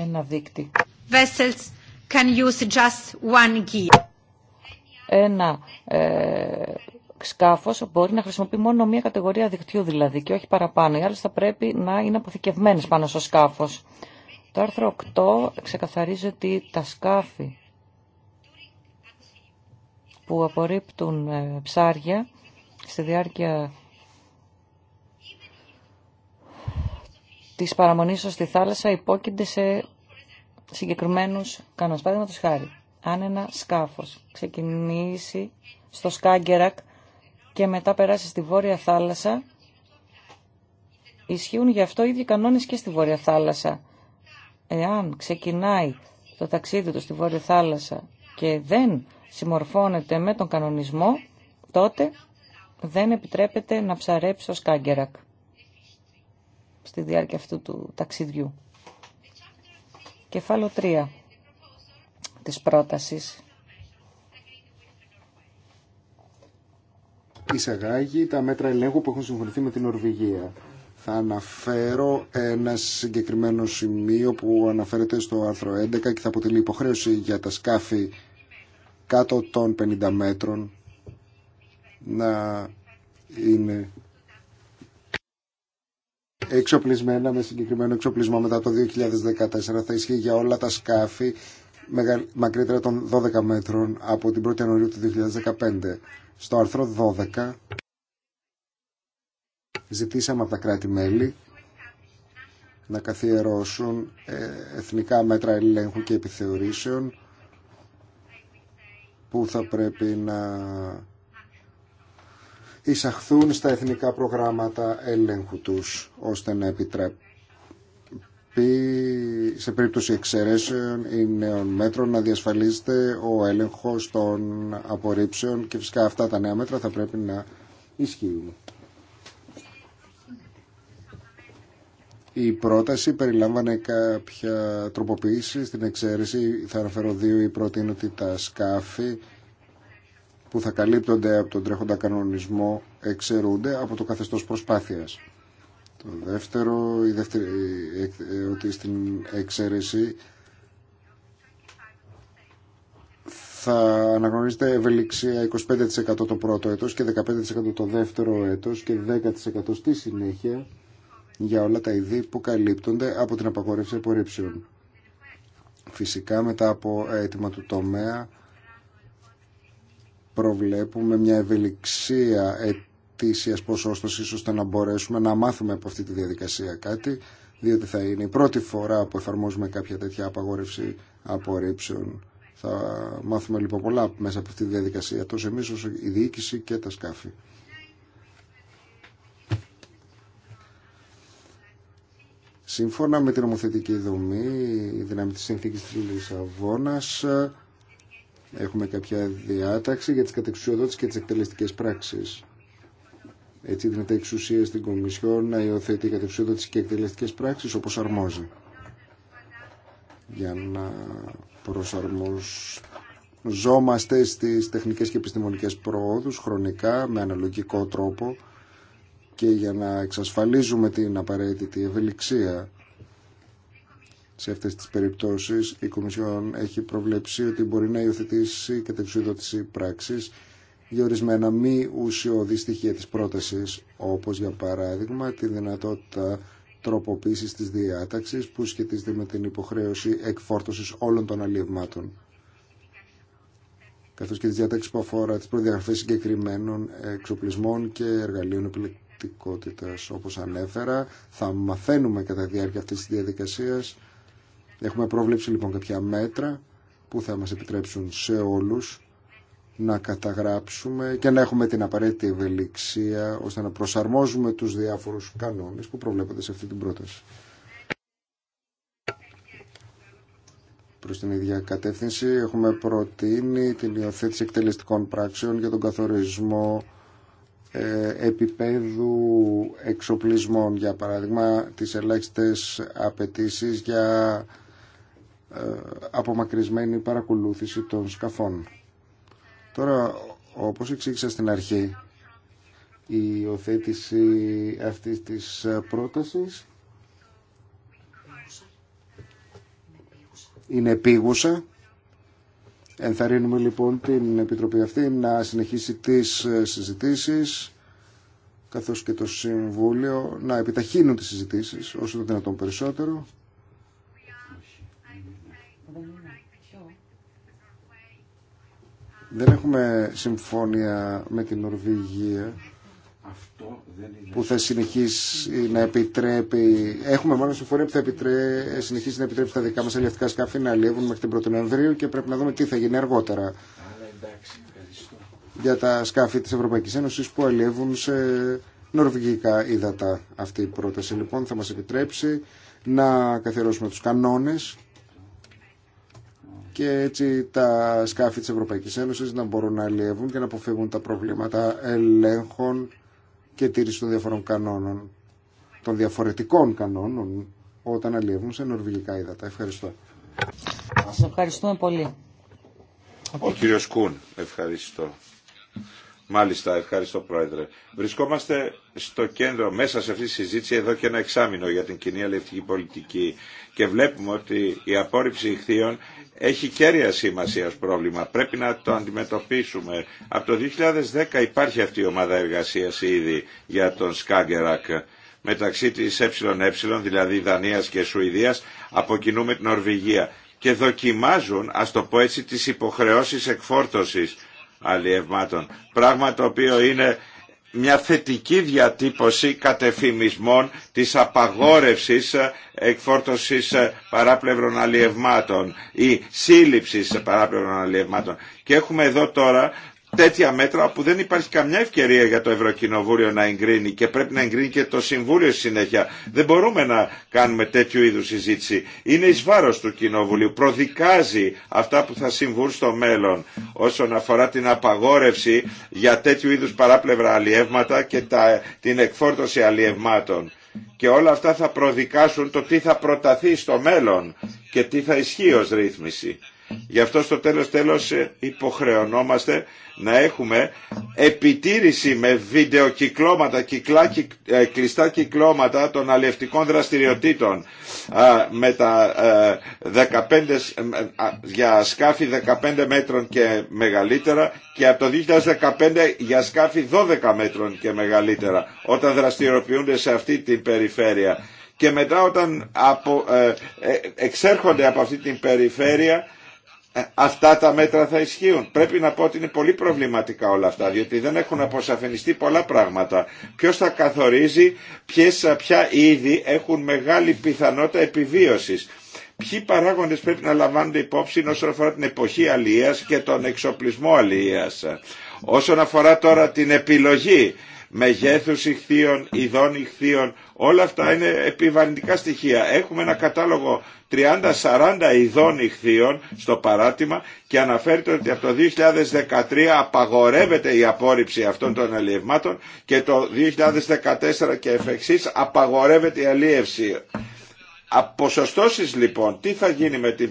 ένα δίκτυ. Vessels can use just one gear. Ένα ε, σκάφος μπορεί να χρησιμοποιεί μόνο μία κατηγορία δικτύου δηλαδή και όχι παραπάνω. Οι άλλε θα πρέπει να είναι αποθηκευμένε πάνω στο σκάφο. Το άρθρο 8 ξεκαθαρίζει ότι τα σκάφη που απορρίπτουν ε, ψάρια στη διάρκεια της παραμονής στο στη θάλασσα υπόκεινται σε συγκεκριμένους κανόνες. Παραδείγματο χάρη, αν ένα σκάφος ξεκινήσει στο Σκάγκερακ και μετά περάσει στη Βόρεια Θάλασσα, ισχύουν γι' αυτό οι ίδιοι κανόνες και στη Βόρεια Θάλασσα. Εάν ξεκινάει το ταξίδι του στη Βόρεια Θάλασσα και δεν συμμορφώνεται με τον κανονισμό, τότε δεν επιτρέπεται να ψαρέψει ο Σκάγκερακ στη διάρκεια αυτού του ταξιδιού. Κεφάλαιο 3 της πρότασης. Εισαγάγει τα μέτρα ελέγχου που έχουν συμφωνηθεί με την Ορβηγία. Θα αναφέρω ένα συγκεκριμένο σημείο που αναφέρεται στο άρθρο 11 και θα αποτελεί υποχρέωση για τα σκάφη κάτω των 50 μέτρων να είναι εξοπλισμένα με συγκεκριμένο εξοπλισμό μετά το 2014 θα ισχύει για όλα τα σκάφη μακρύτερα των 12 μέτρων από την 1η Ιανουαρίου του 2015. Στο άρθρο 12 ζητήσαμε από τα κράτη-μέλη να καθιερώσουν ε, εθνικά μέτρα ελέγχου και επιθεωρήσεων που θα πρέπει να εισαχθούν στα εθνικά προγράμματα έλεγχου τους ώστε να επιτρέπει σε περίπτωση εξαιρέσεων ή νέων μέτρων να διασφαλίζεται ο έλεγχος των απορρίψεων και φυσικά αυτά τα νέα μέτρα θα πρέπει να ισχύουν. Η πρόταση περιλάμβανε κάποια τροποποίηση στην εξαίρεση. Θα αναφέρω δύο. Η πρώτη είναι ότι τα σκάφη που θα καλύπτονται από τον τρέχοντα κανονισμό εξαιρούνται από το καθεστώς προσπάθειας. Το δεύτερο, η δεύτερη, ε, ότι στην εξαίρεση θα αναγνωρίζεται ευελιξία 25% το πρώτο έτος και 15% το δεύτερο έτος και 10% στη συνέχεια για όλα τα είδη που καλύπτονται από την απαγόρευση απορρίψεων. Φυσικά μετά από αίτημα του τομέα προβλέπουμε μια ευελιξία ετήσιας ποσόστοση ώστε να μπορέσουμε να μάθουμε από αυτή τη διαδικασία κάτι διότι θα είναι η πρώτη φορά που εφαρμόζουμε κάποια τέτοια απαγόρευση απορρίψεων. Θα μάθουμε λοιπόν πολλά μέσα από αυτή τη διαδικασία, τόσο εμεί όσο η διοίκηση και τα σκάφη. Σύμφωνα με την νομοθετική δομή, η δυναμή της συνθήκης της Έχουμε κάποια διάταξη για τις κατεξουσιοδότητες και τις εκτελεστικές πράξεις. Έτσι δίνεται εξουσία στην Κομισιόν να υιοθετεί κατεξουσιοδότηση και εκτελεστικές πράξεις όπως αρμόζει. Για να προσαρμοζόμαστε στις τεχνικές και επιστημονικές προόδους χρονικά με αναλογικό τρόπο και για να εξασφαλίζουμε την απαραίτητη ευελιξία σε αυτές τις περιπτώσεις η Κομισιόν έχει προβλέψει ότι μπορεί να υιοθετήσει κατεξουδότηση πράξης για ορισμένα μη ουσιώδη στοιχεία της πρότασης, όπως για παράδειγμα τη δυνατότητα τροποποίησης της διάταξης που σχετίζεται με την υποχρέωση εκφόρτωσης όλων των αλλιευμάτων καθώς και τις διάταξεις που αφορά τις προδιαγραφές συγκεκριμένων εξοπλισμών και εργαλείων επιλεκτικότητας. Όπως ανέφερα, θα μαθαίνουμε κατά τη διάρκεια αυτής της διαδικασίας Έχουμε προβλέψει λοιπόν κάποια μέτρα που θα μας επιτρέψουν σε όλους να καταγράψουμε και να έχουμε την απαραίτητη ευελιξία ώστε να προσαρμόζουμε τους διάφορους κανόνες που προβλέπονται σε αυτή την πρόταση. Προς την ίδια κατεύθυνση έχουμε προτείνει την υιοθέτηση εκτελεστικών πράξεων για τον καθορισμό ε, επίπεδου εξοπλισμών, για παράδειγμα τις ελάχιστες απαιτήσει για ε, απομακρυσμένη παρακολούθηση των σκαφών. Τώρα, όπως εξήγησα στην αρχή, η οθέτηση αυτής της ε, πρότασης είναι επίγουσα. Ενθαρρύνουμε λοιπόν την Επιτροπή αυτή να συνεχίσει τις ε, συζητήσεις καθώς και το Συμβούλιο να επιταχύνουν τις συζητήσεις όσο το δυνατόν περισσότερο Δεν έχουμε συμφωνία με την Νορβηγία Αυτό δεν είναι... που θα συνεχίσει να επιτρέπει. Έχουμε μόνο συμφωνία που θα επιτρέ... συνεχίσει να επιτρέπει τα δικά μα αλληλευτικά σκάφη να αλλιεύουν μέχρι την 1η Νοεμβρίου και πρέπει να δούμε τι θα γίνει αργότερα. Για τα σκάφη τη Ευρωπαϊκή Ένωση που αλλιεύουν σε νορβηγικά ύδατα. Αυτή η πρόταση λοιπόν θα μα επιτρέψει να καθιερώσουμε του κανόνε και έτσι τα σκάφη της Ευρωπαϊκής Ένωσης να μπορούν να αλλιεύουν και να αποφύγουν τα προβλήματα ελέγχων και τήρηση των διαφορών κανόνων, των διαφορετικών κανόνων όταν αλλιεύουν σε νορβηγικά ύδατα. Ευχαριστώ. Σας ευχαριστούμε πολύ. Ο κύριος Κούν, ευχαριστώ. Μάλιστα, ευχαριστώ Πρόεδρε. Βρισκόμαστε στο κέντρο μέσα σε αυτή τη συζήτηση εδώ και ένα εξάμεινο για την κοινή αλληλευτική πολιτική και βλέπουμε ότι η απόρριψη ηχθείων έχει κέρια σημασία ως πρόβλημα. Πρέπει να το αντιμετωπίσουμε. Από το 2010 υπάρχει αυτή η ομάδα εργασίας ήδη για τον Σκάγκερακ μεταξύ της ΕΕ, δηλαδή Δανίας και Σουηδίας, από την Νορβηγία και δοκιμάζουν, ας το πω έτσι, τις υποχρεώσεις εκφόρτωσης αλλιευμάτων. Πράγμα το οποίο είναι μια θετική διατύπωση κατεφημισμών της απαγόρευσης ε, εκφόρτωσης ε, παράπλευρων αλλιευμάτων ή σύλληψης παράπλευρων αλλιευμάτων. Και έχουμε εδώ τώρα τέτοια μέτρα που δεν υπάρχει καμιά ευκαιρία για το Ευρωκοινοβούλιο να εγκρίνει και πρέπει να εγκρίνει και το Συμβούλιο συνέχεια. Δεν μπορούμε να κάνουμε τέτοιου είδους συζήτηση. Είναι εις βάρος του Κοινοβουλίου. Προδικάζει αυτά που θα συμβούν στο μέλλον όσον αφορά την απαγόρευση για τέτοιου είδους παράπλευρα αλλιεύματα και τα, την εκφόρτωση αλλιευμάτων. Και όλα αυτά θα προδικάσουν το τι θα προταθεί στο μέλλον και τι θα ισχύει ως ρύθμιση. Γι' αυτό στο τέλος τέλος ε, υποχρεωνόμαστε να έχουμε επιτήρηση με βιντεοκυκλώματα, κυκλά, ε, κλειστά κυκλώματα των αλλιευτικών δραστηριοτήτων με τα 15, ε, για σκάφη 15 μέτρων και μεγαλύτερα και από το 2015 για σκάφη 12 μέτρων και μεγαλύτερα όταν δραστηριοποιούνται σε αυτή την περιφέρεια. Και μετά όταν από, εξέρχονται από αυτή την περιφέρεια ε, αυτά τα μέτρα θα ισχύουν. Πρέπει να πω ότι είναι πολύ προβληματικά όλα αυτά, διότι δεν έχουν αποσαφενιστεί πολλά πράγματα. Ποιος θα καθορίζει ποιες, ποια είδη έχουν μεγάλη πιθανότητα επιβίωσης. Ποιοι παράγοντες πρέπει να λαμβάνονται υπόψη όσον αφορά την εποχή αλληλείας και τον εξοπλισμό αλληλείας. Όσον αφορά τώρα την επιλογή μεγέθους ηχθείων, ειδών ηχθείων, Όλα αυτά είναι επιβαρυντικά στοιχεία. Έχουμε ένα κατάλογο 30-40 ειδών ηχθείων στο παράτημα και αναφέρεται ότι από το 2013 απαγορεύεται η απόρριψη αυτών των αλλιευμάτων και το 2014 και εφ' απαγορεύεται η αλλίευση. Ποσοστώσεις λοιπόν, τι θα γίνει με, τη,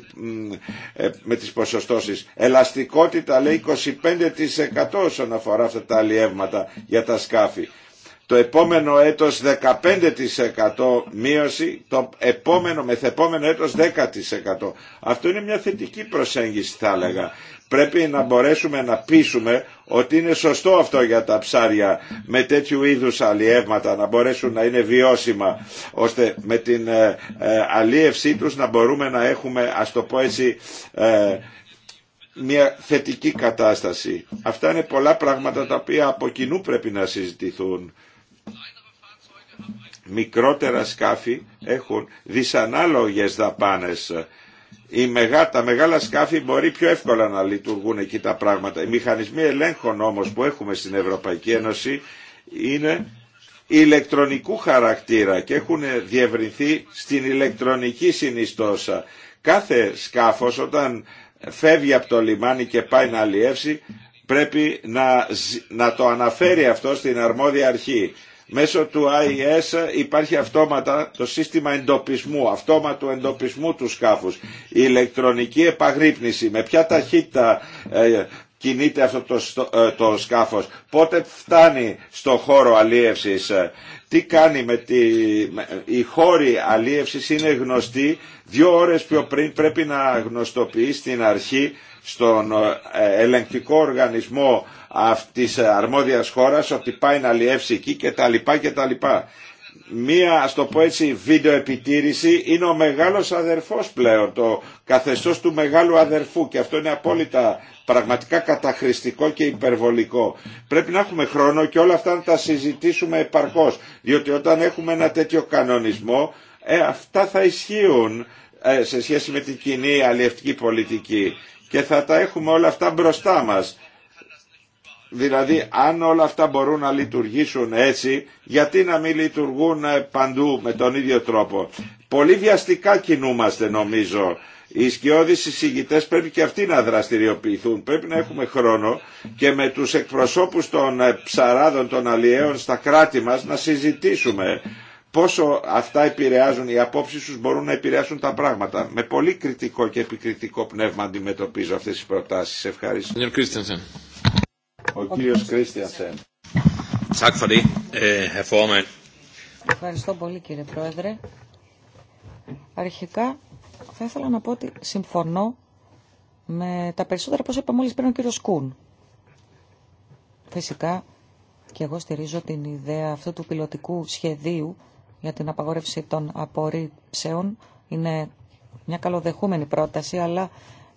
ε, με τις ποσοστώσεις. Ελαστικότητα λέει 25% όσον αφορά αυτά τα αλλιεύματα για τα σκάφη το επόμενο έτος 15% μείωση, το επόμενο μεθεπόμενο έτος 10%. Αυτό είναι μια θετική προσέγγιση θα έλεγα. Πρέπει να μπορέσουμε να πείσουμε ότι είναι σωστό αυτό για τα ψάρια με τέτοιου είδους αλλιεύματα να μπορέσουν να είναι βιώσιμα ώστε με την ε, ε, αλλίευσή τους να μπορούμε να έχουμε ας το πω έτσι ε, μια θετική κατάσταση. Αυτά είναι πολλά πράγματα τα οποία από κοινού πρέπει να συζητηθούν μικρότερα σκάφη έχουν δυσανάλογες δαπάνες. Οι τα μεγάλα σκάφη μπορεί πιο εύκολα να λειτουργούν εκεί τα πράγματα. Οι μηχανισμοί ελέγχων όμως που έχουμε στην Ευρωπαϊκή Ένωση είναι ηλεκτρονικού χαρακτήρα και έχουν διευρυνθεί στην ηλεκτρονική συνιστόσα. Κάθε σκάφος όταν φεύγει από το λιμάνι και πάει να αλλιεύσει πρέπει να, να το αναφέρει αυτό στην αρμόδια αρχή Μέσω του IES υπάρχει αυτόματα το σύστημα εντοπισμού, αυτόματο εντοπισμού του σκάφους. Η ηλεκτρονική επαγρύπνηση, με ποια ταχύτητα ε, κινείται αυτό ε, το σκάφος, πότε φτάνει στο χώρο αλίευσης, ε, τι κάνει με τη... Οι χώροι αλίευσης είναι γνωστοί, δύο ώρες πιο πριν πρέπει να γνωστοποιεί στην αρχή στον ελεγκτικό οργανισμό αυτής αρμόδια χώρα ότι πάει να λιεύσει εκεί τα λοιπά Μία, ας το πω έτσι, βίντεο επιτήρηση είναι ο μεγάλος αδερφός πλέον, το καθεστώς του μεγάλου αδερφού και αυτό είναι απόλυτα πραγματικά καταχρηστικό και υπερβολικό. Πρέπει να έχουμε χρόνο και όλα αυτά να τα συζητήσουμε επαρκώς, διότι όταν έχουμε ένα τέτοιο κανονισμό, ε, αυτά θα ισχύουν ε, σε σχέση με την κοινή αλλιευτική πολιτική και θα τα έχουμε όλα αυτά μπροστά μας Δηλαδή αν όλα αυτά μπορούν να λειτουργήσουν έτσι, γιατί να μην λειτουργούν ε, παντού με τον ίδιο τρόπο. Πολύ βιαστικά κινούμαστε νομίζω. Οι σκιώδεις εισηγητές πρέπει και αυτοί να δραστηριοποιηθούν. Πρέπει να έχουμε χρόνο και με τους εκπροσώπους των ε, ψαράδων των αλλιέων στα κράτη μας να συζητήσουμε πόσο αυτά επηρεάζουν, οι απόψεις τους μπορούν να επηρεάσουν τα πράγματα. Με πολύ κριτικό και επικριτικό πνεύμα αντιμετωπίζω αυτές τις προτάσεις. Ευχαριστώ. Øh, Ευχαριστώ πολύ κύριε Πρόεδρε. Αρχικά θα ήθελα να πω ότι συμφωνώ με τα περισσότερα πώς είπα μόλις πριν ο κύριος Κούν. Φυσικά και εγώ στηρίζω την ιδέα αυτού του πιλωτικού σχεδίου για την απαγόρευση των απορρίψεων. Είναι μια καλοδεχούμενη πρόταση, αλλά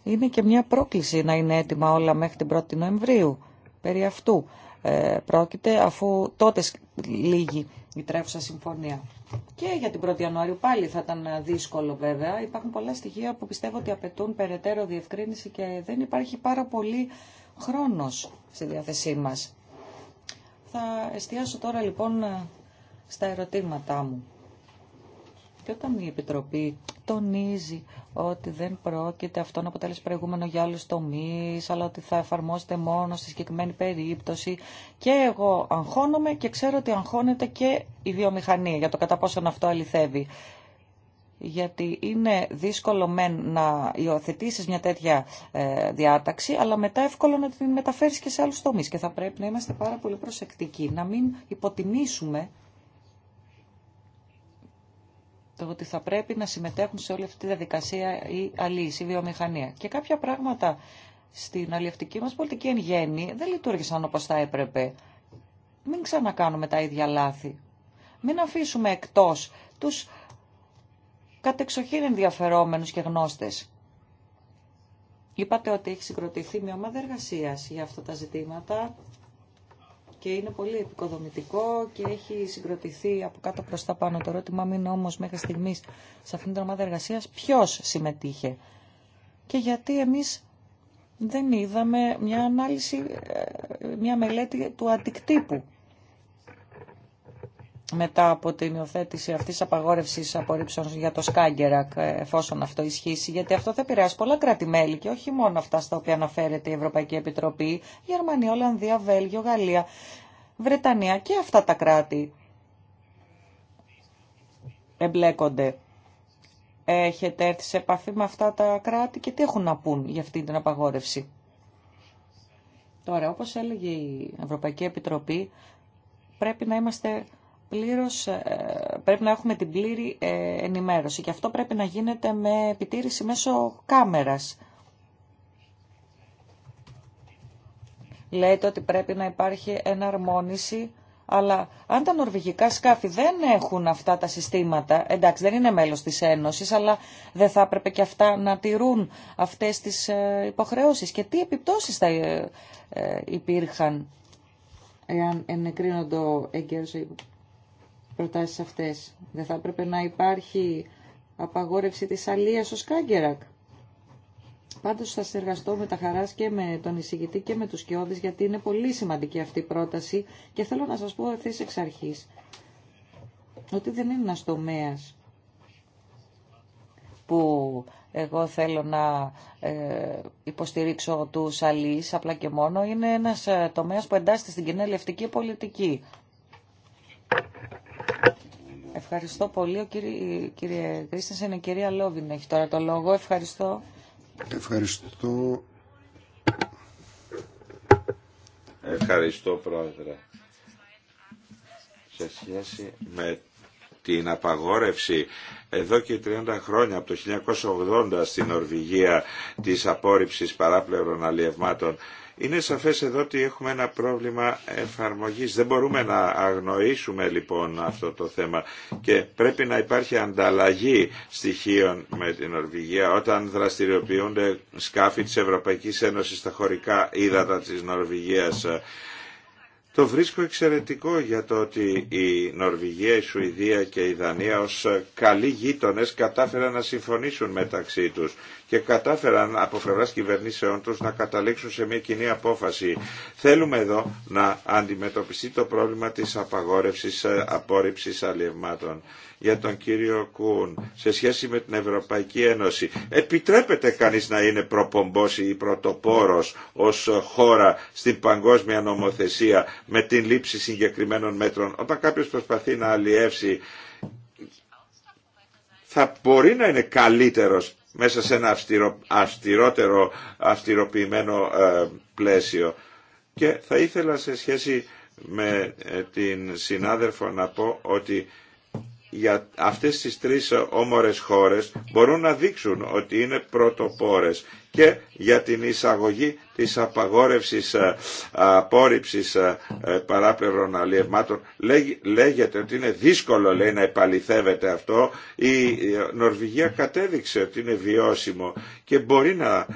είναι και μια πρόκληση να είναι έτοιμα όλα μέχρι την 1η Νοεμβρίου. Περί αυτού ε, πρόκειται, αφού τότε λύγει η τρέφουσα συμφωνία. Και για την 1η Ιανουαρίου πάλι θα ήταν δύσκολο βέβαια. Υπάρχουν πολλά στοιχεία που πιστεύω ότι απαιτούν περαιτέρω διευκρίνηση και δεν υπάρχει πάρα πολύ χρόνος στη διάθεσή μας. Θα εστιάσω τώρα λοιπόν ε, στα ερωτήματά μου. Και όταν η Επιτροπή τονίζει ότι δεν πρόκειται αυτό να αποτελέσει προηγούμενο για άλλους τομείς, αλλά ότι θα εφαρμόζεται μόνο στη συγκεκριμένη περίπτωση. Και εγώ αγχώνομαι και ξέρω ότι αγχώνεται και η βιομηχανία για το κατά πόσον αυτό αληθεύει. Γιατί είναι δύσκολο μεν να υιοθετήσει μια τέτοια ε, διάταξη, αλλά μετά εύκολο να την μεταφέρει και σε άλλου τομεί. Και θα πρέπει να είμαστε πάρα πολύ προσεκτικοί, να μην υποτιμήσουμε το ότι θα πρέπει να συμμετέχουν σε όλη αυτή τη διαδικασία η αλής, η βιομηχανία. Και κάποια πράγματα στην αλληλευτική μας πολιτική εν γέννη δεν λειτουργήσαν όπως θα έπρεπε. Μην ξανακάνουμε τα ίδια λάθη. Μην αφήσουμε εκτός τους κατεξοχήν ενδιαφερόμενους και γνώστες. Είπατε ότι έχει συγκροτηθεί μια ομάδα εργασία για αυτά τα ζητήματα και είναι πολύ επικοδομητικό και έχει συγκροτηθεί από κάτω προς τα πάνω. Το ερώτημά μου είναι όμως μέχρι στιγμής σε αυτήν την ομάδα εργασίας ποιος συμμετείχε και γιατί εμείς δεν είδαμε μια ανάλυση, ε, μια μελέτη του αντικτύπου μετά από την υιοθέτηση αυτής της απαγόρευσης απορρίψεων για το Σκάγκερακ, εφόσον αυτό ισχύσει, γιατί αυτό θα επηρεάσει πολλά κράτη-μέλη και όχι μόνο αυτά στα οποία αναφέρεται η Ευρωπαϊκή Επιτροπή, Γερμανία, Ολλανδία, Βέλγιο, Γαλλία, Βρετανία και αυτά τα κράτη εμπλέκονται. Έχετε έρθει σε επαφή με αυτά τα κράτη και τι έχουν να πούν για αυτή την απαγόρευση. Τώρα, όπως έλεγε η Ευρωπαϊκή Επιτροπή, πρέπει να είμαστε πλήρως, ε, πρέπει να έχουμε την πλήρη ε, ενημέρωση και αυτό πρέπει να γίνεται με επιτήρηση μέσω κάμερας. Λέτε ότι πρέπει να υπάρχει εναρμόνιση, αλλά αν τα νορβηγικά σκάφη δεν έχουν αυτά τα συστήματα, εντάξει δεν είναι μέλος της Ένωσης, αλλά δεν θα έπρεπε και αυτά να τηρούν αυτές τις ε, υποχρεώσεις. Και τι επιπτώσεις θα υπήρχαν εάν ενεκρίνονται ο προτάσεις αυτές. Δεν θα έπρεπε να υπάρχει απαγόρευση της αλίας ως κάγκερακ. Πάντως θα συνεργαστώ με τα χαράς και με τον εισηγητή και με τους κοιόδες γιατί είναι πολύ σημαντική αυτή η πρόταση και θέλω να σας πω ευθύς εξ αρχής ότι δεν είναι ένας τομέας που εγώ θέλω να ε, υποστηρίξω του αλείς απλά και μόνο είναι ένας ε, τομέας που εντάσσεται στην κοινή πολιτική. Ευχαριστώ πολύ. Ο κύριε, κύριε είναι η κυρία Λόβιν έχει τώρα το λόγο. Ευχαριστώ. Ευχαριστώ. Ευχαριστώ, Πρόεδρε. Σε σχέση με την απαγόρευση εδώ και 30 χρόνια από το 1980 στην Νορβηγία της απόρριψης παράπλευρων αλλιευμάτων είναι σαφές εδώ ότι έχουμε ένα πρόβλημα εφαρμογής. Δεν μπορούμε να αγνοήσουμε λοιπόν αυτό το θέμα και πρέπει να υπάρχει ανταλλαγή στοιχείων με την Νορβηγία όταν δραστηριοποιούνται σκάφη της Ευρωπαϊκής Ένωσης στα χωρικά ύδατα της Νορβηγίας. Το βρίσκω εξαιρετικό για το ότι η Νορβηγία, η Σουηδία και η Δανία ως καλοί γείτονες κατάφεραν να συμφωνήσουν μεταξύ τους και κατάφεραν από πλευρά κυβερνήσεών του να καταλήξουν σε μια κοινή απόφαση. Θέλουμε εδώ να αντιμετωπιστεί το πρόβλημα της απαγόρευση ε, απόρριψη αλλιευμάτων για τον κύριο Κούν σε σχέση με την Ευρωπαϊκή Ένωση. Επιτρέπεται κανείς να είναι προπομπό ή πρωτοπόρο ως χώρα στην παγκόσμια νομοθεσία με την λήψη συγκεκριμένων μέτρων. Όταν κάποιο προσπαθεί να αλλιεύσει θα μπορεί να είναι καλύτερος μέσα σε ένα αυστηρότερο, αυστηροποιημένο ε, πλαίσιο. Και θα ήθελα σε σχέση με ε, την συνάδελφο να πω ότι για αυτές τις τρεις όμορες χώρες μπορούν να δείξουν ότι είναι πρωτοπόρες και για την εισαγωγή της απαγόρευσης ε, ε, απόρριψης ε, παράπλευρων αλλιευμάτων λέγεται ότι είναι δύσκολο λέει να επαληθεύεται αυτό η Νορβηγία κατέδειξε ότι είναι βιώσιμο και μπορεί να,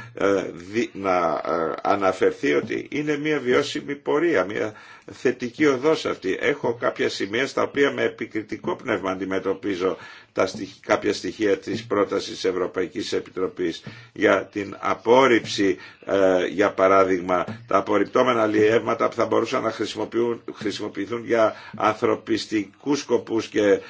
να αναφερθεί ότι είναι μια βιώσιμη πορεία μια θετική οδός αυτή. Έχω κάποια σημεία στα οποία με επικριτικό πνεύμα αντιμετωπίζω τα, κάποια στοιχεία της πρότασης Ευρωπαϊκής Επιτροπής για την απόρριψη, ε, για παράδειγμα, τα απορριπτόμενα αλλιεύματα που θα μπορούσαν να χρησιμοποιηθούν για ανθρωπιστικούς σκοπούς και ε,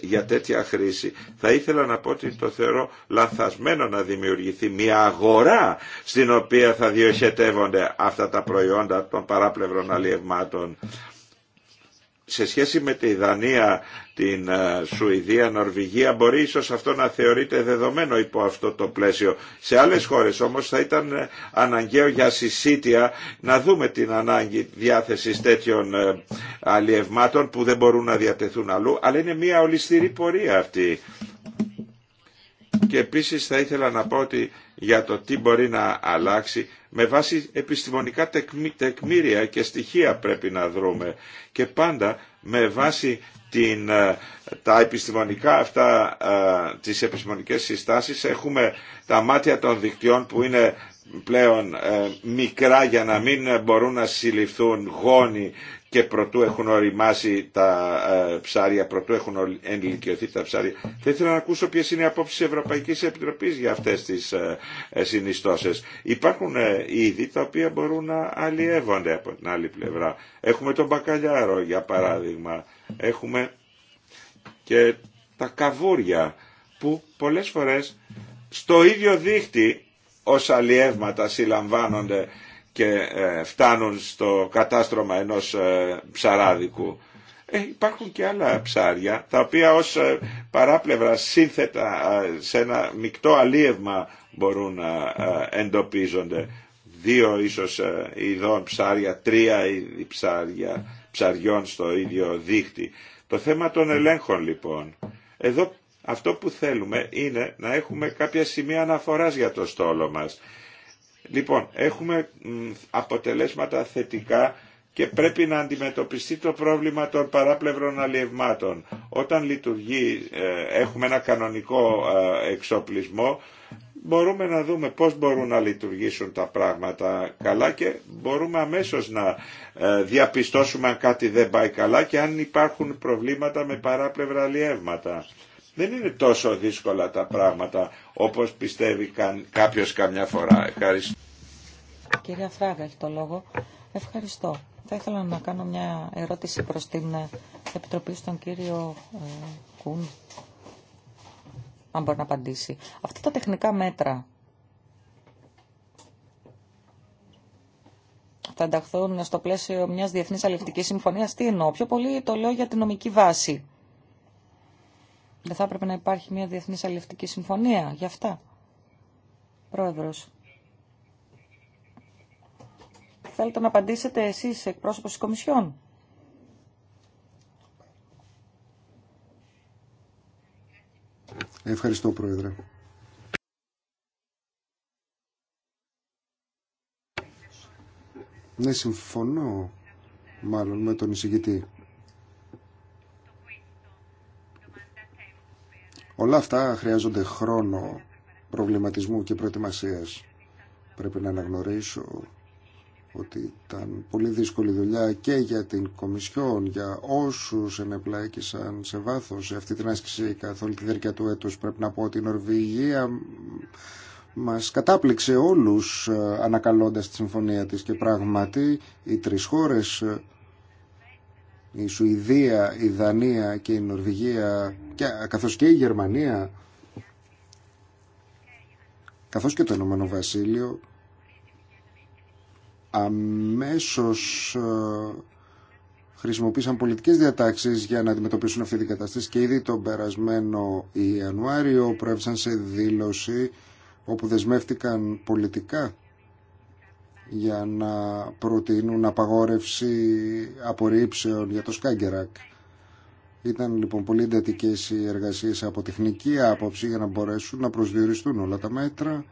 για τέτοια χρήση. Θα ήθελα να πω ότι το θεωρώ λανθασμένο να δημιουργηθεί μια αγορά στην οποία θα διοχετεύονται αυτά τα προϊόντα των παράπλευρων αλλιευμάτων σε σχέση με τη Δανία, την ε, Σουηδία, Νορβηγία μπορεί ίσως αυτό να θεωρείται δεδομένο υπό αυτό το πλαίσιο. Σε άλλες χώρες όμως θα ήταν ε, αναγκαίο για συσίτια να δούμε την ανάγκη διάθεσης τέτοιων ε, αλλιευμάτων που δεν μπορούν να διατεθούν αλλού, αλλά είναι μια ολιστηρή πορεία αυτή. Και επίσης θα ήθελα να πω ότι για το τι μπορεί να αλλάξει με βάση επιστημονικά τεκμήρια και στοιχεία πρέπει να δρούμε και πάντα με βάση την, ε, τα επιστημονικά αυτά, ε, τις επιστημονικές συστάσεις έχουμε τα μάτια των δικτυών που είναι πλέον ε, μικρά για να μην μπορούν να συλληφθούν γόνοι και προτού έχουν οριμάσει τα ε, ψάρια, προτού έχουν ενηλικιωθεί τα ψάρια. Θα ήθελα να ακούσω ποιε είναι οι απόψει τη Ευρωπαϊκή Επιτροπή για αυτέ τι ε, ε, συνιστώσει. Υπάρχουν είδη τα οποία μπορούν να αλλιεύονται από την άλλη πλευρά. Έχουμε τον μπακαλιάρο για παράδειγμα. Έχουμε και τα καβούρια που πολλές φορές στο ίδιο δίχτυ ως αλλιεύματα συλλαμβάνονται και ε, φτάνουν στο κατάστρωμα ενός ε, ψαράδικου. Ε, υπάρχουν και άλλα ψάρια τα οποία ως ε, παράπλευρα σύνθετα σε ένα μεικτό αλίευμα μπορούν να εντοπίζονται. Δύο ίσως ειδών ψάρια, τρία είδη ψάρια, ψαριών στο ίδιο δίχτυ. Το θέμα των ελέγχων λοιπόν. Εδώ αυτό που θέλουμε είναι να έχουμε κάποια σημεία αναφοράς για το στόλο μας Λοιπόν, έχουμε αποτελέσματα θετικά και πρέπει να αντιμετωπιστεί το πρόβλημα των παράπλευρων αλλιευμάτων. Όταν λειτουργεί, ε, έχουμε ένα κανονικό ε, εξοπλισμό, μπορούμε να δούμε πώς μπορούν να λειτουργήσουν τα πράγματα καλά και μπορούμε αμέσως να ε, διαπιστώσουμε αν κάτι δεν πάει καλά και αν υπάρχουν προβλήματα με παράπλευρα αλλιεύματα. Δεν είναι τόσο δύσκολα τα πράγματα όπως πιστεύει κάποιος καμιά φορά. Ευχαριστώ. Κυρία Φράγα έχει το λόγο. Ευχαριστώ. Θα ήθελα να κάνω μια ερώτηση προς την ε, Επιτροπή στον κύριο ε, Κούν. Αν μπορεί να απαντήσει. Αυτά τα τεχνικά μέτρα θα ενταχθούν στο πλαίσιο μιας διεθνής αλληλευτικής συμφωνίας. Τι εννοώ. Πιο πολύ το λέω για την νομική βάση. Δεν θα έπρεπε να υπάρχει μια διεθνής αλληλευτική συμφωνία για αυτά. Πρόεδρος. Θέλετε να απαντήσετε εσείς εκπρόσωπος της Κομισιόν. Ευχαριστώ, Πρόεδρε. Ναι, συμφωνώ μάλλον με τον εισηγητή. Όλα αυτά χρειάζονται χρόνο προβληματισμού και προετοιμασίας. Πρέπει να αναγνωρίσω ότι ήταν πολύ δύσκολη δουλειά και για την Κομισιόν, για όσους ενεπλάκησαν σε βάθος σε αυτή την άσκηση καθ' όλη τη διάρκεια του έτους. Πρέπει να πω ότι η Νορβηγία μας κατάπληξε όλους ε, ανακαλώντας τη συμφωνία της και πράγματι οι τρεις χώρες η Σουηδία, η Δανία και η Νορβηγία, και, καθώς και η Γερμανία, καθώς και το Ηνωμένο Βασίλειο, αμέσως ε, χρησιμοποίησαν πολιτικές διατάξεις για να αντιμετωπίσουν αυτή την κατάσταση και ήδη τον περασμένο Ιανουάριο προέβησαν σε δήλωση όπου δεσμεύτηκαν πολιτικά για να προτείνουν απαγόρευση απορρίψεων για το Σκάγκερακ. Ήταν λοιπόν πολύ εντατικέ οι εργασίε από τεχνική άποψη για να μπορέσουν να προσδιοριστούν όλα τα μέτρα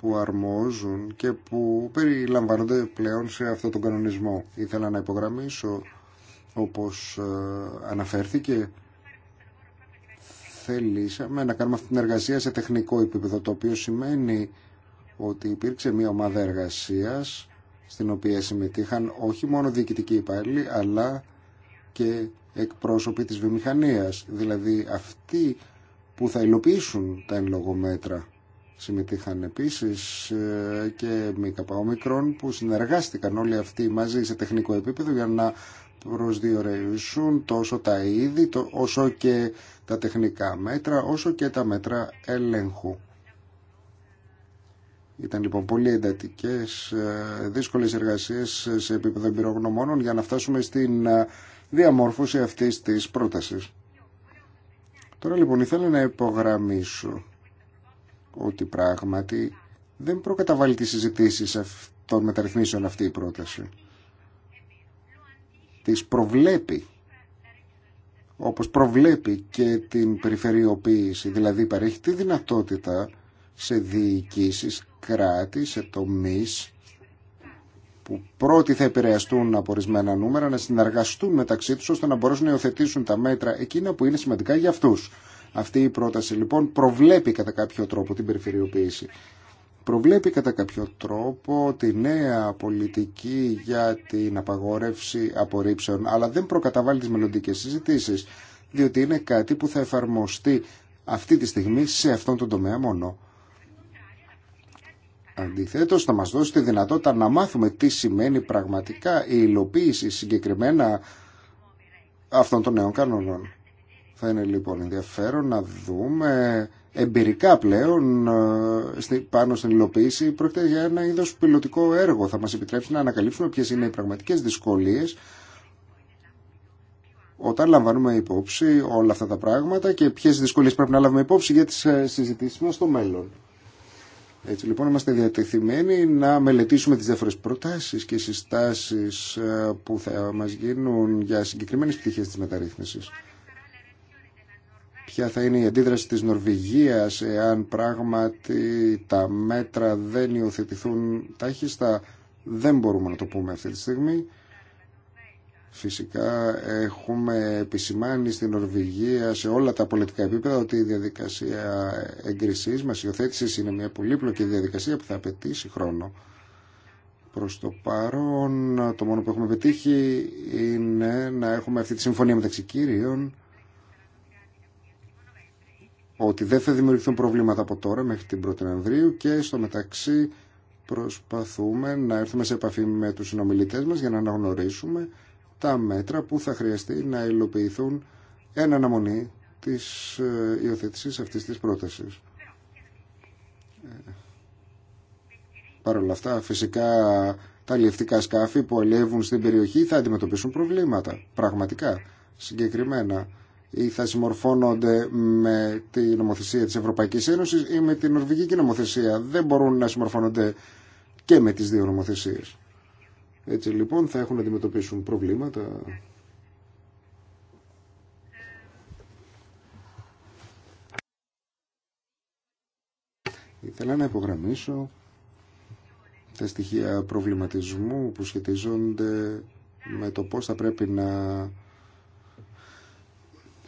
που αρμόζουν και που περιλαμβάνονται πλέον σε αυτόν τον κανονισμό. Ήθελα να υπογραμμίσω όπως ε, αναφέρθηκε θελήσαμε να κάνουμε αυτή την εργασία σε τεχνικό επίπεδο το οποίο σημαίνει ότι υπήρξε μια ομάδα εργασίας στην οποία συμμετείχαν όχι μόνο διοικητικοί υπάλληλοι αλλά και εκπρόσωποι της βιομηχανίας, δηλαδή αυτοί που θα υλοποιήσουν τα εν λόγω μέτρα. Συμμετείχαν επίσης ε, και ΜΚΟ που συνεργάστηκαν όλοι αυτοί μαζί σε τεχνικό επίπεδο για να προσδιορίσουν τόσο τα είδη όσο και τα τεχνικά μέτρα όσο και τα μέτρα ελέγχου. Ήταν λοιπόν πολύ εντατικέ, ε, δύσκολε εργασίε σε επίπεδο εμπειρογνωμόνων για να φτάσουμε στην ε, διαμόρφωση αυτή τη πρόταση. Τώρα λοιπόν ήθελα να υπογραμμίσω ότι πράγματι δεν προκαταβάλει τις συζητήσεις των μεταρρυθμίσεων αυτή η πρόταση. Τις προβλέπει, όπως προβλέπει και την περιφερειοποίηση, δηλαδή παρέχει τη δυνατότητα σε διοικήσεις, κράτη, σε τομείς που πρώτοι θα επηρεαστούν από ορισμένα νούμερα να συνεργαστούν μεταξύ τους ώστε να μπορέσουν να υιοθετήσουν τα μέτρα εκείνα που είναι σημαντικά για αυτούς. Αυτή η πρόταση λοιπόν προβλέπει κατά κάποιο τρόπο την περιφερειοποίηση. Προβλέπει κατά κάποιο τρόπο τη νέα πολιτική για την απαγόρευση απορρίψεων, αλλά δεν προκαταβάλει τις μελλοντικέ συζητήσεις, διότι είναι κάτι που θα εφαρμοστεί αυτή τη στιγμή σε αυτόν τον τομέα μόνο. Αντιθέτως, θα μας δώσει τη δυνατότητα να μάθουμε τι σημαίνει πραγματικά η υλοποίηση συγκεκριμένα αυτών των νέων κανόνων. Θα είναι λοιπόν ενδιαφέρον να δούμε εμπειρικά πλέον ε, πάνω στην υλοποίηση πρόκειται για ένα είδος πιλωτικό έργο. Θα μας επιτρέψει να ανακαλύψουμε ποιες είναι οι πραγματικές δυσκολίες όταν λαμβάνουμε υπόψη όλα αυτά τα πράγματα και ποιες δυσκολίες πρέπει να λάβουμε υπόψη για τις ε, συζητήσεις μας στο μέλλον. Έτσι λοιπόν είμαστε διατεθειμένοι να μελετήσουμε τις διάφορες προτάσεις και συστάσεις ε, που θα μας γίνουν για συγκεκριμένες πτυχές της μεταρρύθμισης. Ποια θα είναι η αντίδραση της Νορβηγίας εάν πράγματι τα μέτρα δεν υιοθετηθούν τάχιστα. Δεν μπορούμε να το πούμε αυτή τη στιγμή. Φυσικά έχουμε επισημάνει στην Νορβηγία σε όλα τα πολιτικά επίπεδα ότι η διαδικασία εγκρισής μας, υιοθέτησης είναι μια πολύπλοκη διαδικασία που θα απαιτήσει χρόνο. Προς το παρόν το μόνο που έχουμε πετύχει είναι να έχουμε αυτή τη συμφωνία μεταξύ κύριων ότι δεν θα δημιουργηθούν προβλήματα από τώρα μέχρι την 1η Ανδρίου και στο μεταξύ προσπαθούμε να έρθουμε σε επαφή με τους συνομιλητές μας για να αναγνωρίσουμε τα μέτρα που θα χρειαστεί να υλοποιηθούν εν αναμονή της ε, υιοθέτησης αυτής της πρότασης. Ε, παρ' όλα αυτά, φυσικά, τα λιευτικά σκάφη που αλλιεύουν στην περιοχή θα αντιμετωπίσουν προβλήματα, πραγματικά, συγκεκριμένα ή θα συμμορφώνονται με τη νομοθεσία της Ευρωπαϊκής Ένωσης ή με την Νορβηγική νομοθεσία. Δεν μπορούν να συμμορφώνονται και με τις δύο νομοθεσίες. Έτσι λοιπόν θα έχουν να αντιμετωπίσουν προβλήματα. Ήθελα να υπογραμμίσω τα στοιχεία προβληματισμού που σχετιζόνται με το πώς θα πρέπει να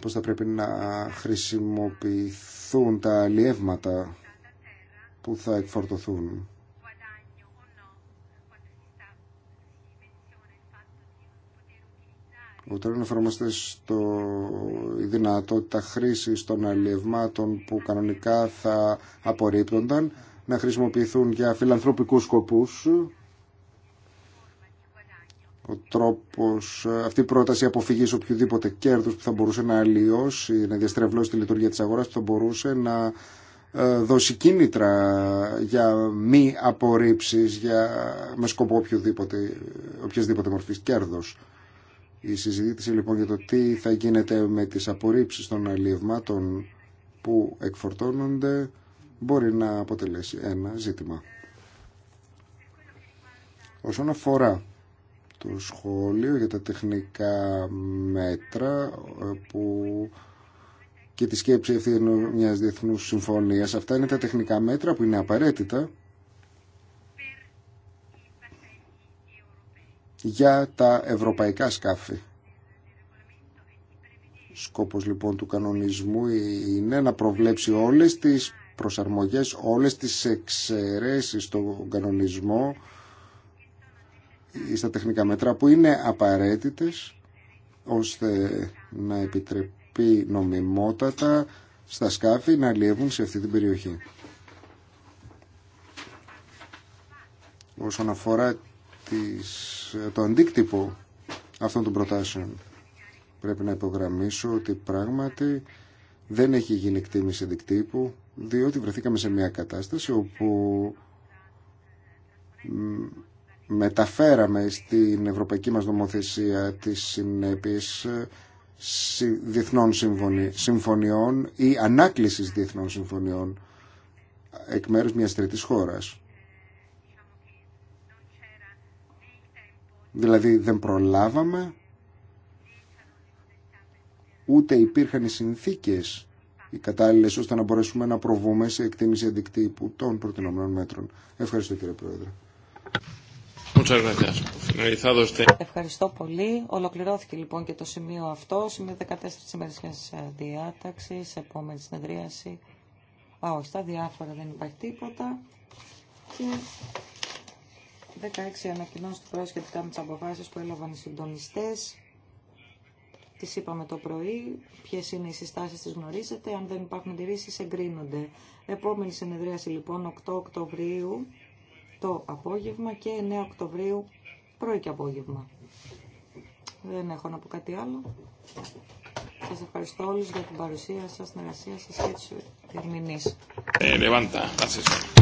πώς θα πρέπει να χρησιμοποιηθούν τα αλλιεύματα που θα εκφορτωθούν. Τώρα εφαρμοστέ στο η δυνατότητα χρήση των αλλιευμάτων που κανονικά θα απορρίπτονταν να χρησιμοποιηθούν για φιλανθρωπικούς σκοπούς. Ο τρόπος, αυτή η πρόταση αποφυγής οποιοδήποτε κέρδους που θα μπορούσε να αλλοιώσει, να διαστρεβλώσει τη λειτουργία της αγοράς, που θα μπορούσε να ε, δώσει κίνητρα για μη απορρίψεις με σκοπό οποιοδήποτε, οποιασδήποτε μορφής κέρδος. Η συζήτηση λοιπόν για το τι θα γίνεται με τις απορρίψεις των αλλιευμάτων που εκφορτώνονται μπορεί να αποτελέσει ένα ζήτημα. Όσον αφορά το σχόλιο για τα τεχνικά μέτρα που και τη σκέψη αυτή μιας διεθνούς συμφωνίας, αυτά είναι τα τεχνικά μέτρα που είναι απαραίτητα για τα ευρωπαϊκά σκάφη. Σκόπος λοιπόν του κανονισμού είναι να προβλέψει όλες τις προσαρμογές, όλες τις εξαιρέσεις στον κανονισμό στα τεχνικά μέτρα που είναι απαραίτητες ώστε να επιτρεπεί νομιμότατα στα σκάφη να αλλιεύουν σε αυτή την περιοχή. Όσον αφορά το αντίκτυπο αυτών των προτάσεων. Πρέπει να υπογραμμίσω ότι πράγματι δεν έχει γίνει εκτίμηση δικτύπου διότι βρεθήκαμε σε μια κατάσταση όπου μεταφέραμε στην ευρωπαϊκή μας νομοθεσία τις συνέπειες διεθνών συμφωνιών ή ανάκλησης διεθνών συμφωνιών εκ μέρους μιας τρίτης χώρας. δηλαδή δεν προλάβαμε ούτε υπήρχαν οι συνθήκες οι κατάλληλε ώστε να μπορέσουμε να προβούμε σε εκτίμηση αντικτύπου των προτινόμενων μέτρων. Ευχαριστώ κύριε Πρόεδρε. Ευχαριστώ πολύ. Ολοκληρώθηκε λοιπόν και το σημείο αυτό. Σημείο 14 της διάταξη, διάταξης, επόμενη συνεδρίαση. Α, όχι, στα διάφορα δεν υπάρχει τίποτα. Και 16 ανακοινώσει του Πρόεδρου σχετικά με τι αποφάσει που έλαβαν οι συντονιστέ. Τι είπαμε το πρωί, ποιε είναι οι συστάσει τι γνωρίζετε. Αν δεν υπάρχουν αντιρρήσει, εγκρίνονται. Επόμενη συνεδρίαση λοιπόν 8 Οκτωβρίου το απόγευμα και 9 Οκτωβρίου πρωί και απόγευμα. Δεν έχω να πω κάτι άλλο. Σα ευχαριστώ όλου για την παρουσία σα, την εργασία σα και τι ερμηνεί. Ε,